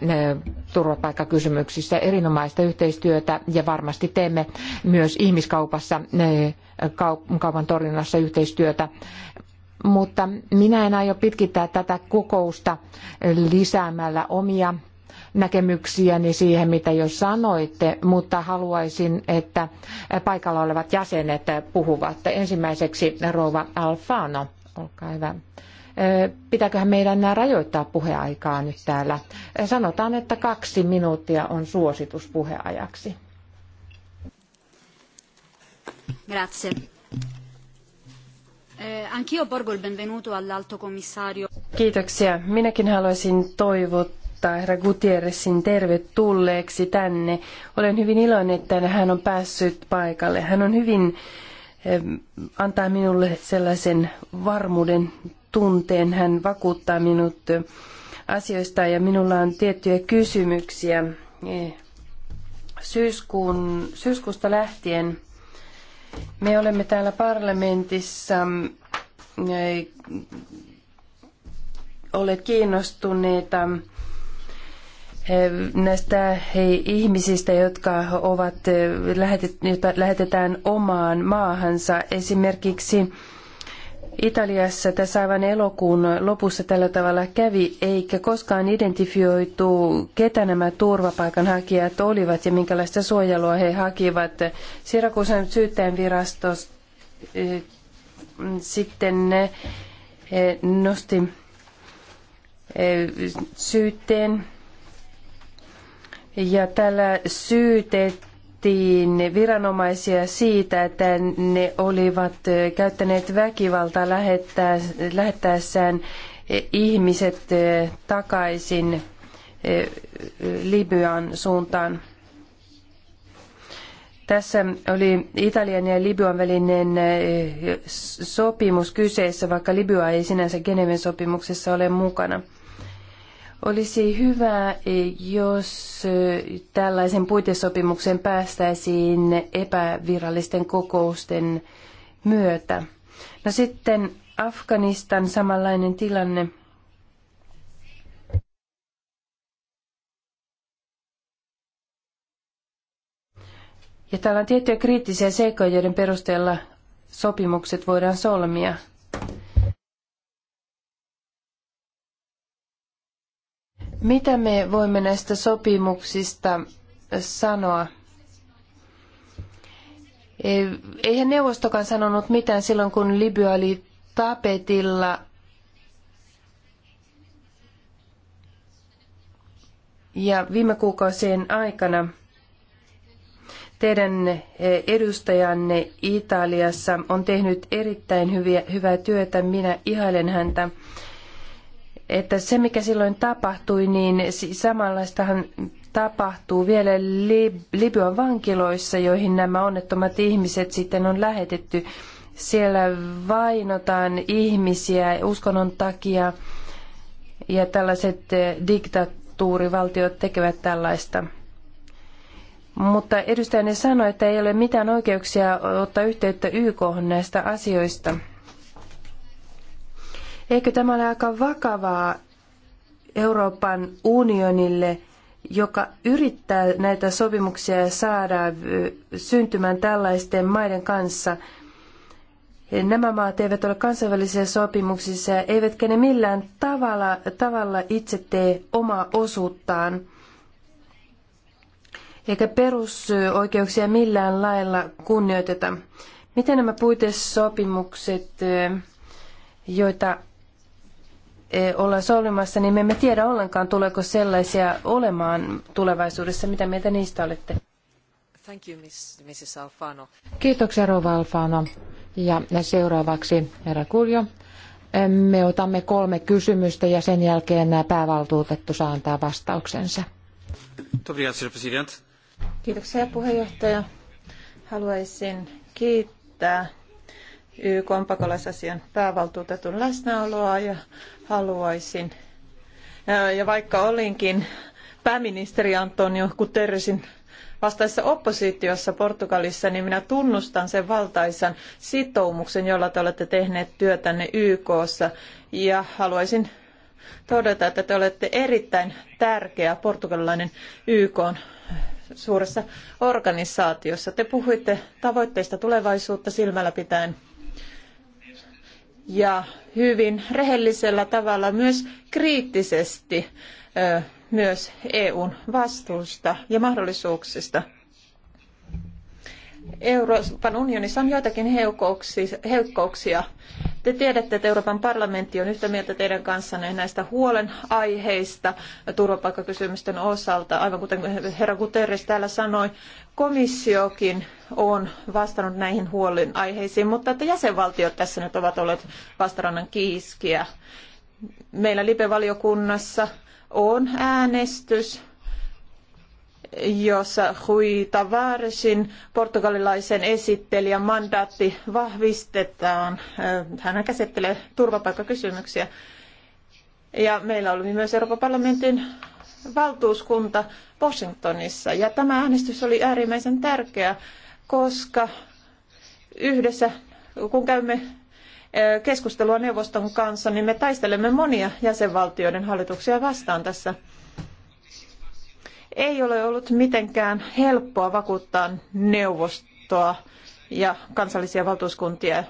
turvapaikkakysymyksissä erinomaista yhteistyötä ja varmasti teemme myös ihmiskaupassa kaupan torjunnassa yhteistyötä mutta minä en aio pitkittää tätä kokousta lisäämällä omia näkemyksiäni siihen, mitä jo sanoitte, mutta haluaisin, että paikalla olevat jäsenet puhuvat. Ensimmäiseksi rouva Alfano, olkaa hyvä. Pitääköhän meidän rajoittaa puheaikaa nyt täällä? Sanotaan, että kaksi minuuttia on suositus puheajaksi. Grazie. Eh, anch'io porgo il benvenuto all'alto commissario. Kiitoksia. Minäkin haluaisin toivottaa herra Gutierrezin tervetulleeksi tänne. Olen hyvin iloinen, että hän on päässyt paikalle. Hän on hyvin, antaa minulle sellaisen varmuuden tunteen. Hän vakuuttaa minut eh, asioista ja minulla on tiettyjä kysymyksiä. Eh, syyskuun, syyskuusta lähtien me olemme täällä parlamentissa eh, olleet kiinnostuneita eh, näistä ihmisistä, jotka ovat, eh, lähetetään omaan maahansa. Esimerkiksi Italiassa tässä aivan elokuun lopussa tällä tavalla kävi, eikä koskaan identifioitu, ketä nämä turvapaikanhakijat olivat ja minkälaista suojelua he hakivat. Sirakusan syyttäjän virasto eh, sitten eh, nosti eh, syytteen ja tällä syytettiin syytettiin viranomaisia siitä, että ne olivat käyttäneet väkivaltaa lähettäessään ihmiset e, takaisin e, Libyan suuntaan. Tässä oli Italian ja Libyan välinen e, sopimus kyseessä, vaikka Libya ei sinänsä Geneven sopimuksessa ole mukana. Olisi hyvä, jos eh, tällaisen puitesopimuksen päästäisiin epävirallisten kokousten myötä. No sitten Afganistan samanlainen tilanne. Ja täällä on tiettyjä kriittisiä seikkoja, joiden perusteella sopimukset voidaan solmia. Mitä me voimme näistä sopimuksista sanoa? Eihän neuvostokaan sanonut mitään silloin, kun Libya oli tapetilla. Ja viime kuukausien aikana teidän edustajanne Italiassa on tehnyt erittäin hyviä, hyvää työtä. Minä ihailen häntä että se mikä silloin tapahtui, niin samanlaistahan tapahtuu vielä Libyan vankiloissa, joihin nämä onnettomat ihmiset sitten on lähetetty. Siellä vainotaan ihmisiä uskonnon takia ja tällaiset eh, diktatuurivaltiot tekevät tällaista. Mutta edustajani sanoi, että ei ole mitään oikeuksia ottaa yhteyttä YK näistä asioista. Eikö tämä ole aika vakavaa Euroopan unionille, joka yrittää näitä sopimuksia saada syntymään tällaisten maiden kanssa? Nämä maat eivät ole kansainvälisissä sopimuksissa, eivätkä ne millään tavalla, tavalla itse tee omaa osuuttaan eikä perusoikeuksia millään lailla kunnioiteta. Miten nämä puitesopimukset, joita E, ollaan solmimassa, niin me emme tiedä ollenkaan, tuleeko sellaisia olemaan tulevaisuudessa. Mitä mieltä niistä olette? Thank you, Mrs. Alfano. Kiitoksia, Rova Alfano. Ja seuraavaksi herra Kuljo. Me otamme kolme kysymystä ja sen jälkeen päävaltuutettu saa antaa vastauksensa. Kiitoksia puheenjohtaja. Haluaisin kiittää YK on pakolaisasian päävaltuutetun läsnäoloa ja haluaisin. Ja vaikka olinkin pääministeri Antonio Guterresin vastaisessa oppositiossa Portugalissa, niin minä tunnustan sen valtaisan sitoumuksen, jolla te olette tehneet työtänne YKssa. Ja haluaisin todeta, että te olette erittäin tärkeä portugalilainen YK suuressa organisaatiossa. Te puhuitte tavoitteista tulevaisuutta silmällä pitäen ja hyvin rehellisellä tavalla myös kriittisesti myös EUn vastuusta ja mahdollisuuksista Euroopan unionissa on joitakin heikkouksia. Te tiedätte, että Euroopan parlamentti on yhtä mieltä teidän kanssanne näistä huolenaiheista turvapaikkakysymysten osalta. Aivan kuten herra Guterres täällä sanoi, komissiokin on vastannut näihin huolenaiheisiin, mutta että jäsenvaltiot tässä nyt ovat olleet vastarannan kiiskiä. Meillä Libe-valiokunnassa on äänestys jossa Rui Tavaresin portugalilaisen esittelijän mandaatti vahvistetaan. Hän käsittelee turvapaikkakysymyksiä. Ja meillä oli myös Euroopan parlamentin valtuuskunta Washingtonissa. Ja tämä äänestys oli äärimmäisen tärkeä, koska yhdessä, kun käymme keskustelua neuvoston kanssa, niin me taistelemme monia jäsenvaltioiden hallituksia vastaan tässä ei ole ollut mitenkään helppoa vakuuttaa neuvostoa ja kansallisia valtuuskuntia.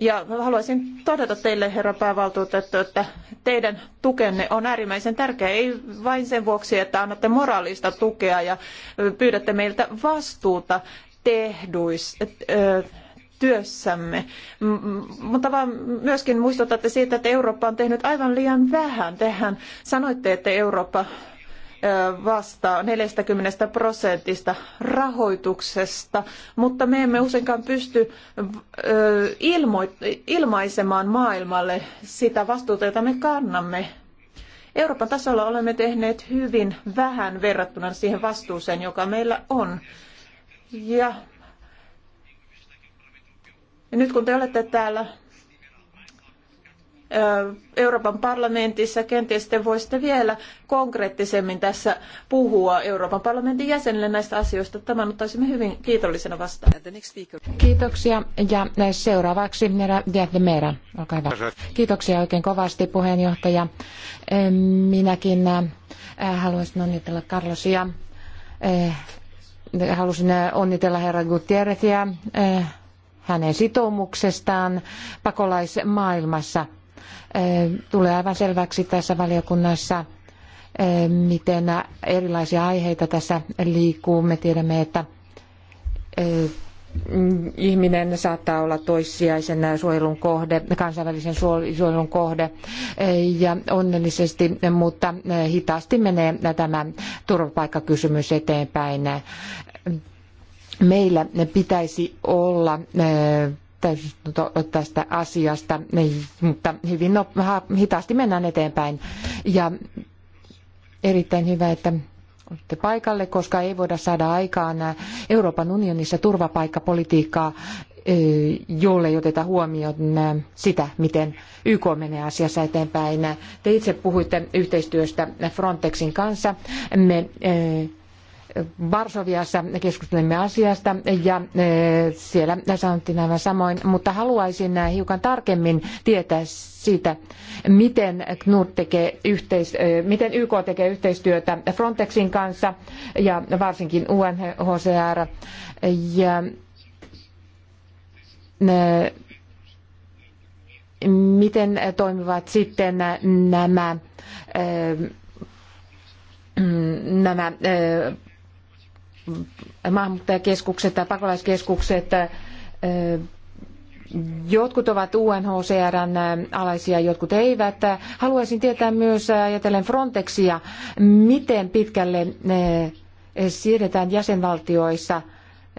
Ja haluaisin todeta teille, herra päävaltuutettu, että teidän tukenne on äärimmäisen tärkeä, ei vain sen vuoksi, että annatte moraalista tukea ja pyydätte meiltä vastuuta tehduis, työssämme, mutta vaan myöskin muistutatte siitä, että Eurooppa on tehnyt aivan liian vähän. Tehän sanoitte, että Eurooppa vastaa 40 prosentista rahoituksesta, mutta me emme useinkaan pysty ilmaisemaan maailmalle sitä vastuuta, jota me kannamme. Euroopan tasolla olemme tehneet hyvin vähän verrattuna siihen vastuuseen, joka meillä on. Ja nyt kun te olette täällä Euroopan parlamentissa. Kenties te voisitte vielä konkreettisemmin tässä puhua Euroopan parlamentin jäsenille näistä asioista. Tämän ottaisimme hyvin kiitollisena vastaan. Kiitoksia ja seuraavaksi Nera Diatemera, olkaa hyvä. Kiitoksia oikein kovasti puheenjohtaja. Minäkin haluaisin onnitella Carlosia. Halusin onnitella herra Gutierrezia hänen sitoumuksestaan pakolaismaailmassa tulee aivan selväksi tässä valiokunnassa, miten erilaisia aiheita tässä liikkuu. Me tiedämme, että ihminen saattaa olla toissijaisen suojelun kohde, kansainvälisen suojelun kohde ja onnellisesti, mutta hitaasti menee tämä turvapaikkakysymys eteenpäin. Meillä pitäisi olla tästä asiasta, mutta hyvin no, hitaasti mennään eteenpäin. Ja erittäin hyvä, että olette paikalle, koska ei voida saada aikaan Euroopan unionissa turvapaikkapolitiikkaa, jolle ei oteta huomioon sitä, miten YK menee asiassa eteenpäin. Te itse puhuitte yhteistyöstä Frontexin kanssa. Me Varsoviassa keskustelimme asiasta ja e, siellä sanottiin aivan samoin, mutta haluaisin e, hiukan tarkemmin tietää siitä, miten, KNUR tekee yhteis- e, miten YK tekee yhteistyötä Frontexin kanssa ja varsinkin UNHCR. Ja miten toimivat sitten nämä nämä maahanmuuttajakeskukset tai pakolaiskeskukset. Jotkut ovat UNHCRn alaisia, jotkut eivät. Haluaisin tietää myös, ajatellen Frontexia, miten pitkälle siirretään jäsenvaltioissa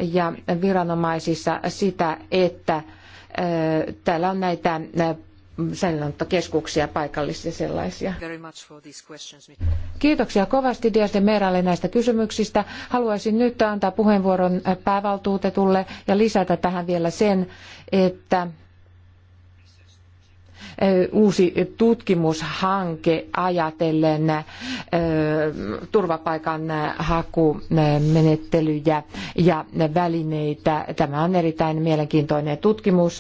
ja viranomaisissa sitä, että täällä on näitä säilöönottokeskuksia paikallisia sellaisia. Kiitoksia kovasti de Meeralle näistä kysymyksistä. Haluaisin nyt antaa puheenvuoron äh, päävaltuutetulle ja lisätä tähän vielä sen, että uusi tutkimushanke ajatellen turvapaikan hakumenettelyjä ja välineitä. Tämä on erittäin mielenkiintoinen tutkimus.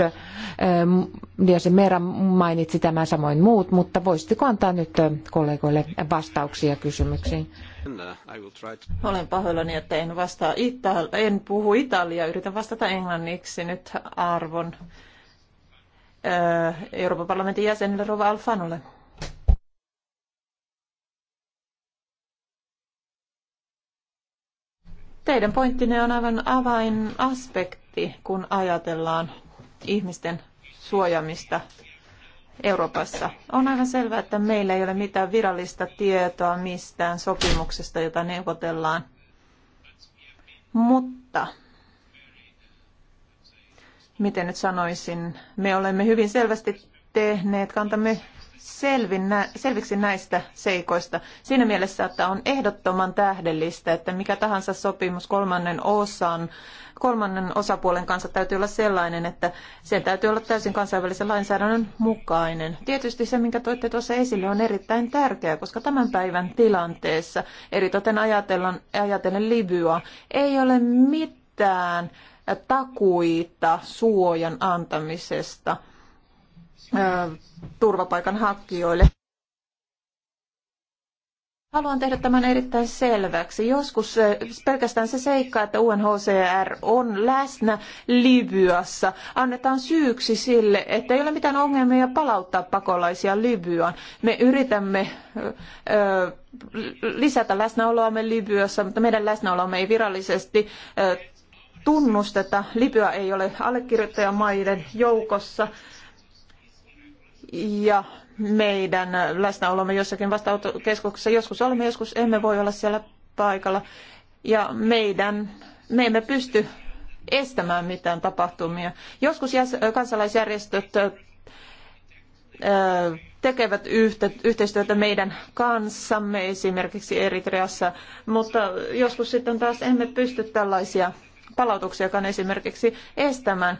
Ja se Meera mainitsi tämän samoin muut, mutta voisitteko antaa nyt kollegoille vastauksia kysymyksiin? Olen pahoillani, että en, vastaa Itali- en puhu italiaa, yritän vastata englanniksi nyt arvon Euroopan parlamentin jäsenelle Rova Alfanolle. Teidän pointtinne on aivan avainaspekti, kun ajatellaan ihmisten suojamista Euroopassa. On aivan selvää, että meillä ei ole mitään virallista tietoa mistään sopimuksesta, jota neuvotellaan. Mutta miten nyt sanoisin, me olemme hyvin selvästi tehneet kantamme selvin, selviksi näistä seikoista. Siinä mielessä, että on ehdottoman tähdellistä, että mikä tahansa sopimus kolmannen osan kolmannen osapuolen kanssa täytyy olla sellainen, että sen täytyy olla täysin kansainvälisen lainsäädännön mukainen. Tietysti se, minkä toitte tuossa esille, on erittäin tärkeää, koska tämän päivän tilanteessa, eritoten ajatellen, ajatellen Libyaa, ei ole mitään takuita suojan antamisesta turvapaikanhakijoille. Haluan tehdä tämän erittäin selväksi. Joskus pelkästään se seikka, että UNHCR on läsnä Libyassa, annetaan syyksi sille, että ei ole mitään ongelmia palauttaa pakolaisia Libyaan. Me yritämme ö, lisätä läsnäoloamme Libyassa, mutta meidän läsnäoloamme ei virallisesti tunnusteta. Libya ei ole allekirjoittajamaiden joukossa ja meidän läsnäolomme jossakin vastaanottokeskuksessa. Joskus olemme, joskus emme voi olla siellä paikalla. Ja meidän, me emme pysty estämään mitään tapahtumia. Joskus kansalaisjärjestöt tekevät yhteistyötä meidän kanssamme, esimerkiksi Eritreassa, mutta joskus sitten taas emme pysty tällaisia palautuksiakaan esimerkiksi estämään.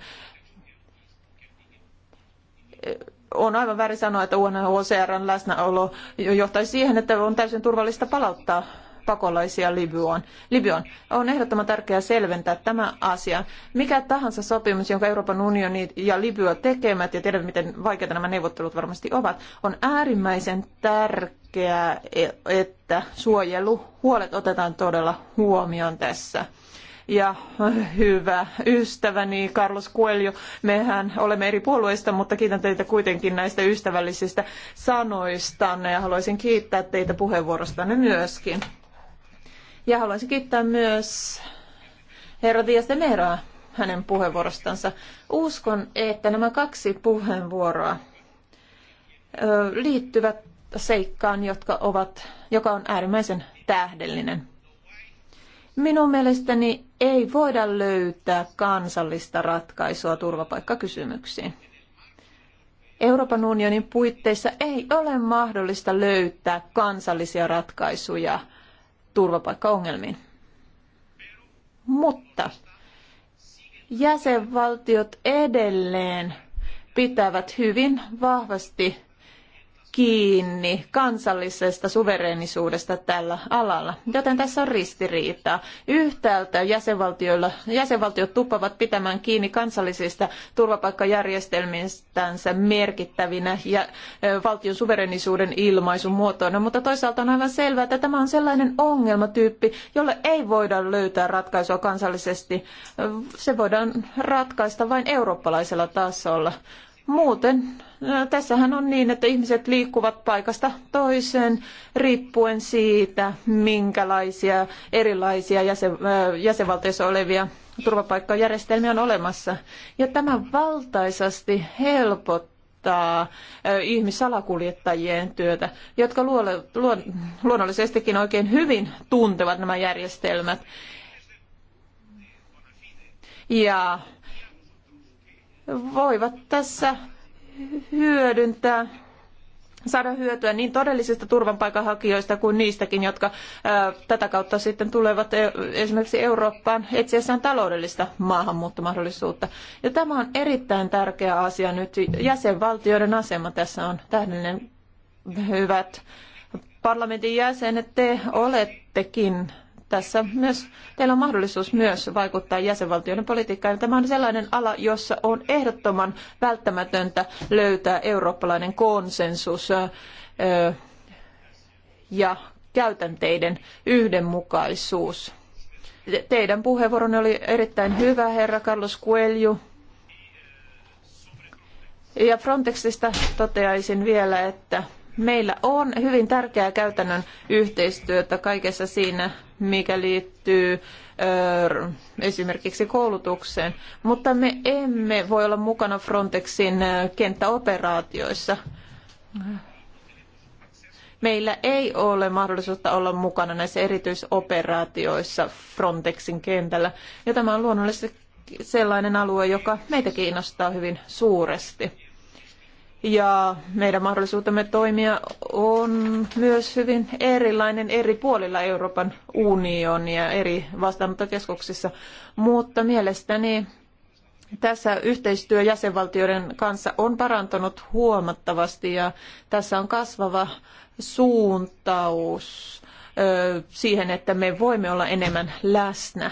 On aivan väärin sanoa, että UNHCRn läsnäolo johtaisi siihen, että on täysin turvallista palauttaa pakolaisia Libyan. Libyan. On ehdottoman tärkeää selventää tämä asia. Mikä tahansa sopimus, jonka Euroopan unioni ja Libya tekevät, ja tiedämme miten vaikeita nämä neuvottelut varmasti ovat, on äärimmäisen tärkeää, e- että suojeluhuolet otetaan todella huomioon tässä ja hyvä ystäväni Carlos Coelho. Mehän olemme eri puolueista, mutta kiitän teitä kuitenkin näistä ystävällisistä sanoistanne ja haluaisin kiittää teitä puheenvuorostanne myöskin. Ja haluaisin kiittää myös herra Dias de Meraa hänen puheenvuorostansa. Uskon, että nämä kaksi puheenvuoroa liittyvät seikkaan, jotka ovat, joka on äärimmäisen tähdellinen. Minun mielestäni ei voida löytää kansallista ratkaisua turvapaikkakysymyksiin. Euroopan unionin puitteissa ei ole mahdollista löytää kansallisia ratkaisuja turvapaikkaongelmiin. Mutta jäsenvaltiot edelleen pitävät hyvin vahvasti kiinni kansallisesta suvereenisuudesta tällä alalla. Joten tässä on ristiriitaa. Yhtäältä jäsenvaltioilla, jäsenvaltiot tuppavat pitämään kiinni kansallisista turvapaikkajärjestelmistänsä merkittävinä ja valtion suverenisuuden ilmaisun muotoina, mutta toisaalta on aivan selvää, että tämä on sellainen ongelmatyyppi, jolle ei voida löytää ratkaisua kansallisesti. Se voidaan ratkaista vain eurooppalaisella tasolla. Muuten Tässähän on niin, että ihmiset liikkuvat paikasta toiseen riippuen siitä, minkälaisia erilaisia jäsen, jäsenvaltioissa olevia turvapaikkajärjestelmiä on olemassa. Ja tämä valtaisasti helpottaa ihmissalakuljettajien työtä, jotka luonnollisestikin oikein hyvin tuntevat nämä järjestelmät. Ja voivat tässä hyödyntää saada hyötyä niin todellisista turvapaikanhakijoista kuin niistäkin, jotka tätä kautta sitten tulevat esimerkiksi Eurooppaan etsiessään taloudellista maahanmuuttomahdollisuutta. Ja tämä on erittäin tärkeä asia nyt. Jäsenvaltioiden asema tässä on tähdellinen hyvät parlamentin jäsenet, te olettekin tässä myös, teillä on mahdollisuus myös vaikuttaa jäsenvaltioiden politiikkaan. Tämä on sellainen ala, jossa on ehdottoman välttämätöntä löytää eurooppalainen konsensus ja käytänteiden yhdenmukaisuus. Teidän puheenvuoronne oli erittäin hyvä, herra Carlos Coelho. Ja Frontexista toteaisin vielä, että Meillä on hyvin tärkeää käytännön yhteistyötä kaikessa siinä, mikä liittyy ö, esimerkiksi koulutukseen, mutta me emme voi olla mukana Frontexin kenttäoperaatioissa. Meillä ei ole mahdollisuutta olla mukana näissä erityisoperaatioissa Frontexin kentällä, ja tämä on luonnollisesti sellainen alue, joka meitä kiinnostaa hyvin suuresti ja meidän mahdollisuutemme toimia on myös hyvin erilainen eri puolilla Euroopan unionia eri vastaanottokeskuksissa, mutta mielestäni tässä yhteistyö jäsenvaltioiden kanssa on parantunut huomattavasti ja tässä on kasvava suuntaus siihen, että me voimme olla enemmän läsnä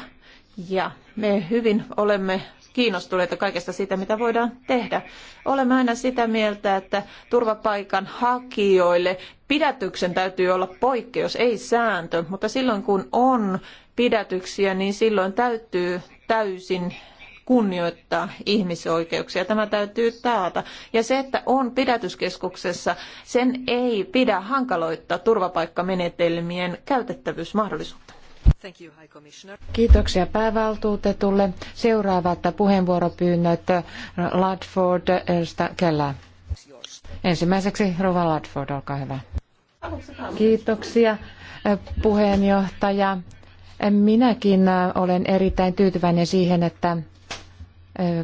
ja me hyvin olemme kiinnostuneita kaikesta siitä, mitä voidaan tehdä. Olemme aina sitä mieltä, että turvapaikan hakijoille pidätyksen täytyy olla poikkeus, ei sääntö, mutta silloin kun on pidätyksiä, niin silloin täytyy täysin kunnioittaa ihmisoikeuksia. Tämä täytyy taata. Ja se, että on pidätyskeskuksessa, sen ei pidä hankaloittaa turvapaikkamenetelmien käytettävyysmahdollisuutta. Kiitoksia päävaltuutetulle. Seuraavat puheenvuoropyynnöt Ladford Keller. Ensimmäiseksi Rova Ladford, olkaa hyvä. Kiitoksia puheenjohtaja. Minäkin olen erittäin tyytyväinen siihen, että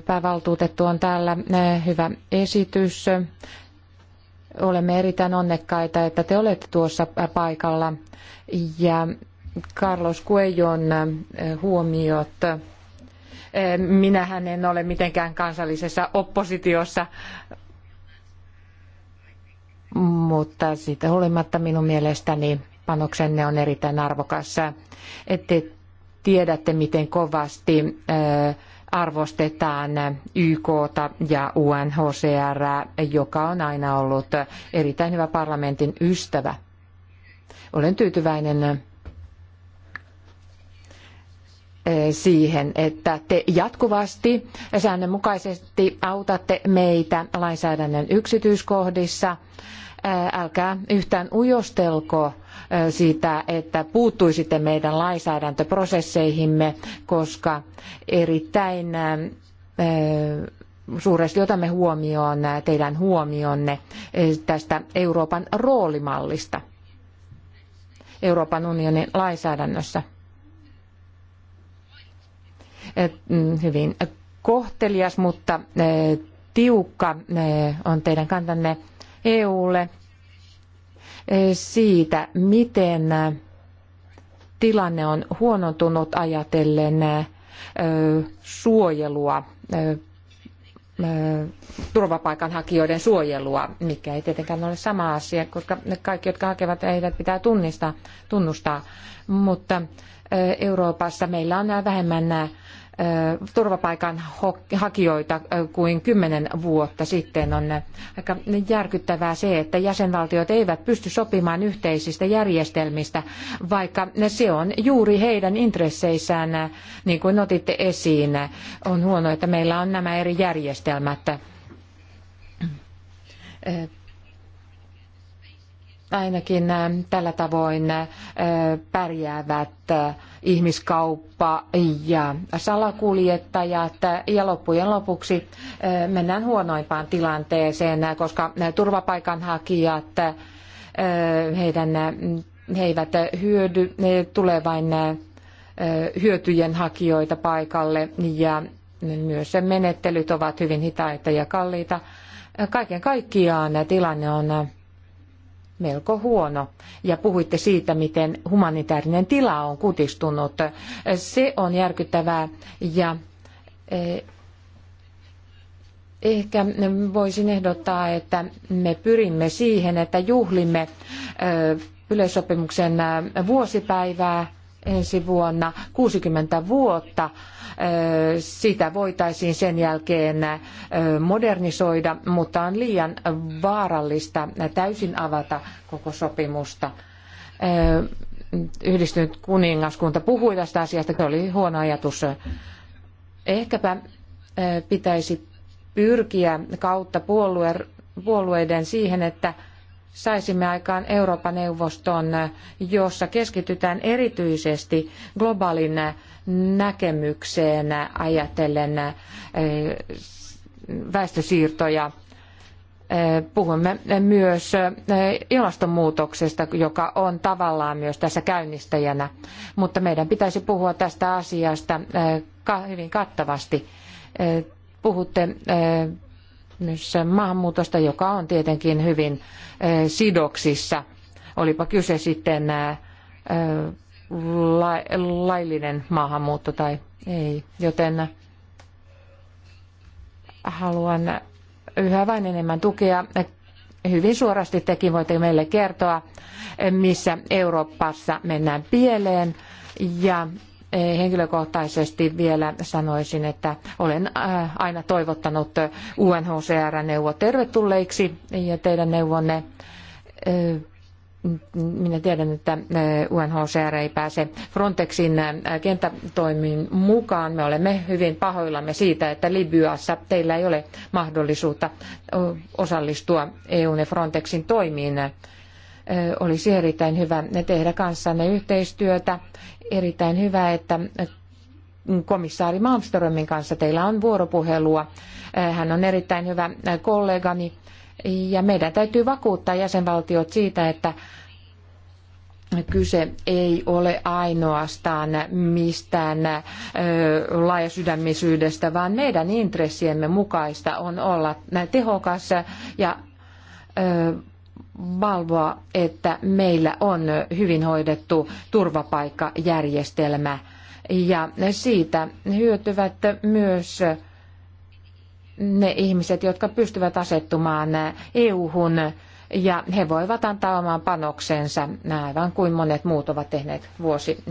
päävaltuutettu on täällä hyvä esitys. Olemme erittäin onnekkaita, että te olette tuossa paikalla ja Carlos Cuellon eh, huomiot. Eh, Minähän en ole mitenkään kansallisessa oppositiossa, mutta siitä huolimatta minun mielestäni panoksenne on erittäin arvokas. Ette tiedätte, miten kovasti eh, arvostetaan YKta ja UNHCR, joka on aina ollut erittäin hyvä parlamentin ystävä. Olen tyytyväinen Eh, siihen, että te jatkuvasti säännönmukaisesti autatte meitä lainsäädännön yksityiskohdissa. Eh, älkää yhtään ujostelko eh, sitä, että puuttuisitte meidän lainsäädäntöprosesseihimme, koska erittäin suuresti otamme huomioon teidän huomionne tästä Euroopan roolimallista Euroopan unionin lainsäädännössä. Eh, mm, hyvin kohtelias, mutta eh, tiukka eh, on teidän kantanne EUlle siitä, miten tilanne on huonontunut ajatellen suojelua, turvapaikanhakijoiden suojelua, mikä ei tietenkään ole sama asia, koska kaikki, jotka hakevat, heidät pitää tunnistaa, tunnustaa. Mutta Euroopassa meillä on vähemmän turvapaikanhakijoita kuin kymmenen vuotta sitten. On aika järkyttävää se, että jäsenvaltiot eivät pysty sopimaan yhteisistä järjestelmistä, vaikka se on juuri heidän intresseissään, niin kuin otitte esiin. On huono, että meillä on nämä eri järjestelmät ainakin tällä tavoin pärjäävät ihmiskauppa ja salakuljettajat. Ja loppujen lopuksi mennään huonoimpaan tilanteeseen, koska turvapaikanhakijat, heidän, he eivät hyödy, ne tulee vain hyötyjen hakijoita paikalle ja myös menettelyt ovat hyvin hitaita ja kalliita. Kaiken kaikkiaan tilanne on melko huono. Ja puhuitte siitä, miten humanitaarinen tila on kutistunut. Se on järkyttävää ja e, ehkä voisin ehdottaa, että me pyrimme siihen, että juhlimme e, yleissopimuksen vuosipäivää ensi vuonna 60 vuotta. Sitä voitaisiin sen jälkeen modernisoida, mutta on liian vaarallista täysin avata koko sopimusta. Yhdistynyt kuningaskunta puhui tästä asiasta, se oli huono ajatus. Ehkäpä pitäisi pyrkiä kautta puolueiden siihen, että saisimme aikaan Euroopan neuvoston, jossa keskitytään erityisesti globaalin näkemykseen ajatellen eh, väestösiirtoja. Eh, puhumme myös eh, ilmastonmuutoksesta, joka on tavallaan myös tässä käynnistäjänä, mutta meidän pitäisi puhua tästä asiasta hyvin kattavasti. Puhutte myös maahanmuutosta, joka on tietenkin hyvin eh, sidoksissa, olipa kyse sitten eh, laillinen maahanmuutto tai ei, joten haluan yhä vain enemmän tukea. Hyvin suorasti tekin voitte meille kertoa, missä Euroopassa mennään pieleen ja henkilökohtaisesti vielä sanoisin, että olen äh, aina toivottanut unhcr neuvot tervetulleiksi ja teidän neuvonne äh, minä tiedän, että äh, UNHCR ei pääse Frontexin kenttätoimiin mukaan. Me olemme hyvin pahoillamme siitä, että Libyassa teillä ei ole mahdollisuutta osallistua EUn ja Frontexin toimiin. Olisi erittäin hyvä tehdä kanssanne yhteistyötä erittäin hyvä, että komissaari Malmströmin kanssa teillä on vuoropuhelua. Hän on erittäin hyvä kollegani ja meidän täytyy vakuuttaa jäsenvaltiot siitä, että kyse ei ole ainoastaan mistään laajasydämisyydestä, vaan meidän intressiemme mukaista on olla tehokas ja valvoa, että meillä on hyvin hoidettu turvapaikkajärjestelmä ja siitä hyötyvät myös ne ihmiset, jotka pystyvät asettumaan EU-hun ja he voivat antaa oman panoksensa, aivan kuin monet muut ovat tehneet vuosi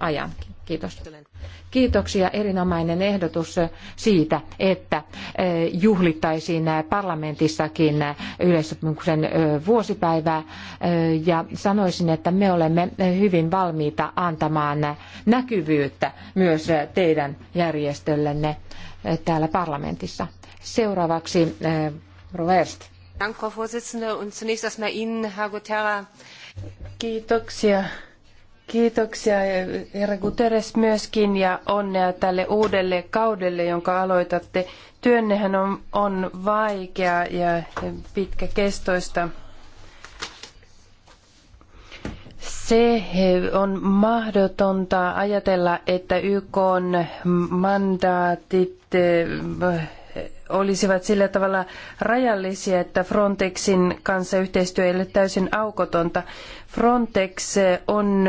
ajan. Kiitos. Kiitoksia erinomainen ehdotus siitä, että eh, juhlittaisiin parlamentissakin yleissopimuksen eh, vuosipäivää. Eh, ja sanoisin, että me olemme hyvin valmiita antamaan näkyvyyttä myös teidän järjestöllenne täällä parlamentissa. Seuraavaksi Roverst. Danke, Herr Kiitoksia Kiitoksia herra Guterres myöskin ja onnea tälle uudelle kaudelle, jonka aloitatte. Työnnehän on, on vaikea ja pitkäkestoista. Se on mahdotonta ajatella, että YK on mandaatit eh, olisivat sillä tavalla rajallisia, että Frontexin kanssa yhteistyö ei ole täysin aukotonta. Frontex on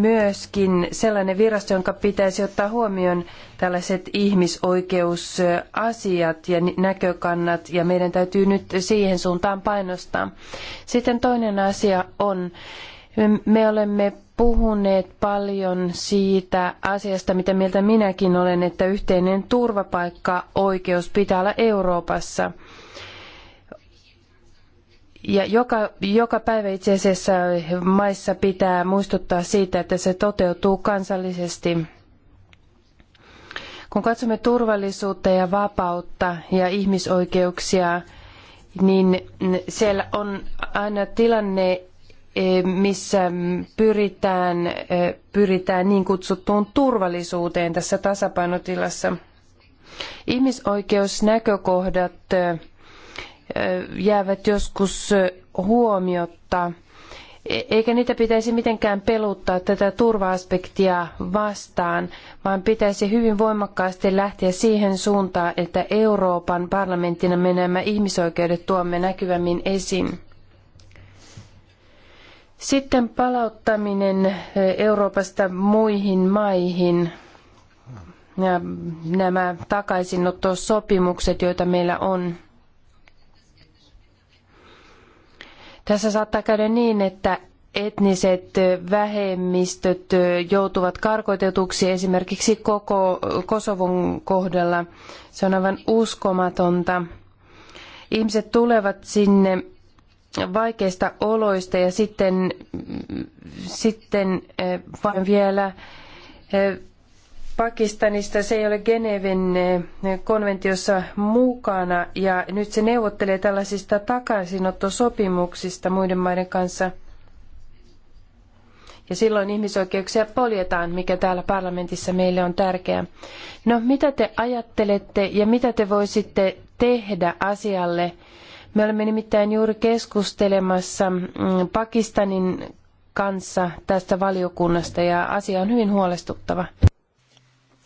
myöskin sellainen virasto, jonka pitäisi ottaa huomioon tällaiset ihmisoikeusasiat ja näkökannat, ja meidän täytyy nyt siihen suuntaan painostaa. Sitten toinen asia on, me olemme puhuneet paljon siitä asiasta, mitä mieltä minäkin olen, että yhteinen turvapaikkaoikeus pitää olla Euroopassa. Ja joka, joka päivä itse asiassa maissa pitää muistuttaa siitä, että se toteutuu kansallisesti. Kun katsomme turvallisuutta ja vapautta ja ihmisoikeuksia, niin siellä on aina tilanne, Eh, missä mm, pyritään, eh, pyritään niin kutsuttuun turvallisuuteen tässä tasapainotilassa. Ihmisoikeusnäkökohdat eh, jäävät joskus huomiotta, e, eikä niitä pitäisi mitenkään peluttaa tätä turva-aspektia vastaan, vaan pitäisi hyvin voimakkaasti lähteä siihen suuntaan, että Euroopan parlamenttina me nämä ihmisoikeudet tuomme näkyvämmin esiin. Sitten palauttaminen eh, Euroopasta muihin maihin. Ja nämä takaisinottosopimukset, joita meillä on. Tässä saattaa käydä niin, että etniset vähemmistöt eh, joutuvat karkoitetuksi esimerkiksi koko Kosovon kohdalla. Se on aivan uskomatonta. Ihmiset tulevat sinne No. vaikeista oloista ja sitten, sitten eh, vain vielä eh, Pakistanista. Se ei ole Geneven eh, konventiossa mukana ja nyt se neuvottelee tällaisista takaisinottosopimuksista muiden maiden kanssa. Ja silloin ihmisoikeuksia poljetaan, mikä täällä parlamentissa meille on tärkeää. No mitä te ajattelette ja mitä te voisitte tehdä asialle? Me olemme nimittäin juuri keskustelemassa mm, Pakistanin kanssa tästä valiokunnasta ja asia on hyvin huolestuttava.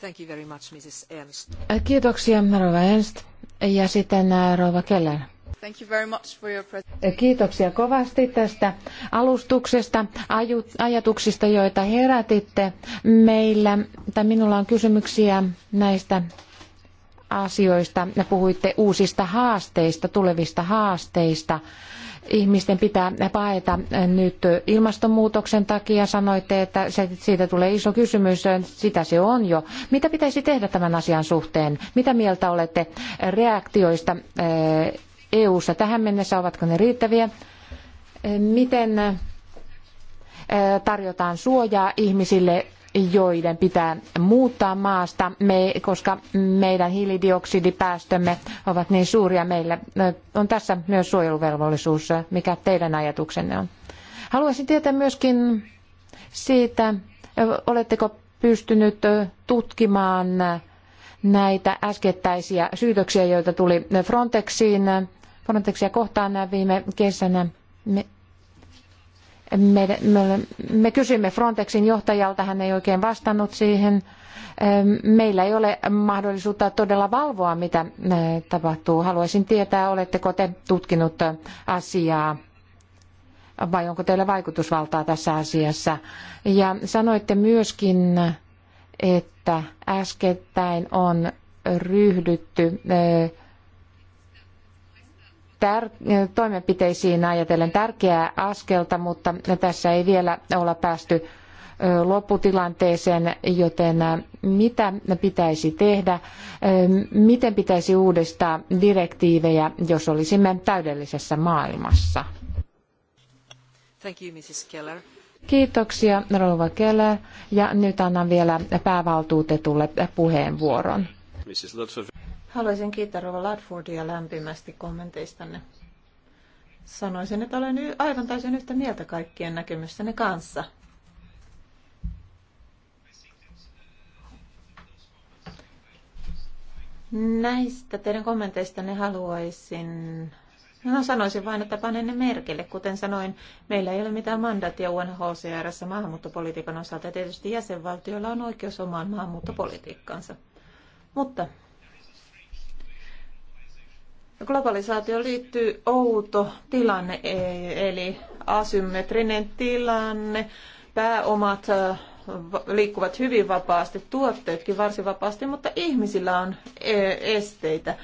Thank you very much, Mrs. Ernst. Kiitoksia, Rova Ernst. Ja sitten äh, Rova Keller. Thank you very much for your Kiitoksia kovasti tästä alustuksesta, ajatuksista, joita herätitte meillä. Tai minulla on kysymyksiä näistä asioista. Puhuitte uusista haasteista, tulevista haasteista. Ihmisten pitää paeta nyt ilmastonmuutoksen takia. Sanoitte, että siitä tulee iso kysymys. Sitä se on jo. Mitä pitäisi tehdä tämän asian suhteen? Mitä mieltä olette reaktioista EU-ssa eh, e tähän mennessä? Ovatko ne riittäviä? Eh, miten eh, tarjotaan suojaa ihmisille joiden pitää muuttaa maasta, koska meidän hiilidioksidipäästömme ovat niin suuria. Meillä on tässä myös suojeluvelvollisuus. Mikä teidän ajatuksenne on? Haluaisin tietää myöskin siitä, oletteko pystynyt tutkimaan näitä äskettäisiä syytöksiä, joita tuli Frontexiin, Frontexia kohtaan viime kesänä. Me, me, me kysymme Frontexin johtajalta, hän ei oikein vastannut siihen. Meillä ei ole mahdollisuutta todella valvoa, mitä eh, tapahtuu. Haluaisin tietää, oletteko te tutkinut asiaa vai onko teillä vaikutusvaltaa tässä asiassa. Ja sanoitte myöskin, että äskettäin on ryhdytty äh, tär- toimenpiteisiin ajatellen tärkeää askelta, mutta tässä ei vielä olla päästy lopputilanteeseen, joten mitä pitäisi tehdä, miten pitäisi uudistaa direktiivejä, jos olisimme täydellisessä maailmassa? Thank you, Mrs. Keller. Kiitoksia, rouva Keller. Ja nyt annan vielä päävaltuutetulle puheenvuoron. Haluaisin kiittää Rova Ladfordia lämpimästi kommenteistanne. Sanoisin, että olen aivan täysin yhtä mieltä kaikkien näkemystenne kanssa. Näistä teidän kommenteistanne haluaisin... No sanoisin vain, että panen ne merkille. Kuten sanoin, meillä ei ole mitään mandaattia UNHCRssä maahanmuuttopolitiikan osalta. tietysti jäsenvaltioilla on oikeus omaan maahanmuuttopolitiikkaansa. Mutta globalisaatio liittyy outo tilanne, e, eli asymmetrinen tilanne. Pääomat liikkuvat hyvin vapaasti, tuotteetkin varsin vapaasti, mutta ihmisillä on e, esteitä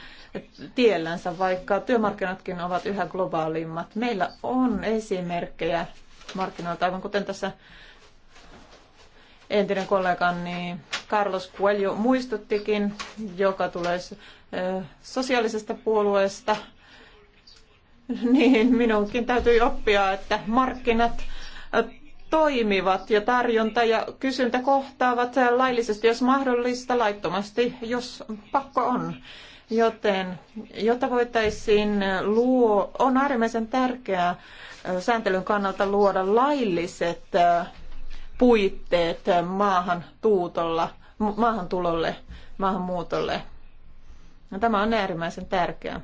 tiellänsä, vaikka työmarkkinatkin ovat yhä globaalimmat. Meillä on esimerkkejä markkinoilta, aivan kuten tässä entinen kollegani Carlos Coelho muistuttikin, joka tulee sosiaalisesta puolueesta, niin minunkin täytyy oppia, että markkinat toimivat ja tarjonta ja kysyntä kohtaavat laillisesti, jos mahdollista, laittomasti, jos pakko on. Joten, jotta voitaisiin luo, on äärimmäisen tärkeää sääntelyn kannalta luoda lailliset puitteet maahan tuutolla, maahantulolle, maahanmuutolle. No, tämä on äärimmäisen tärkeää.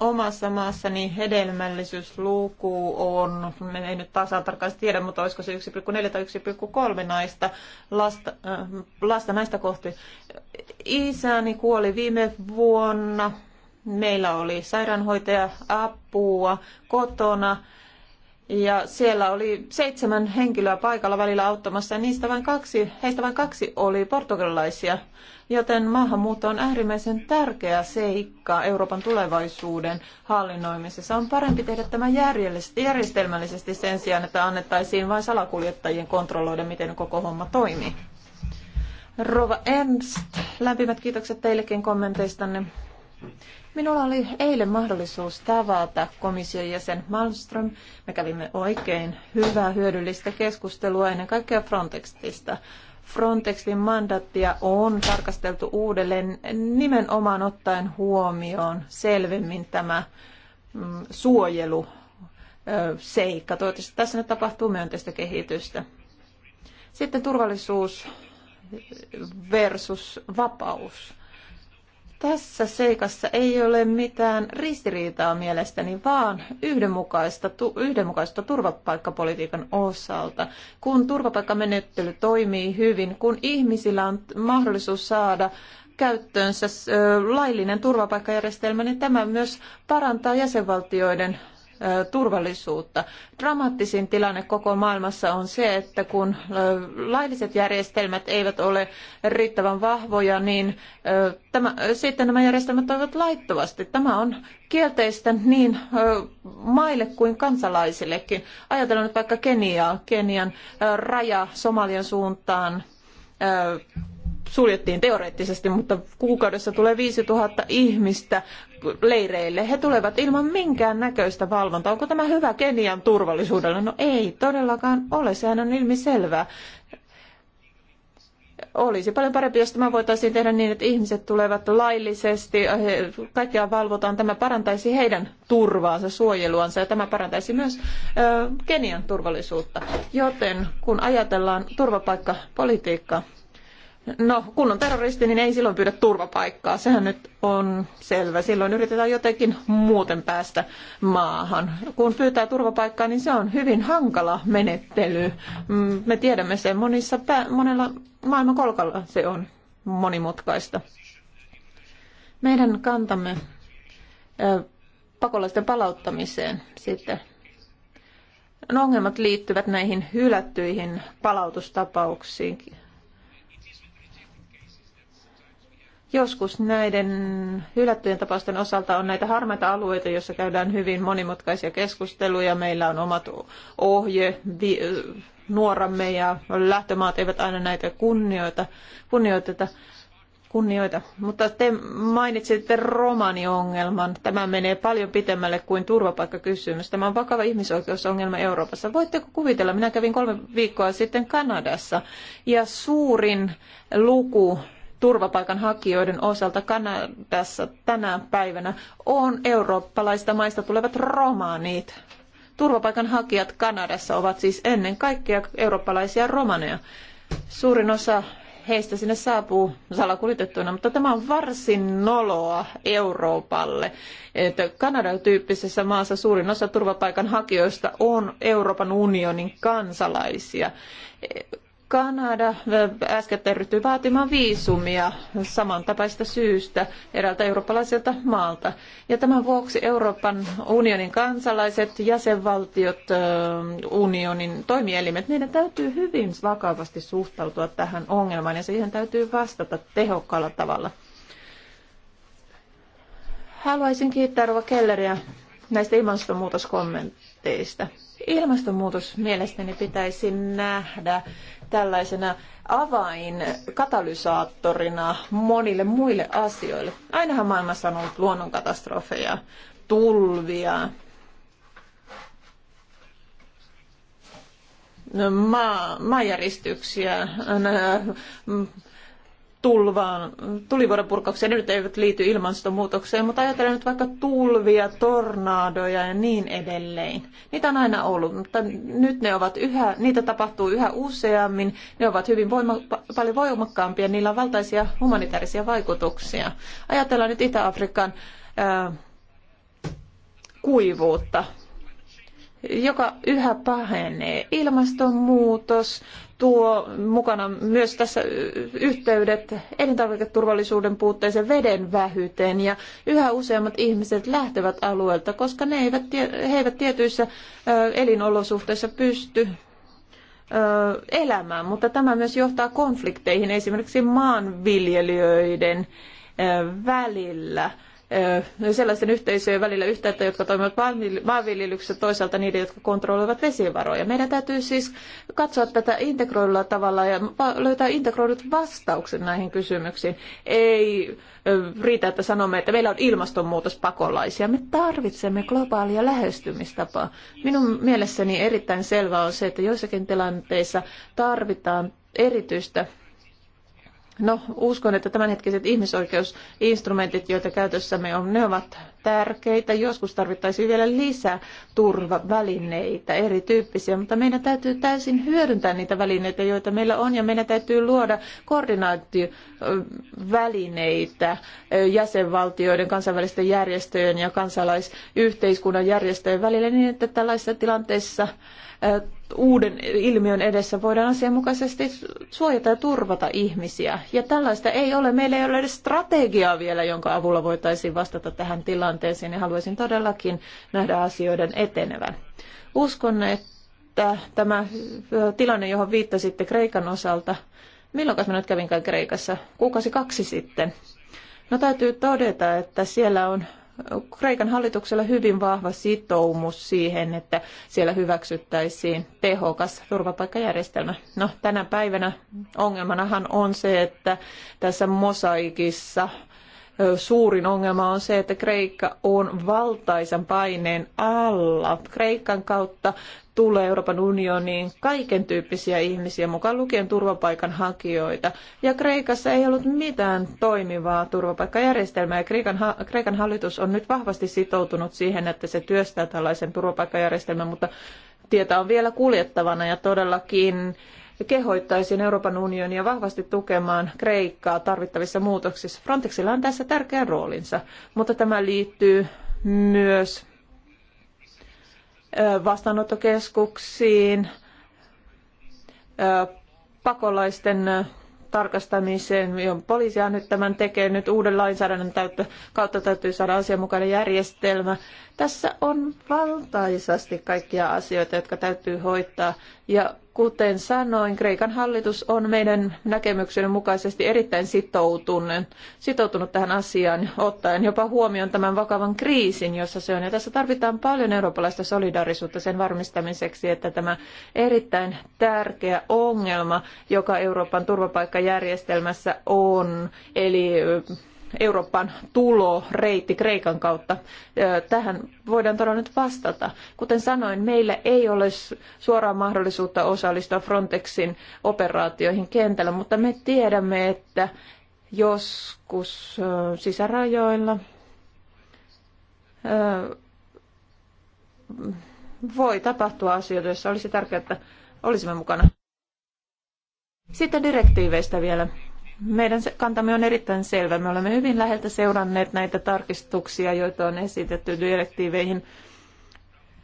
Omassa maassani hedelmällisyysluku on, me ei nyt tasan tarkkaan tiedä, mutta olisiko se 1,4 tai 1,3 naista, lasta, äh, lasta naista kohti. Isäni kuoli viime vuonna. Meillä oli sairaanhoitaja apua kotona ja siellä oli seitsemän henkilöä paikalla välillä auttamassa ja niistä vain kaksi, heistä vain kaksi oli portugalilaisia. Joten maahanmuutto on äärimmäisen tärkeä seikka Euroopan tulevaisuuden hallinnoimisessa. On parempi tehdä tämä järjestelmällisesti sen sijaan, että annettaisiin vain salakuljettajien kontrolloida, miten koko homma toimii. Rova Ernst, lämpimät kiitokset teillekin kommenteistanne. Minulla oli eilen mahdollisuus tavata komission jäsen Malmström. Me kävimme oikein hyvää hyödyllistä keskustelua ennen kaikkea Frontextista. Frontexin mandaattia on tarkasteltu uudelleen nimenomaan ottaen huomioon selvemmin tämä mm, suojelu seikka. Toivottavasti tässä nyt tapahtuu myönteistä kehitystä. Sitten turvallisuus versus vapaus. Tässä seikassa ei ole mitään ristiriitaa mielestäni, vaan yhdenmukaista, tu, yhdenmukaista turvapaikkapolitiikan osalta. Kun turvapaikkamenettely toimii hyvin, kun ihmisillä on mahdollisuus saada käyttöönsä laillinen turvapaikkajärjestelmä, niin tämä myös parantaa jäsenvaltioiden turvallisuutta. Dramaattisin tilanne koko maailmassa on se, että kun lailliset järjestelmät eivät ole riittävän vahvoja, niin tämä, sitten nämä järjestelmät toimivat laittomasti. Tämä on kielteistä niin maille kuin kansalaisillekin. Ajatellaan nyt vaikka Keniaa, Kenian raja Somalian suuntaan suljettiin teoreettisesti, mutta kuukaudessa tulee 5000 ihmistä leireille. He tulevat ilman minkään näköistä valvontaa. Onko tämä hyvä Kenian turvallisuudelle? No ei todellakaan ole, sehän on ilmiselvää. Olisi paljon parempi, jos tämä voitaisiin tehdä niin, että ihmiset tulevat laillisesti, kaikkia valvotaan. Tämä parantaisi heidän turvaansa, suojeluansa ja tämä parantaisi myös Kenian turvallisuutta. Joten kun ajatellaan turvapaikkapolitiikkaa, No, kun on terroristi, niin ei silloin pyydä turvapaikkaa. Sehän nyt on selvä. Silloin yritetään jotenkin muuten päästä maahan. Kun pyytää turvapaikkaa, niin se on hyvin hankala menettely. Mm, me tiedämme sen monissa, monella maailmankolkalla se on monimutkaista. Meidän kantamme pakolaisten palauttamiseen sitten. No, ongelmat liittyvät näihin hylättyihin palautustapauksiin Joskus näiden hylättyjen tapausten osalta on näitä harmaita alueita, joissa käydään hyvin monimutkaisia keskusteluja. Meillä on omat ohje, vi, nuoramme ja lähtömaat eivät aina näitä kunnioita, kunnioiteta. Kunnioita. Mutta te mainitsitte romaniongelman. Tämä menee paljon pitemmälle kuin turvapaikkakysymys. Tämä on vakava ihmisoikeusongelma Euroopassa. Voitteko kuvitella, minä kävin kolme viikkoa sitten Kanadassa ja suurin luku turvapaikanhakijoiden osalta Kanadassa tänä päivänä on eurooppalaista maista tulevat romaanit. Turvapaikanhakijat Kanadassa ovat siis ennen kaikkea eurooppalaisia romaneja. Suurin osa heistä sinne saapuu salakuljetettuina, mutta tämä on varsin noloa Euroopalle. Että Kanadan tyyppisessä maassa suurin osa turvapaikanhakijoista on Euroopan unionin kansalaisia. Kanada äskettäin ryhtyi vaatimaan viisumia samantapaista syystä eräältä eurooppalaiselta maalta. Ja tämän vuoksi Euroopan unionin kansalaiset, jäsenvaltiot, unionin toimielimet, niiden täytyy hyvin vakavasti suhtautua tähän ongelmaan ja siihen täytyy vastata tehokkaalla tavalla. Haluaisin kiittää Rova Kelleriä näistä ilmastonmuutoskommenteista. Ilmastonmuutos mielestäni pitäisi nähdä tällaisena avain katalysaattorina monille muille asioille. Ainahan maailmassa on ollut luonnonkatastrofeja, tulvia, no, maa, maanjäristyksiä, tulvaan, tulivuorenpurkaukseen, ne nyt eivät liity ilmastonmuutokseen, mutta ajatellaan nyt vaikka tulvia, tornaadoja ja niin edelleen. Niitä on aina ollut, mutta nyt ne ovat yhä, niitä tapahtuu yhä useammin, ne ovat hyvin voima, paljon voimakkaampia, niillä on valtaisia humanitaarisia vaikutuksia. Ajatellaan nyt Itä-Afrikan ää, äh, kuivuutta, joka yhä pahenee. Ilmastonmuutos, tuo mukana myös tässä yhteydet elintarviketurvallisuuden puutteeseen veden vähyyteen ja yhä useammat ihmiset lähtevät alueelta, koska ne eivät, he eivät tietyissä elinolosuhteissa pysty elämään, mutta tämä myös johtaa konflikteihin esimerkiksi maanviljelijöiden välillä sellaisten yhteisöjen välillä yhteyttä, jotka toimivat maanviljelyksessä, toisaalta niiden, jotka kontrolloivat vesivaroja. Meidän täytyy siis katsoa tätä integroidulla tavalla ja löytää integroidut vastaukset näihin kysymyksiin. Ei riitä, että sanomme, että meillä on pakolaisia. Me tarvitsemme globaalia lähestymistapaa. Minun mielessäni erittäin selvää on se, että joissakin tilanteissa tarvitaan erityistä No, uskon, että tämänhetkiset ihmisoikeusinstrumentit, joita käytössämme on, ne ovat tärkeitä. Joskus tarvittaisiin vielä lisää turvavälineitä, erityyppisiä, mutta meidän täytyy täysin hyödyntää niitä välineitä, joita meillä on, ja meidän täytyy luoda koordinaatiovälineitä jäsenvaltioiden, kansainvälisten järjestöjen ja kansalaisyhteiskunnan järjestöjen välillä niin, että tällaisissa tilanteissa uuden ilmiön edessä voidaan asianmukaisesti suojata ja turvata ihmisiä. Ja tällaista ei ole. Meillä ei ole edes strategiaa vielä, jonka avulla voitaisiin vastata tähän tilanteeseen. Ja haluaisin todellakin nähdä asioiden etenevän. Uskon, että tämä tilanne, johon viittasitte Kreikan osalta, milloin minä nyt kävinkään Kreikassa? Kuukausi kaksi sitten. No täytyy todeta, että siellä on Kreikan hallituksella hyvin vahva sitoumus siihen, että siellä hyväksyttäisiin tehokas turvapaikkajärjestelmä. No, tänä päivänä ongelmanahan on se, että tässä mosaikissa suurin ongelma on se, että Kreikka on valtaisan paineen alla. Kreikan kautta tulee Euroopan unioniin kaiken tyyppisiä ihmisiä, mukaan lukien turvapaikanhakijoita. Ja Kreikassa ei ollut mitään toimivaa turvapaikkajärjestelmää. Ja Kreikan, Kreikan hallitus on nyt vahvasti sitoutunut siihen, että se työstää tällaisen turvapaikkajärjestelmän, mutta tietä on vielä kuljettavana ja todellakin kehoittaisin Euroopan unionia vahvasti tukemaan Kreikkaa tarvittavissa muutoksissa. Frontexilla on tässä tärkeä roolinsa, mutta tämä liittyy myös vastaanottokeskuksiin, pakolaisten tarkastamiseen. Poliisia nyt tämän tekee nyt uuden lainsäädännön kautta täytyy saada asianmukainen järjestelmä tässä on valtaisasti kaikkia asioita, jotka täytyy hoitaa. Ja kuten sanoin, Kreikan hallitus on meidän näkemyksen mukaisesti erittäin sitoutunut, sitoutunut tähän asiaan, ottaen jopa huomioon tämän vakavan kriisin, jossa se on. Ja tässä tarvitaan paljon eurooppalaista solidaarisuutta sen varmistamiseksi, että tämä erittäin tärkeä ongelma, joka Euroopan turvapaikkajärjestelmässä on, eli Euroopan tuloreitti Kreikan kautta. Tähän voidaan todella nyt vastata. Kuten sanoin, meillä ei ole suoraa mahdollisuutta osallistua Frontexin operaatioihin kentällä, mutta me tiedämme, että joskus sisärajoilla voi tapahtua asioita, joissa olisi tärkeää, että olisimme mukana. Sitten direktiiveistä vielä. Meidän kantamme on erittäin selvä. Me olemme hyvin läheltä seuranneet näitä tarkistuksia, joita on esitetty direktiiveihin.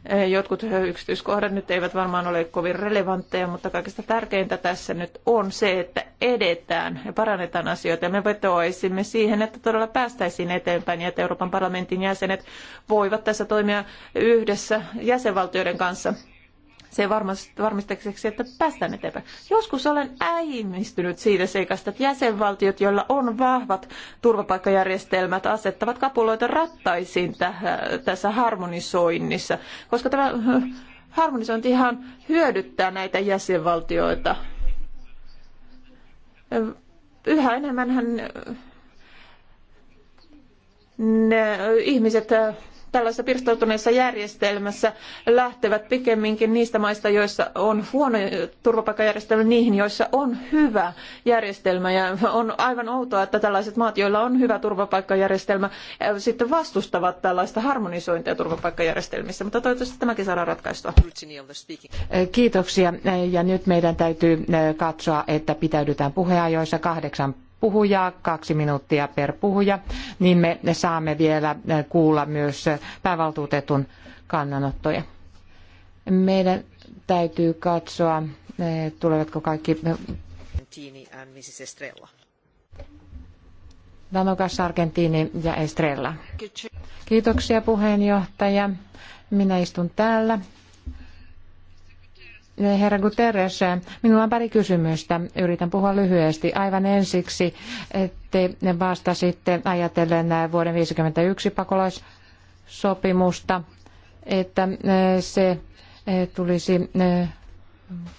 Eh, jotkut eh, yksityiskohdat nyt eivät varmaan ole kovin relevantteja, mutta kaikista tärkeintä tässä nyt on se, että edetään ja parannetaan asioita. Ja me vetoaisimme siihen, että todella päästäisiin eteenpäin ja että Euroopan parlamentin jäsenet voivat tässä toimia yhdessä jäsenvaltioiden kanssa se varmistamiseksi, että päästään eteenpäin. Joskus olen äimistynyt siitä seikasta, että jäsenvaltiot, joilla on vahvat turvapaikkajärjestelmät, asettavat kapuloita rattaisiin tässä harmonisoinnissa, koska tämä äh, harmonisointihan hyödyttää näitä jäsenvaltioita. Äh, yhä enemmän äh, ne ihmiset tällaisessa pirstoutuneessa järjestelmässä lähtevät pikemminkin niistä maista, joissa on huono turvapaikkajärjestelmä, niihin, joissa on hyvä järjestelmä. Ja on aivan outoa, että tällaiset maat, joilla on hyvä turvapaikkajärjestelmä, sitten vastustavat tällaista harmonisointia turvapaikkajärjestelmissä. Mutta toivottavasti tämäkin saadaan ratkaistua. Kiitoksia. Ja nyt meidän täytyy eh, katsoa, että pitäydytään puheajoissa kahdeksan puhujaa, kaksi minuuttia per puhuja, niin me saamme vielä kuulla myös päävaltuutetun kannanottoja. Meidän täytyy katsoa, tulevatko kaikki... Danokas Argentiini ja Estrella. Kiitoksia puheenjohtaja. Minä istun täällä Herra Guterres, minulla on pari kysymystä. Yritän puhua lyhyesti. Aivan ensiksi te vastasitte ajatellen vuoden 1951 pakolaissopimusta, että se tulisi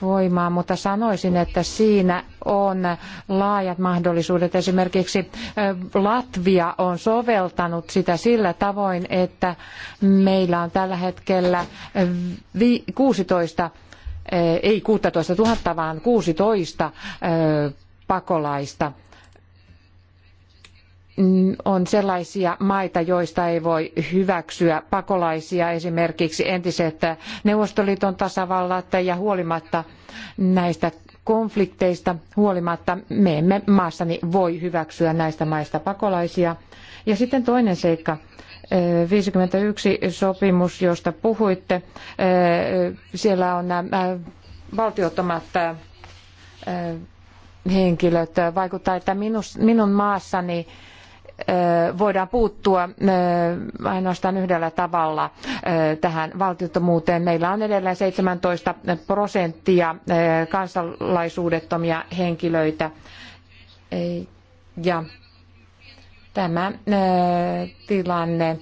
voimaan, mutta sanoisin, että siinä on laajat mahdollisuudet. Esimerkiksi Latvia on soveltanut sitä sillä tavoin, että meillä on tällä hetkellä 16 ei 16 000, vaan 16 pakolaista on sellaisia maita, joista ei voi hyväksyä pakolaisia, esimerkiksi entiset Neuvostoliiton tasavallat ja huolimatta näistä konflikteista huolimatta me emme maassani voi hyväksyä näistä maista pakolaisia. Ja sitten toinen seikka, 51 sopimus, josta puhuitte, siellä on nämä valtiottomat henkilöt. Vaikuttaa, että minun maassani voidaan puuttua ainoastaan yhdellä tavalla tähän valtiottomuuteen. Meillä on edelleen 17 prosenttia kansalaisuudettomia henkilöitä. Ja Tämä tilanne,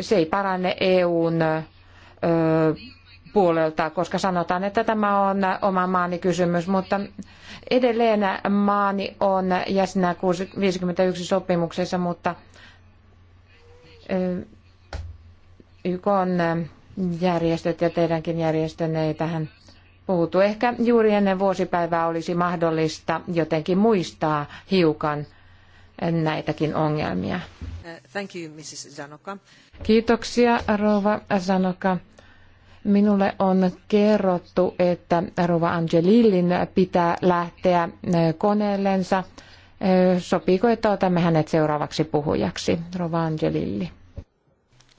se ei parane EUn puolelta, koska sanotaan, että tämä on oma maani kysymys, mutta edelleen maani on jäsenä 51 sopimuksessa, mutta YK on järjestöt ja teidänkin järjestönne ei tähän puutu. Ehkä juuri ennen vuosipäivää olisi mahdollista jotenkin muistaa hiukan – näitäkin ongelmia. Thank you, Mrs. Zanoka. Kiitoksia, rouva Zanoka. Minulle on kerrottu, että rouva Angelillin pitää lähteä eh, koneellensa. Eh, sopiiko, että otamme hänet seuraavaksi puhujaksi? rouva Angelilli.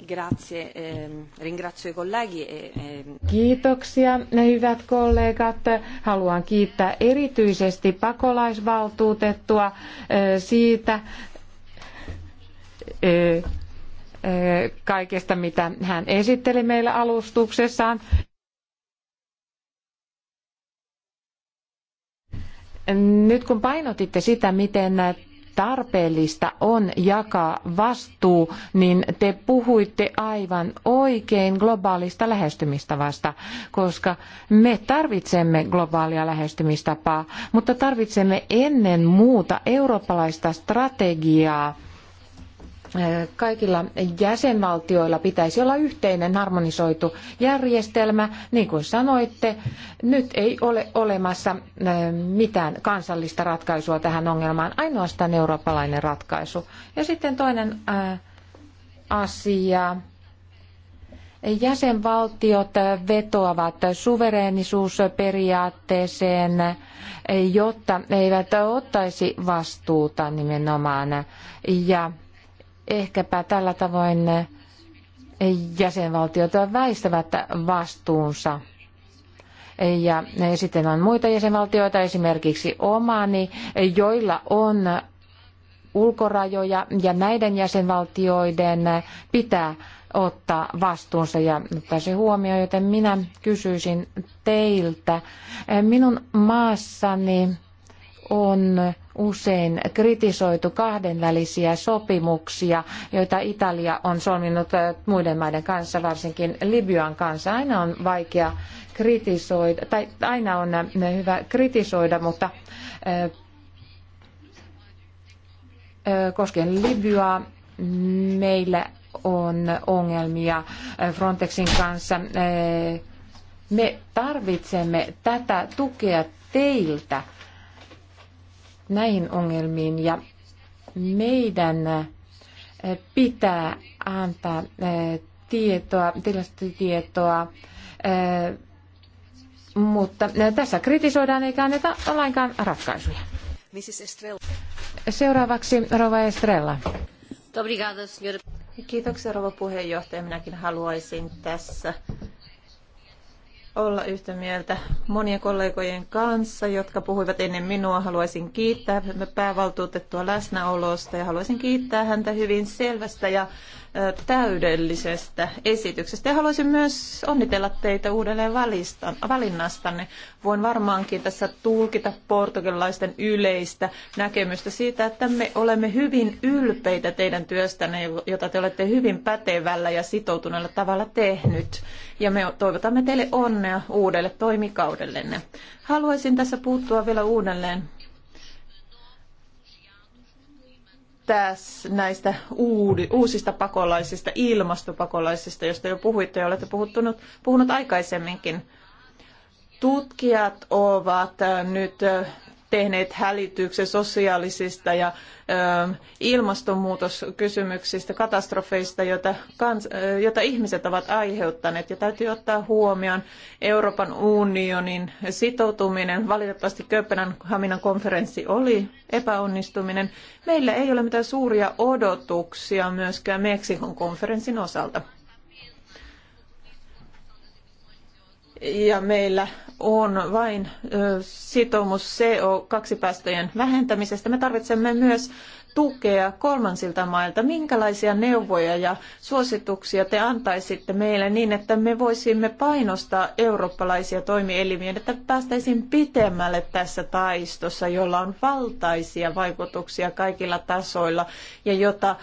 Grazie. Ehm, ringrazio colleghi. E, ehm, Kiitoksia, hyvät kollegat. Haluan kiittää erityisesti pakolaisvaltuutettua eh, siitä eh, eh, kaikesta, mitä hän esitteli meille alustuksessaan. Nyt kun painotitte sitä, miten tarpeellista on jakaa vastuu, niin te puhuitte aivan oikein globaalista lähestymistavasta, koska me tarvitsemme globaalia lähestymistapaa, mutta tarvitsemme ennen muuta eurooppalaista strategiaa kaikilla jäsenvaltioilla pitäisi olla yhteinen harmonisoitu järjestelmä. Niin kuin sanoitte, nyt ei ole olemassa eh, mitään kansallista ratkaisua tähän ongelmaan, ainoastaan eurooppalainen ratkaisu. Ja sitten toinen eh, asia. Jäsenvaltiot vetoavat suvereenisuusperiaatteeseen, jotta eivät ottaisi vastuuta nimenomaan. Ja ehkäpä tällä tavoin jäsenvaltiot väistävät vastuunsa. Ja sitten on muita jäsenvaltioita, esimerkiksi omani, joilla on ulkorajoja ja näiden jäsenvaltioiden pitää ottaa vastuunsa ja ottaa se huomioon, joten minä kysyisin teiltä. Minun maassani on usein kritisoitu kahdenvälisiä sopimuksia, joita Italia on solminut äh, muiden maiden kanssa, varsinkin Libyan kanssa. Aina on vaikea kritisoida, tai aina on äh, hyvä kritisoida, mutta äh, koskien Libyaa meillä on ongelmia Frontexin kanssa. Me tarvitsemme tätä tukea teiltä näihin ongelmiin ja meidän eh, pitää antaa eh, tietoa, tilastotietoa, eh, mutta tässä kritisoidaan eikä anneta lainkaan ratkaisuja. Seuraavaksi Rova Estrella. Kiitoksia rouva puheenjohtaja. Minäkin haluaisin tässä olla yhtä mieltä monien kollegojen kanssa, jotka puhuivat ennen minua. Haluaisin kiittää päävaltuutettua läsnäolosta ja haluaisin kiittää häntä hyvin selvästä ja täydellisestä esityksestä. Ja haluaisin myös onnitella teitä uudelleen valinnastanne. Voin varmaankin tässä tulkita portugalaisten yleistä näkemystä siitä, että me olemme hyvin ylpeitä teidän työstänne, jota te olette hyvin pätevällä ja sitoutuneella tavalla tehnyt. Ja me toivotamme teille onnea onnea uudelle toimikaudellenne. Haluaisin tässä puuttua vielä uudelleen tässä näistä uudi, uusista pakolaisista, ilmastopakolaisista, joista jo puhuitte ja olette puhuttunut, puhunut aikaisemminkin. Tutkijat ovat nyt tehneet hälytyksen sosiaalisista ja ö, ilmastonmuutoskysymyksistä, katastrofeista, joita, kans, joita ihmiset ovat aiheuttaneet. Ja täytyy ottaa huomioon Euroopan unionin sitoutuminen. Valitettavasti Kööpenhaminan konferenssi oli epäonnistuminen. Meillä ei ole mitään suuria odotuksia myöskään Meksikon konferenssin osalta. ja meillä on vain sitoumus CO2-päästöjen vähentämisestä. Me tarvitsemme myös tukea kolmansilta mailta? Minkälaisia neuvoja ja suosituksia te antaisitte meille niin, että me voisimme painostaa eurooppalaisia toimielimiä, että päästäisiin pitemmälle tässä taistossa, jolla on valtaisia vaikutuksia kaikilla tasoilla ja jota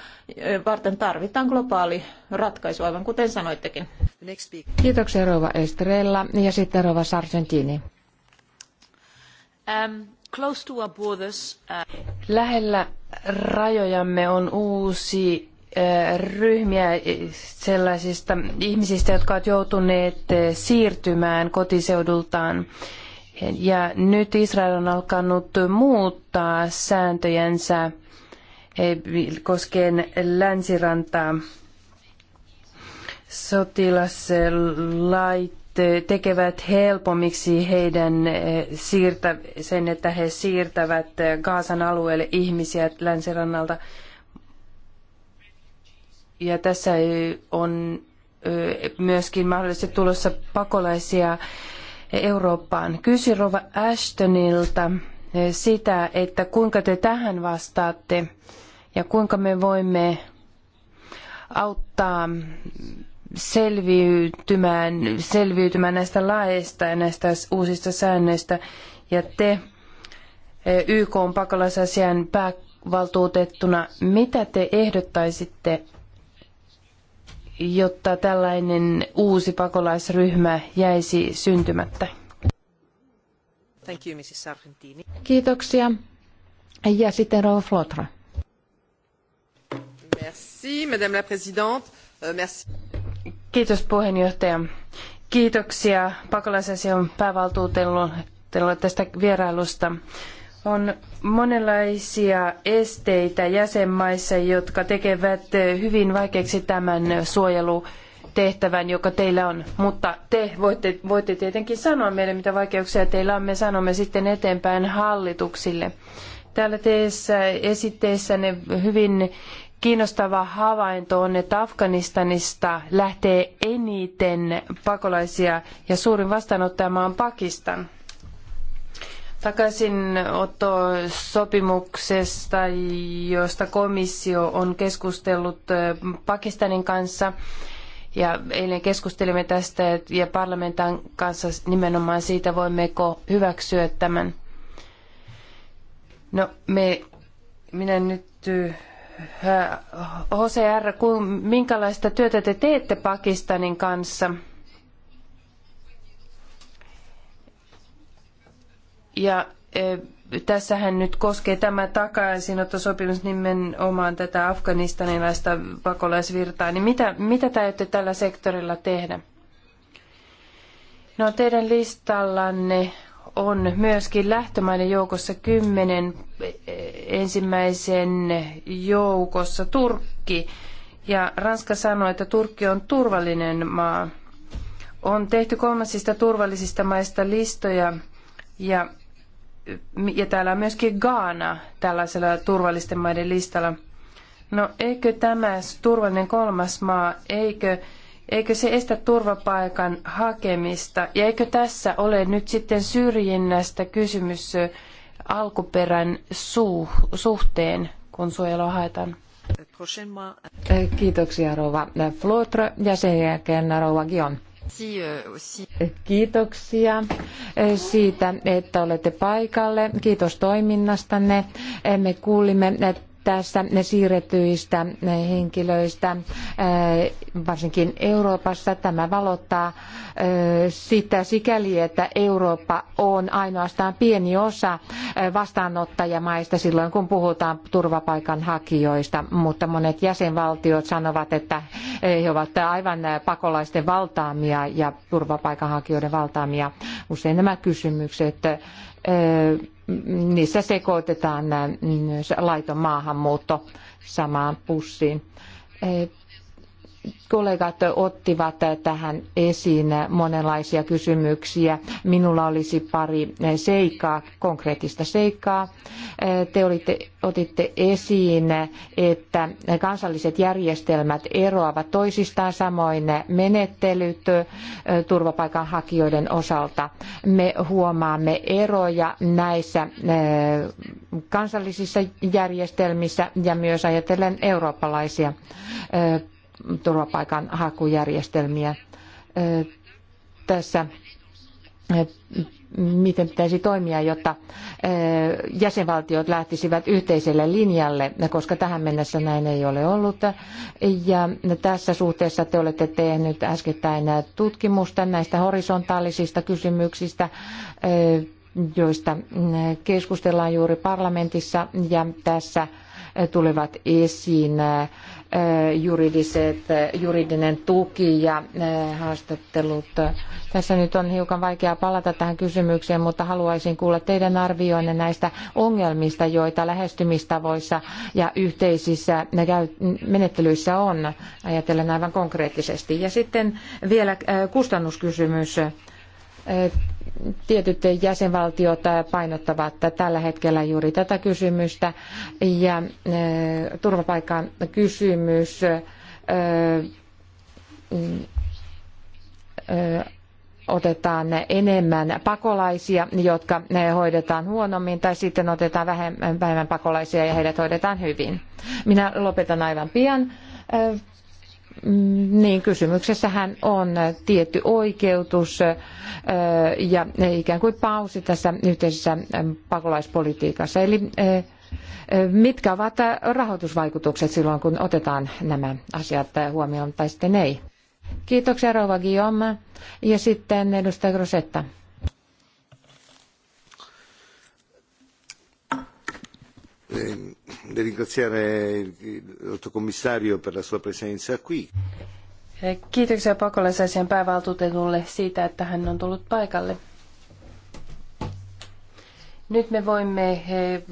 varten tarvitaan globaali ratkaisu, aivan kuten sanoittekin. Kiitoksia Rova Estrella ja sitten Rova Sargentini. Um. Uh, Lähellä rajojamme on uusi ryhmiä sellaisista ihmisistä, jotka ovat joutuneet siirtymään kotiseudultaan. Ja nyt Israel on alkanut muuttaa sääntöjänsä koskien länsirantaa. Sotilaslait tekevät helpommiksi heidän eh, siirtä, sen, että he siirtävät eh, Gaasan alueelle ihmisiä länsirannalta. Ja tässä eh, on myöskin mahdollisesti tulossa pakolaisia Eurooppaan. Kysy Rova Ashtonilta sitä, että kuinka te tähän vastaatte ja kuinka me voimme auttaa selviytymään, selviytymään näistä laeista ja näistä uusista säännöistä. Ja te eh, YK on pakolaisasian päävaltuutettuna, mitä te ehdottaisitte, jotta tällainen uusi pakolaisryhmä jäisi syntymättä? Thank you, Mrs. Sargentini. Kiitoksia. Ja sitten Rova Merci, Madame la Présidente. Euh, merci. Kiitos puheenjohtaja. Kiitoksia pakolaisasian päävaltuutelulle tästä vierailusta. On monenlaisia esteitä jäsenmaissa, jotka tekevät hyvin vaikeaksi tämän suojelutehtävän, joka teillä on. Mutta te voitte, voitte tietenkin sanoa meille, mitä vaikeuksia teillä on. Me sanomme sitten eteenpäin hallituksille täällä teissä ne hyvin Kiinnostava havainto on, että Afganistanista lähtee eniten pakolaisia ja suurin vastaanottajamaa on Pakistan. Takaisinottosopimuksesta, josta komissio on keskustellut Pakistanin kanssa, ja eilen keskustelimme tästä ja parlamentin kanssa nimenomaan siitä, voimmeko hyväksyä tämän. No, me, minä nyt HCR, kun, minkälaista työtä te teette Pakistanin kanssa? Ja e, tässähän nyt koskee tämä takaisinottosopimus nimenomaan tätä afganistanilaista pakolaisvirtaa, niin mitä, mitä täytyy tällä sektorilla tehdä? No teidän listallanne on myöskin lähtömaiden joukossa kymmenen ensimmäisen joukossa Turkki. Ja Ranska sanoi, että Turkki on turvallinen maa. On tehty kolmansista turvallisista maista listoja ja, ja täällä on myöskin Gaana tällaisella turvallisten maiden listalla. No eikö tämä turvallinen kolmas maa, eikö Eikö se estä turvapaikan hakemista? Ja eikö tässä ole nyt sitten syrjinnästä kysymys alkuperän suu, suhteen, kun suojelua haetaan? Kiitoksia Rova Flotre ja sen jälkeen Rova Gion. Eh, Kiitoksia siitä, että olette paikalle. Kiitos toiminnastanne. Me kuulimme tässä siirretyistä henkilöistä, äh, varsinkin Euroopassa. Tämä valottaa äh, sitä sikäli, että Eurooppa on ainoastaan pieni osa äh, vastaanottajamaista silloin, kun puhutaan turvapaikanhakijoista, mutta monet jäsenvaltiot sanovat, että he ovat aivan pakolaisten valtaamia ja turvapaikanhakijoiden valtaamia. Usein nämä kysymykset niissä sekoitetaan äh, laiton maahanmuutto samaan pussiin. Äh, kollegat ottivat tähän esiin monenlaisia kysymyksiä. Minulla olisi pari seikkaa, konkreettista seikkaa. Te olitte, otitte esiin, että kansalliset järjestelmät eroavat toisistaan samoin menettelyt turvapaikanhakijoiden osalta. Me huomaamme eroja näissä eh, kansallisissa järjestelmissä ja myös ajatellen eurooppalaisia eh, turvapaikan Tässä miten pitäisi toimia, jotta jäsenvaltiot lähtisivät yhteiselle linjalle, koska tähän mennessä näin ei ole ollut. Ja tässä suhteessa te olette tehnyt äskettäin tutkimusta näistä horisontaalisista kysymyksistä, joista keskustellaan juuri parlamentissa ja tässä tulevat esiin, juridiset, juridinen tuki ja haastattelut. Tässä nyt on hiukan vaikea palata tähän kysymykseen, mutta haluaisin kuulla teidän arvioinne näistä ongelmista, joita lähestymistavoissa ja yhteisissä menettelyissä on. Ajatellen aivan konkreettisesti. Ja sitten vielä kustannuskysymys tietyt jäsenvaltiot painottavat tällä hetkellä juuri tätä kysymystä ja turvapaikan kysymys otetaan enemmän pakolaisia, jotka hoidetaan huonommin, tai sitten otetaan vähemmän pakolaisia ja heidät hoidetaan hyvin. Minä lopetan aivan pian niin, kysymyksessähän on tietty oikeutus ja ikään kuin pausi tässä yhteisessä pakolaispolitiikassa. Eli mitkä ovat rahoitusvaikutukset silloin, kun otetaan nämä asiat huomioon tai sitten ei? Kiitoksia Rova Guillaume ja sitten edustaja Grosetta. eh, ringraziare Commissario per la sua presenza qui. Eh, kiitoksia pakolaisasian päävaltuutetulle siitä, että hän on tullut paikalle. Nyt me voimme eh,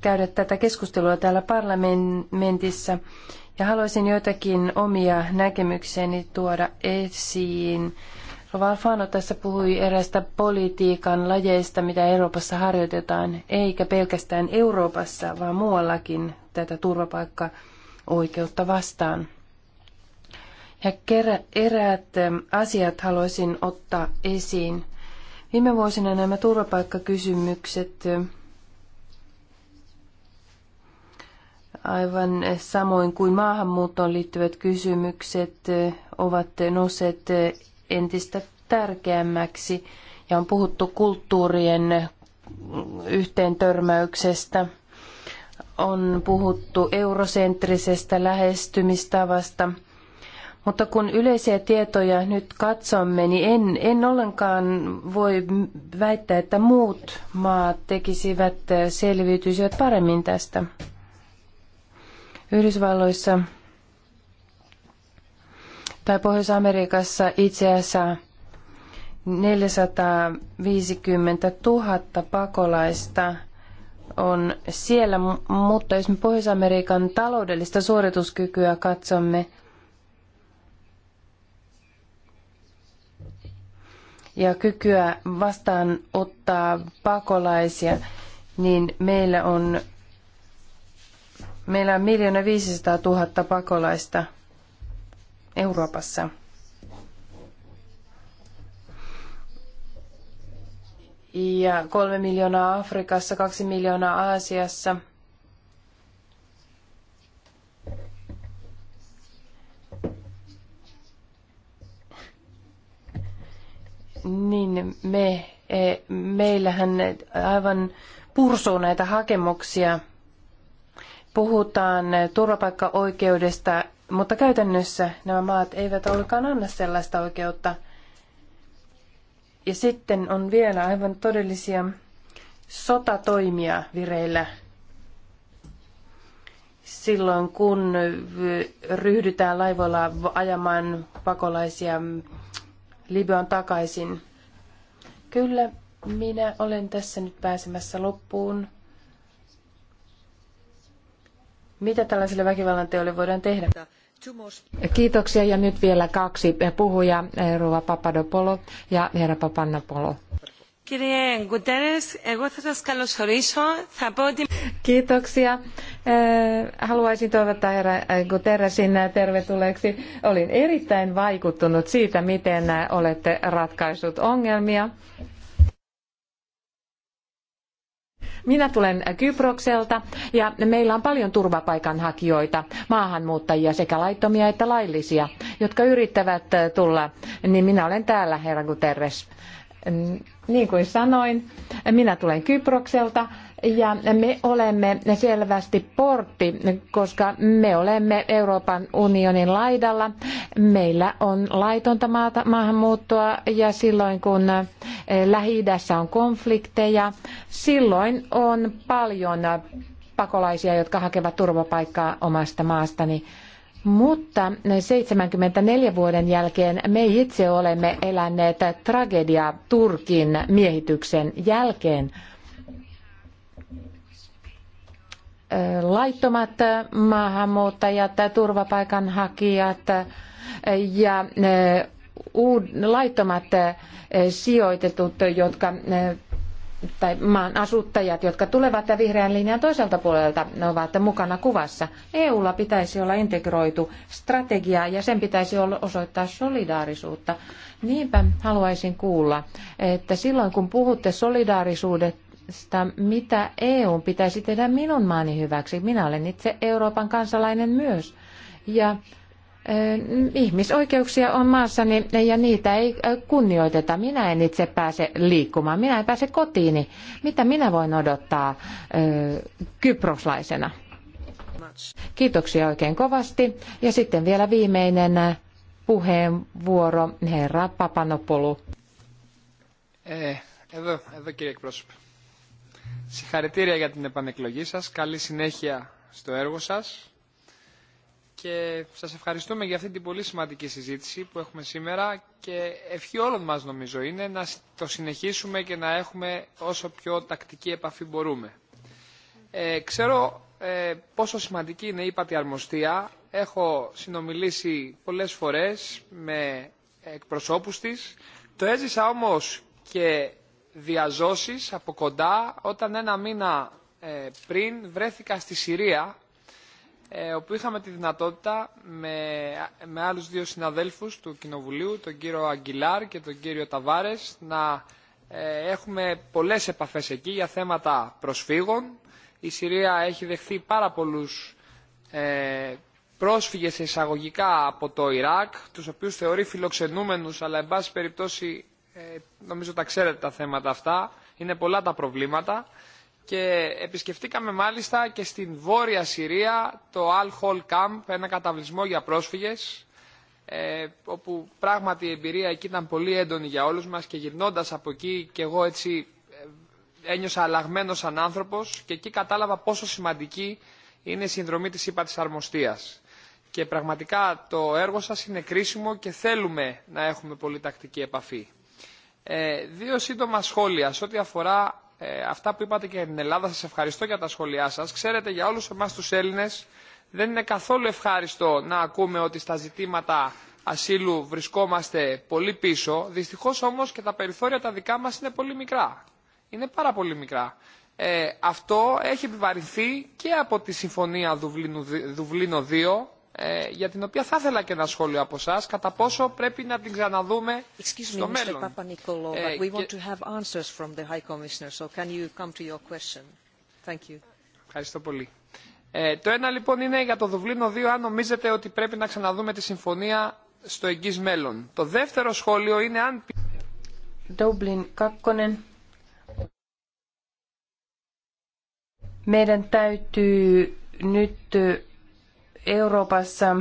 käydä tätä keskustelua täällä parlamentissa ja haluaisin joitakin omia näkemyksiäni tuoda esiin Valfano tässä puhui erästä politiikan lajeista, mitä Euroopassa harjoitetaan, eikä pelkästään Euroopassa, vaan muuallakin tätä turvapaikka-oikeutta vastaan. Ja eräät ähm, asiat haluaisin ottaa esiin. Viime vuosina nämä turvapaikkakysymykset ähm, aivan samoin kuin maahanmuuttoon liittyvät kysymykset äh, ovat nousseet äh, entistä tärkeämmäksi ja on puhuttu kulttuurien yhteen törmäyksestä. On puhuttu eurosentrisestä lähestymistavasta. Mutta kun yleisiä tietoja nyt katsomme, niin en, en ollenkaan voi väittää, että muut maat tekisivät, selviytyisivät paremmin tästä. Yhdysvalloissa tai Pohjois-Amerikassa itse asiassa 450 000 pakolaista on siellä, mutta jos me Pohjois-Amerikan taloudellista suorituskykyä katsomme, ja kykyä vastaanottaa pakolaisia, niin meillä on, meillä on 1 500 000 pakolaista – Euroopassa. Ja kolme miljoonaa Afrikassa, kaksi miljoonaa Aasiassa. Niin me, e, meillähän aivan pursuu näitä hakemuksia. Puhutaan turvapaikkaoikeudesta mutta käytännössä nämä maat eivät ollenkaan anna sellaista oikeutta. Ja sitten on vielä aivan todellisia sotatoimia vireillä silloin, kun ryhdytään laivoilla ajamaan pakolaisia Libyan takaisin. Kyllä, minä olen tässä nyt pääsemässä loppuun. Mitä tällaiselle väkivallan teolle voidaan tehdä? Kiitoksia ja nyt vielä kaksi puhujaa, Rova Papadopolo ja herra Papannapolo. Kiitoksia. Haluaisin toivottaa herra Guterresin tervetulleeksi. Olin erittäin vaikuttunut siitä, miten olette ratkaissut ongelmia. Minä tulen Kyprokselta ja meillä on paljon turvapaikanhakijoita, maahanmuuttajia sekä laittomia että laillisia, jotka yrittävät äh, tulla, niin minä olen täällä, herra Guterres. Niin kuin sanoin, minä tulen Kyprokselta ja me olemme selvästi portti, koska me olemme Euroopan unionin laidalla. Meillä on laitonta maata, maahanmuuttoa ja silloin kun eh, lähi on konflikteja, silloin on paljon pakolaisia, jotka hakevat turvapaikkaa omasta maastani. Mutta 74 vuoden jälkeen me itse olemme eläneet tragediaa Turkin miehityksen jälkeen. laittomat maahanmuuttajat, turvapaikanhakijat ja laittomat sijoitetut, jotka tai maan asuttajat, jotka tulevat vihreän linjan toiselta puolelta, ne ovat mukana kuvassa. EUlla pitäisi olla integroitu strategia ja sen pitäisi osoittaa solidaarisuutta. Niinpä haluaisin kuulla, että silloin kun puhutte solidaarisuudesta, sitä, mitä EU pitäisi tehdä minun maani hyväksi. Minä olen itse Euroopan kansalainen myös. Ja Ihmisoikeuksia on maassani ja niitä ei kunnioiteta. Minä en itse pääse liikkumaan, minä en pääse kotiini. Mitä minä voin odottaa kyproslaisena? Kiitoksia oikein kovasti. Ja sitten vielä viimeinen puheenvuoro, herra Papanopulu. Eh, εδώ κύριε εκπρόσωπε. Συγχαρητήρια για την επανεκλογή σας. Καλή συνέχεια στο έργο σας. Και σας ευχαριστούμε για αυτή την πολύ σημαντική συζήτηση που έχουμε σήμερα και ευχή όλων μας νομίζω είναι να το συνεχίσουμε και να έχουμε όσο πιο τακτική επαφή μπορούμε. Ε, ξέρω ε, πόσο σημαντική είναι η πατιαρμοστία. Έχω συνομιλήσει πολλές φορές με εκπροσώπους της. Το έζησα όμως και διαζώσεις από κοντά όταν ένα μήνα ε, πριν βρέθηκα στη Συρία ε, όπου είχαμε τη δυνατότητα με, με άλλους δύο συναδέλφους του Κοινοβουλίου, τον κύριο Αγγιλάρ και τον κύριο Ταβάρες, να ε, έχουμε πολλές επαφές εκεί για θέματα προσφύγων. Η Συρία έχει δεχθεί πάρα πολλούς ε, πρόσφυγες εισαγωγικά από το Ιράκ, τους οποίους θεωρεί φιλοξενούμενους, αλλά εν πάση περιπτώσει Ε, νομίζω τα ξέρετε τα θέματα αυτά. Είναι πολλά τα προβλήματα. Και επισκεφτήκαμε μάλιστα και στην Βόρεια Συρία το Al Hol Camp, ένα καταβλισμό για πρόσφυγες, ε, όπου πράγματι η εμπειρία εκεί ήταν πολύ έντονη για όλους μας και γυρνώντας από εκεί και εγώ έτσι ένιωσα αλλαγμένο σαν άνθρωπος και εκεί κατάλαβα πόσο σημαντική είναι η συνδρομή της ΥΠΑ της Αρμοστίας. Και πραγματικά το έργο σας είναι κρίσιμο και θέλουμε να έχουμε πολύ τακτική επαφή. Ε, δύο σύντομα σχόλια σε ό,τι αφορά ε, αυτά που είπατε και για την Ελλάδα. Σας ευχαριστώ για τα σχόλιά σας. Ξέρετε, για όλους εμάς τους Έλληνες δεν είναι καθόλου ευχάριστο να ακούμε ότι στα ζητήματα ασύλου βρισκόμαστε πολύ πίσω. Δυστυχώς όμως και τα περιθώρια τα δικά μας είναι πολύ μικρά. Είναι πάρα πολύ μικρά. Ε, αυτό έχει επιβαρυνθεί και από τη Συμφωνία Δουβλίνο 2 ε, για την οποία θα ήθελα και ένα σχόλιο από εσά, κατά πόσο πρέπει να την ξαναδούμε Excuse στο me, μέλλον. Ε, και... Ευχαριστώ πολύ. Ε, το ένα λοιπόν είναι για το Δουβλίνο 2, αν νομίζετε ότι πρέπει να ξαναδούμε τη συμφωνία στο εγγύς μέλλον. Το δεύτερο σχόλιο είναι αν... Dublin 2. Meidän täytyy nyt Euroopassa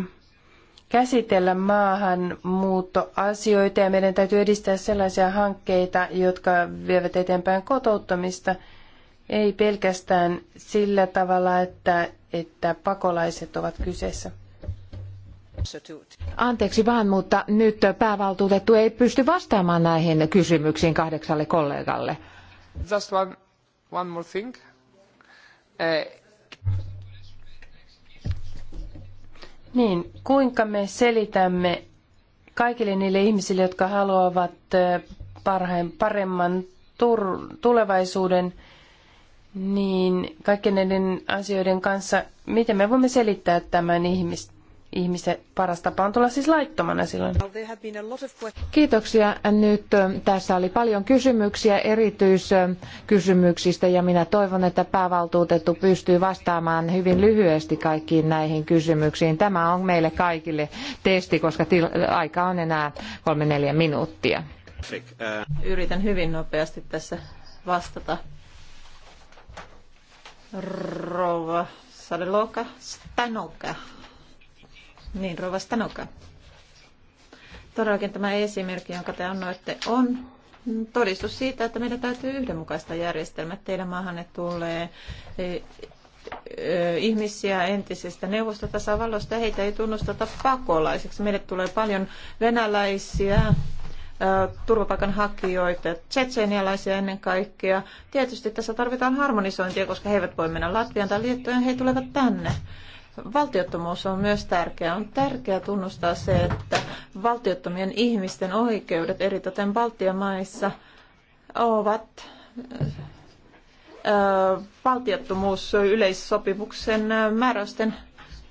käsitellä maahanmuuttoasioita ja meidän täytyy edistää sellaisia hankkeita, jotka vievät eteenpäin kotouttamista, ei pelkästään sillä tavalla, että, että pakolaiset ovat kyseessä. Anteeksi vaan, mutta nyt päävaltuutettu ei pysty vastaamaan näihin kysymyksiin kahdeksalle kollegalle. Just one, one more thing. Eh, Niin, kuinka me selitämme kaikille niille ihmisille, jotka haluavat parhain, paremman tur, tulevaisuuden, niin kaikkien näiden asioiden kanssa, miten me voimme selittää tämän ihmisten? ihmisen paras tapa on tulla siis laittomana silloin. Kiitoksia. Nyt tässä oli paljon kysymyksiä erityiskysymyksistä ja minä toivon, että päävaltuutettu pystyy vastaamaan hyvin lyhyesti kaikkiin näihin kysymyksiin. Tämä on meille kaikille testi, koska aika on enää kolme neljä minuuttia. Yritän hyvin nopeasti tässä vastata. Rouva Sadeloka Stanoka niin, Rova Stanoka. Todellakin tämä esimerkki, jonka te annoitte, on todistus siitä, että meidän täytyy yhdenmukaista järjestelmää Teidän maahanne tulee e, e, ihmisiä entisestä neuvostotasavallosta ja heitä ei tunnusteta pakolaiseksi. Meille tulee paljon venäläisiä, e, turvapaikanhakijoita, tsetseenialaisia ennen kaikkea. Tietysti tässä tarvitaan harmonisointia, koska he eivät voi mennä Latviaan tai Liettuaan, he tulevat tänne. Valtiottomuus on myös tärkeää. On tärkeää tunnustaa se, että valtiottomien ihmisten oikeudet eritoten Baltian maissa ovat valtiottomuus yleissopimuksen määräysten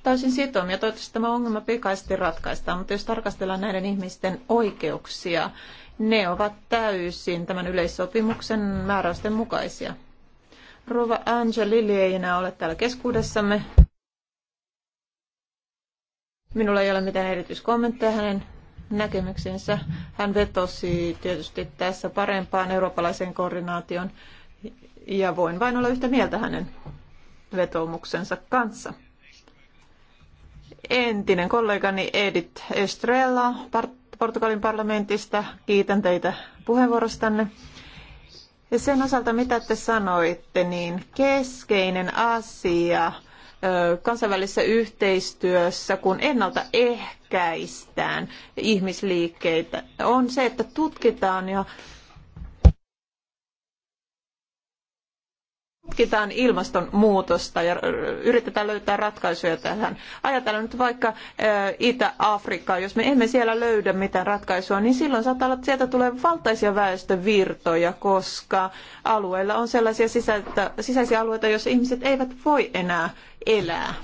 täysin sitomia. Toivottavasti tämä ongelma pikaisesti ratkaistaan, mutta jos tarkastellaan näiden ihmisten oikeuksia, ne ovat täysin tämän yleissopimuksen määräysten mukaisia. Rova Angelili ei enää ole täällä keskuudessamme. Minulla ei ole mitään erityiskommentteja hänen näkemyksensä. Hän vetosi tietysti tässä parempaan eurooppalaiseen koordinaation ja voin vain olla yhtä mieltä hänen vetomuksensa kanssa. Entinen kollegani Edith Estrella Portugalin parlamentista, kiitän teitä puheenvuorostanne. Ja sen osalta, mitä te sanoitte, niin keskeinen asia – kansainvälisessä yhteistyössä, kun ennaltaehkäistään ihmisliikkeitä, on se, että tutkitaan ja tutkitaan ilmastonmuutosta ja yritetään löytää ratkaisuja tähän. Ajatellaan nyt vaikka Itä-Afrikkaa, jos me emme siellä löydä mitään ratkaisua, niin silloin saattaa olla, että sieltä tulee valtaisia väestövirtoja, koska alueella on sellaisia sisäisiä alueita, joissa ihmiset eivät voi enää elää.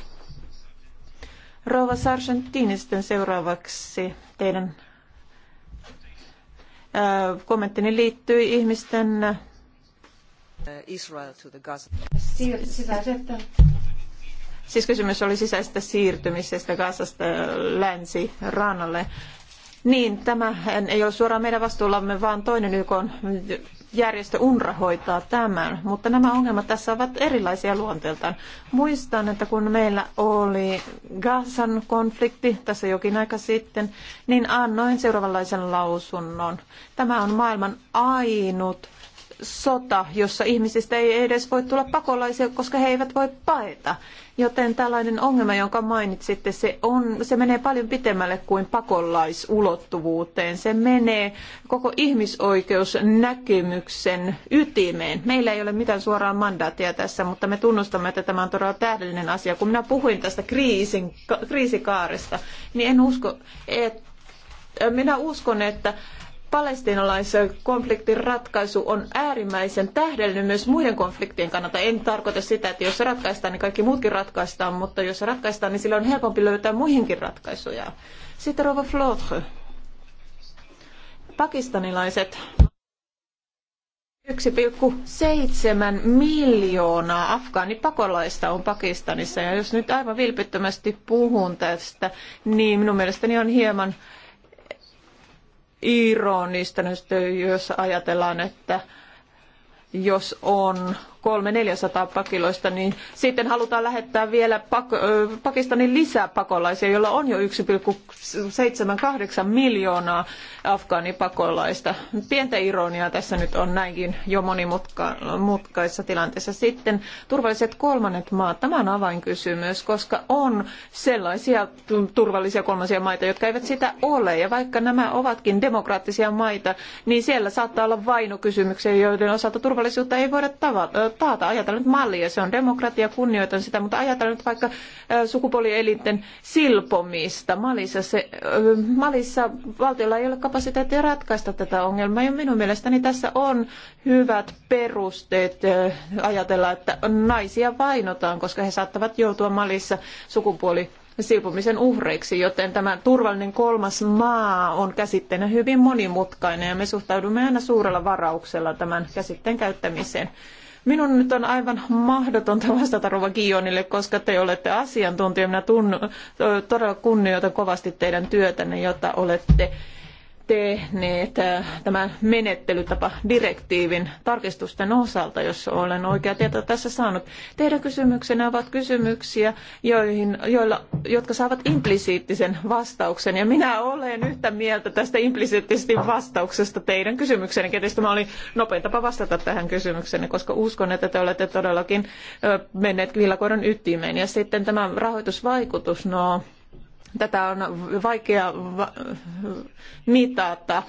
Rova Sargentini sitten seuraavaksi teidän kommenttini liittyy ihmisten Uh, Israel to the Gaza. Siis kysymys oli sisäisestä siirtymisestä Gazasta länsirannalle. Niin, tämä ei ole suoraan meidän vastuullamme, vaan toinen YK järjestö UNRA hoitaa tämän, mutta nämä ongelmat tässä ovat erilaisia luonteeltaan. Muistan, että kun meillä oli Gazan konflikti tässä jokin aika sitten, niin annoin seuraavanlaisen lausunnon. Tämä on maailman ainut sota, jossa ihmisistä ei edes voi tulla pakolaisia, koska he eivät voi paeta. Joten tällainen ongelma, jonka mainitsitte, se, on, se menee paljon pitemmälle kuin pakolaisulottuvuuteen. Se menee koko ihmisoikeusnäkemyksen ytimeen. Meillä ei ole mitään suoraa mandaattia tässä, mutta me tunnustamme, että tämä on todella tähdellinen asia. Kun minä puhuin tästä kriisin, kriisikaaresta, niin en usko, että minä uskon, että palestinalaisen konfliktin ratkaisu on äärimmäisen tähdellinen myös muiden konfliktien kannalta. En tarkoita sitä, että jos se ratkaistaan, niin kaikki muutkin ratkaistaan, mutta jos se ratkaistaan, niin sillä on helpompi löytää muihinkin ratkaisuja. Sitten Rova Flotre. Pakistanilaiset 1,7 miljoonaa afgaanipakolaista on Pakistanissa. Ja jos nyt aivan vilpittömästi puhun tästä, niin minun mielestäni on hieman ironista, jos ajatellaan, että jos on 300-400 pakiloista, niin sitten halutaan lähettää vielä Pakistanin lisää pakolaisia, jolla on jo 1,78 miljoonaa afgaanipakolaista. Pientä ironiaa tässä nyt on näinkin jo monimutkaisessa tilanteessa. Sitten turvalliset kolmannet maat, tämä on avainkysymys, koska on sellaisia turvallisia kolmansia maita, jotka eivät sitä ole. Ja vaikka nämä ovatkin demokraattisia maita, niin siellä saattaa olla vainokysymyksiä, joiden osalta turvallisuutta ei voida tavata, taata. Ajatellaan nyt mallia, se on demokratia, kunnioitan sitä, mutta ajatellaan nyt vaikka sukupuolielinten silpomista. Malissa, se, Malissa valtiolla ei ole kapasiteettia ratkaista tätä ongelmaa ja minun mielestäni tässä on hyvät perusteet ajatella, että naisia vainotaan, koska he saattavat joutua Malissa sukupuoli silpomisen uhreiksi, joten tämä turvallinen kolmas maa on käsitteenä hyvin monimutkainen ja me suhtaudumme aina suurella varauksella tämän käsitteen käyttämiseen. Minun nyt on aivan mahdotonta vastata Rova Gionille, koska te olette asiantuntija. Minä tunnu, todella kunnioitan kovasti teidän työtänne, jota olette tehneet äh, tämän menettelytapa direktiivin tarkistusten osalta, jos olen oikea tietoa tässä saanut. Teidän kysymyksenä ovat kysymyksiä, joihin, joilla, jotka saavat implisiittisen vastauksen. Ja minä olen yhtä mieltä tästä implisiittisesti vastauksesta teidän kysymyksenne. Tietysti tämä oli nopein tapa vastata tähän kysymykseen, koska uskon, että te olette todellakin menneet villakoiran ytimeen. Ja sitten tämä rahoitusvaikutus, no Tätä on vaikea mitata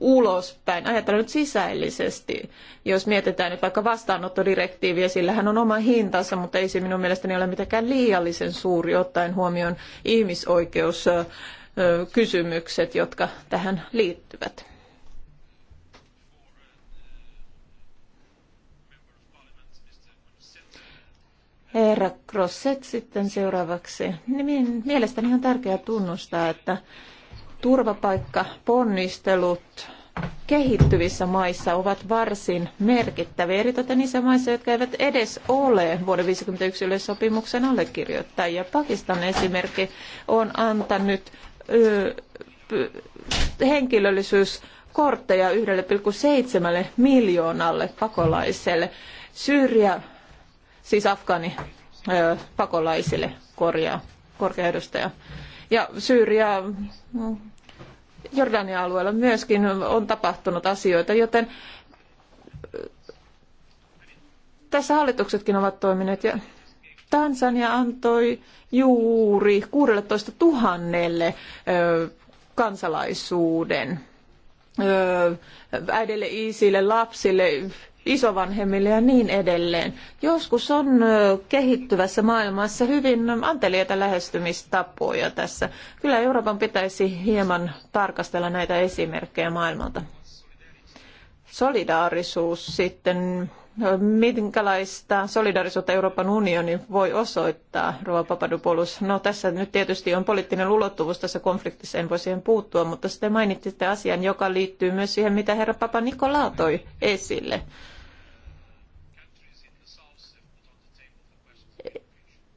ulospäin. Ajatellaan nyt sisäillisesti, jos mietitään nyt vaikka vastaanottodirektiiviä, sillähän on oma hintansa, mutta ei se minun mielestäni ole mitenkään liiallisen suuri ottaen huomioon ihmisoikeuskysymykset, jotka tähän liittyvät. Herra Crosset sitten seuraavaksi. Niin mielestäni on tärkeää tunnustaa, että turvapaikkaponnistelut kehittyvissä maissa ovat varsin merkittäviä, eritoten niissä maissa, jotka eivät edes ole vuoden 1951 yleissopimuksen allekirjoittajia. Pakistan esimerkki on antanut ö, henkilöllisyyskortteja 1,7 miljoonalle pakolaiselle. Syyria siis afgaani pakolaisille korjaa korkea edustaja. Ja Syyria mm, Jordanian alueella myöskin on tapahtunut asioita, joten tässä hallituksetkin ovat toimineet ja Tansania antoi juuri 16 000 kansalaisuuden äidille, isille, lapsille, isovanhemmille ja niin edelleen. Joskus on kehittyvässä maailmassa hyvin anteliaita lähestymistapoja tässä. Kyllä Euroopan pitäisi hieman tarkastella näitä esimerkkejä maailmalta. Solidaarisuus sitten, minkälaista solidaarisuutta Euroopan unioni voi osoittaa, Rova Papadopoulos? No tässä nyt tietysti on poliittinen ulottuvuus tässä konfliktissa, en voi siihen puuttua, mutta sitten mainitsitte asian, joka liittyy myös siihen, mitä herra Papa Nikola toi esille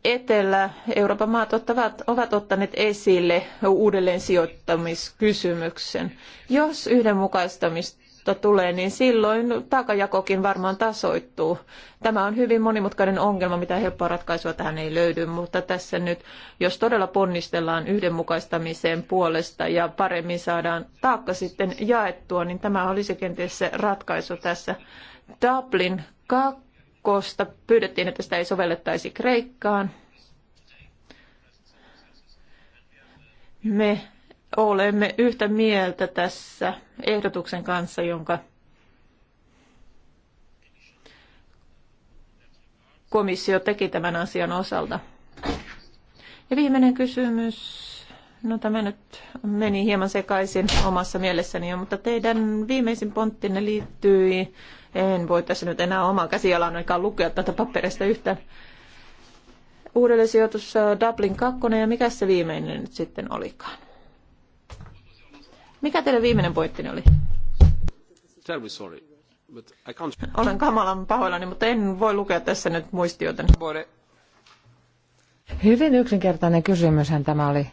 Etelä-Euroopan maat ottavat, ovat ottaneet esille uudelleen sijoittamiskysymyksen. Jos yhdenmukaistamista tulee, niin silloin taakajakokin varmaan tasoittuu. Tämä on hyvin monimutkainen ongelma, mitä helppoa ratkaisua tähän ei löydy, mutta tässä nyt, jos todella ponnistellaan yhdenmukaistamiseen puolesta ja paremmin saadaan taakka sitten jaettua, niin tämä olisi kenties se ratkaisu tässä. Dublin 2 Koosta pyydettiin, että sitä ei sovellettaisi Kreikkaan. Me olemme yhtä mieltä tässä ehdotuksen kanssa, jonka komissio teki tämän asian osalta. Ja viimeinen kysymys. No tämä nyt meni hieman sekaisin omassa mielessäni jo, mutta teidän viimeisin ponttinne liittyi en voi tässä nyt enää omaa käsialan aikaan lukea tätä paperista yhtään. uudelle sijoitus äh, Dublin 2 ja mikä se viimeinen nyt sitten olikaan? Mikä teidän viimeinen pointtini oli? Terribly sorry, but I can't... Olen kamalan pahoillani, mutta en voi lukea tässä nyt muistiota. Hyvin yksinkertainen kysymyshän tämä oli.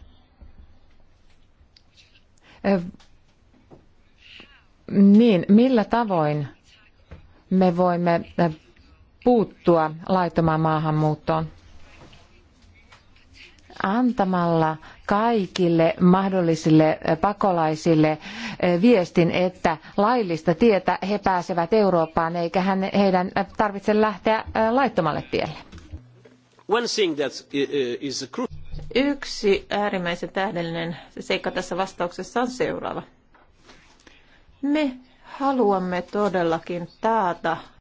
Niin, millä tavoin me voimme eh, puuttua laittomaan maahanmuuttoon antamalla kaikille mahdollisille eh, pakolaisille eh, viestin, että laillista tietä he pääsevät Eurooppaan, eikä heidän tarvitse lähteä laittomalle tielle. Yksi äärimmäisen tähdellinen seikka tässä vastauksessa on seuraava. Me haluamme todellakin taata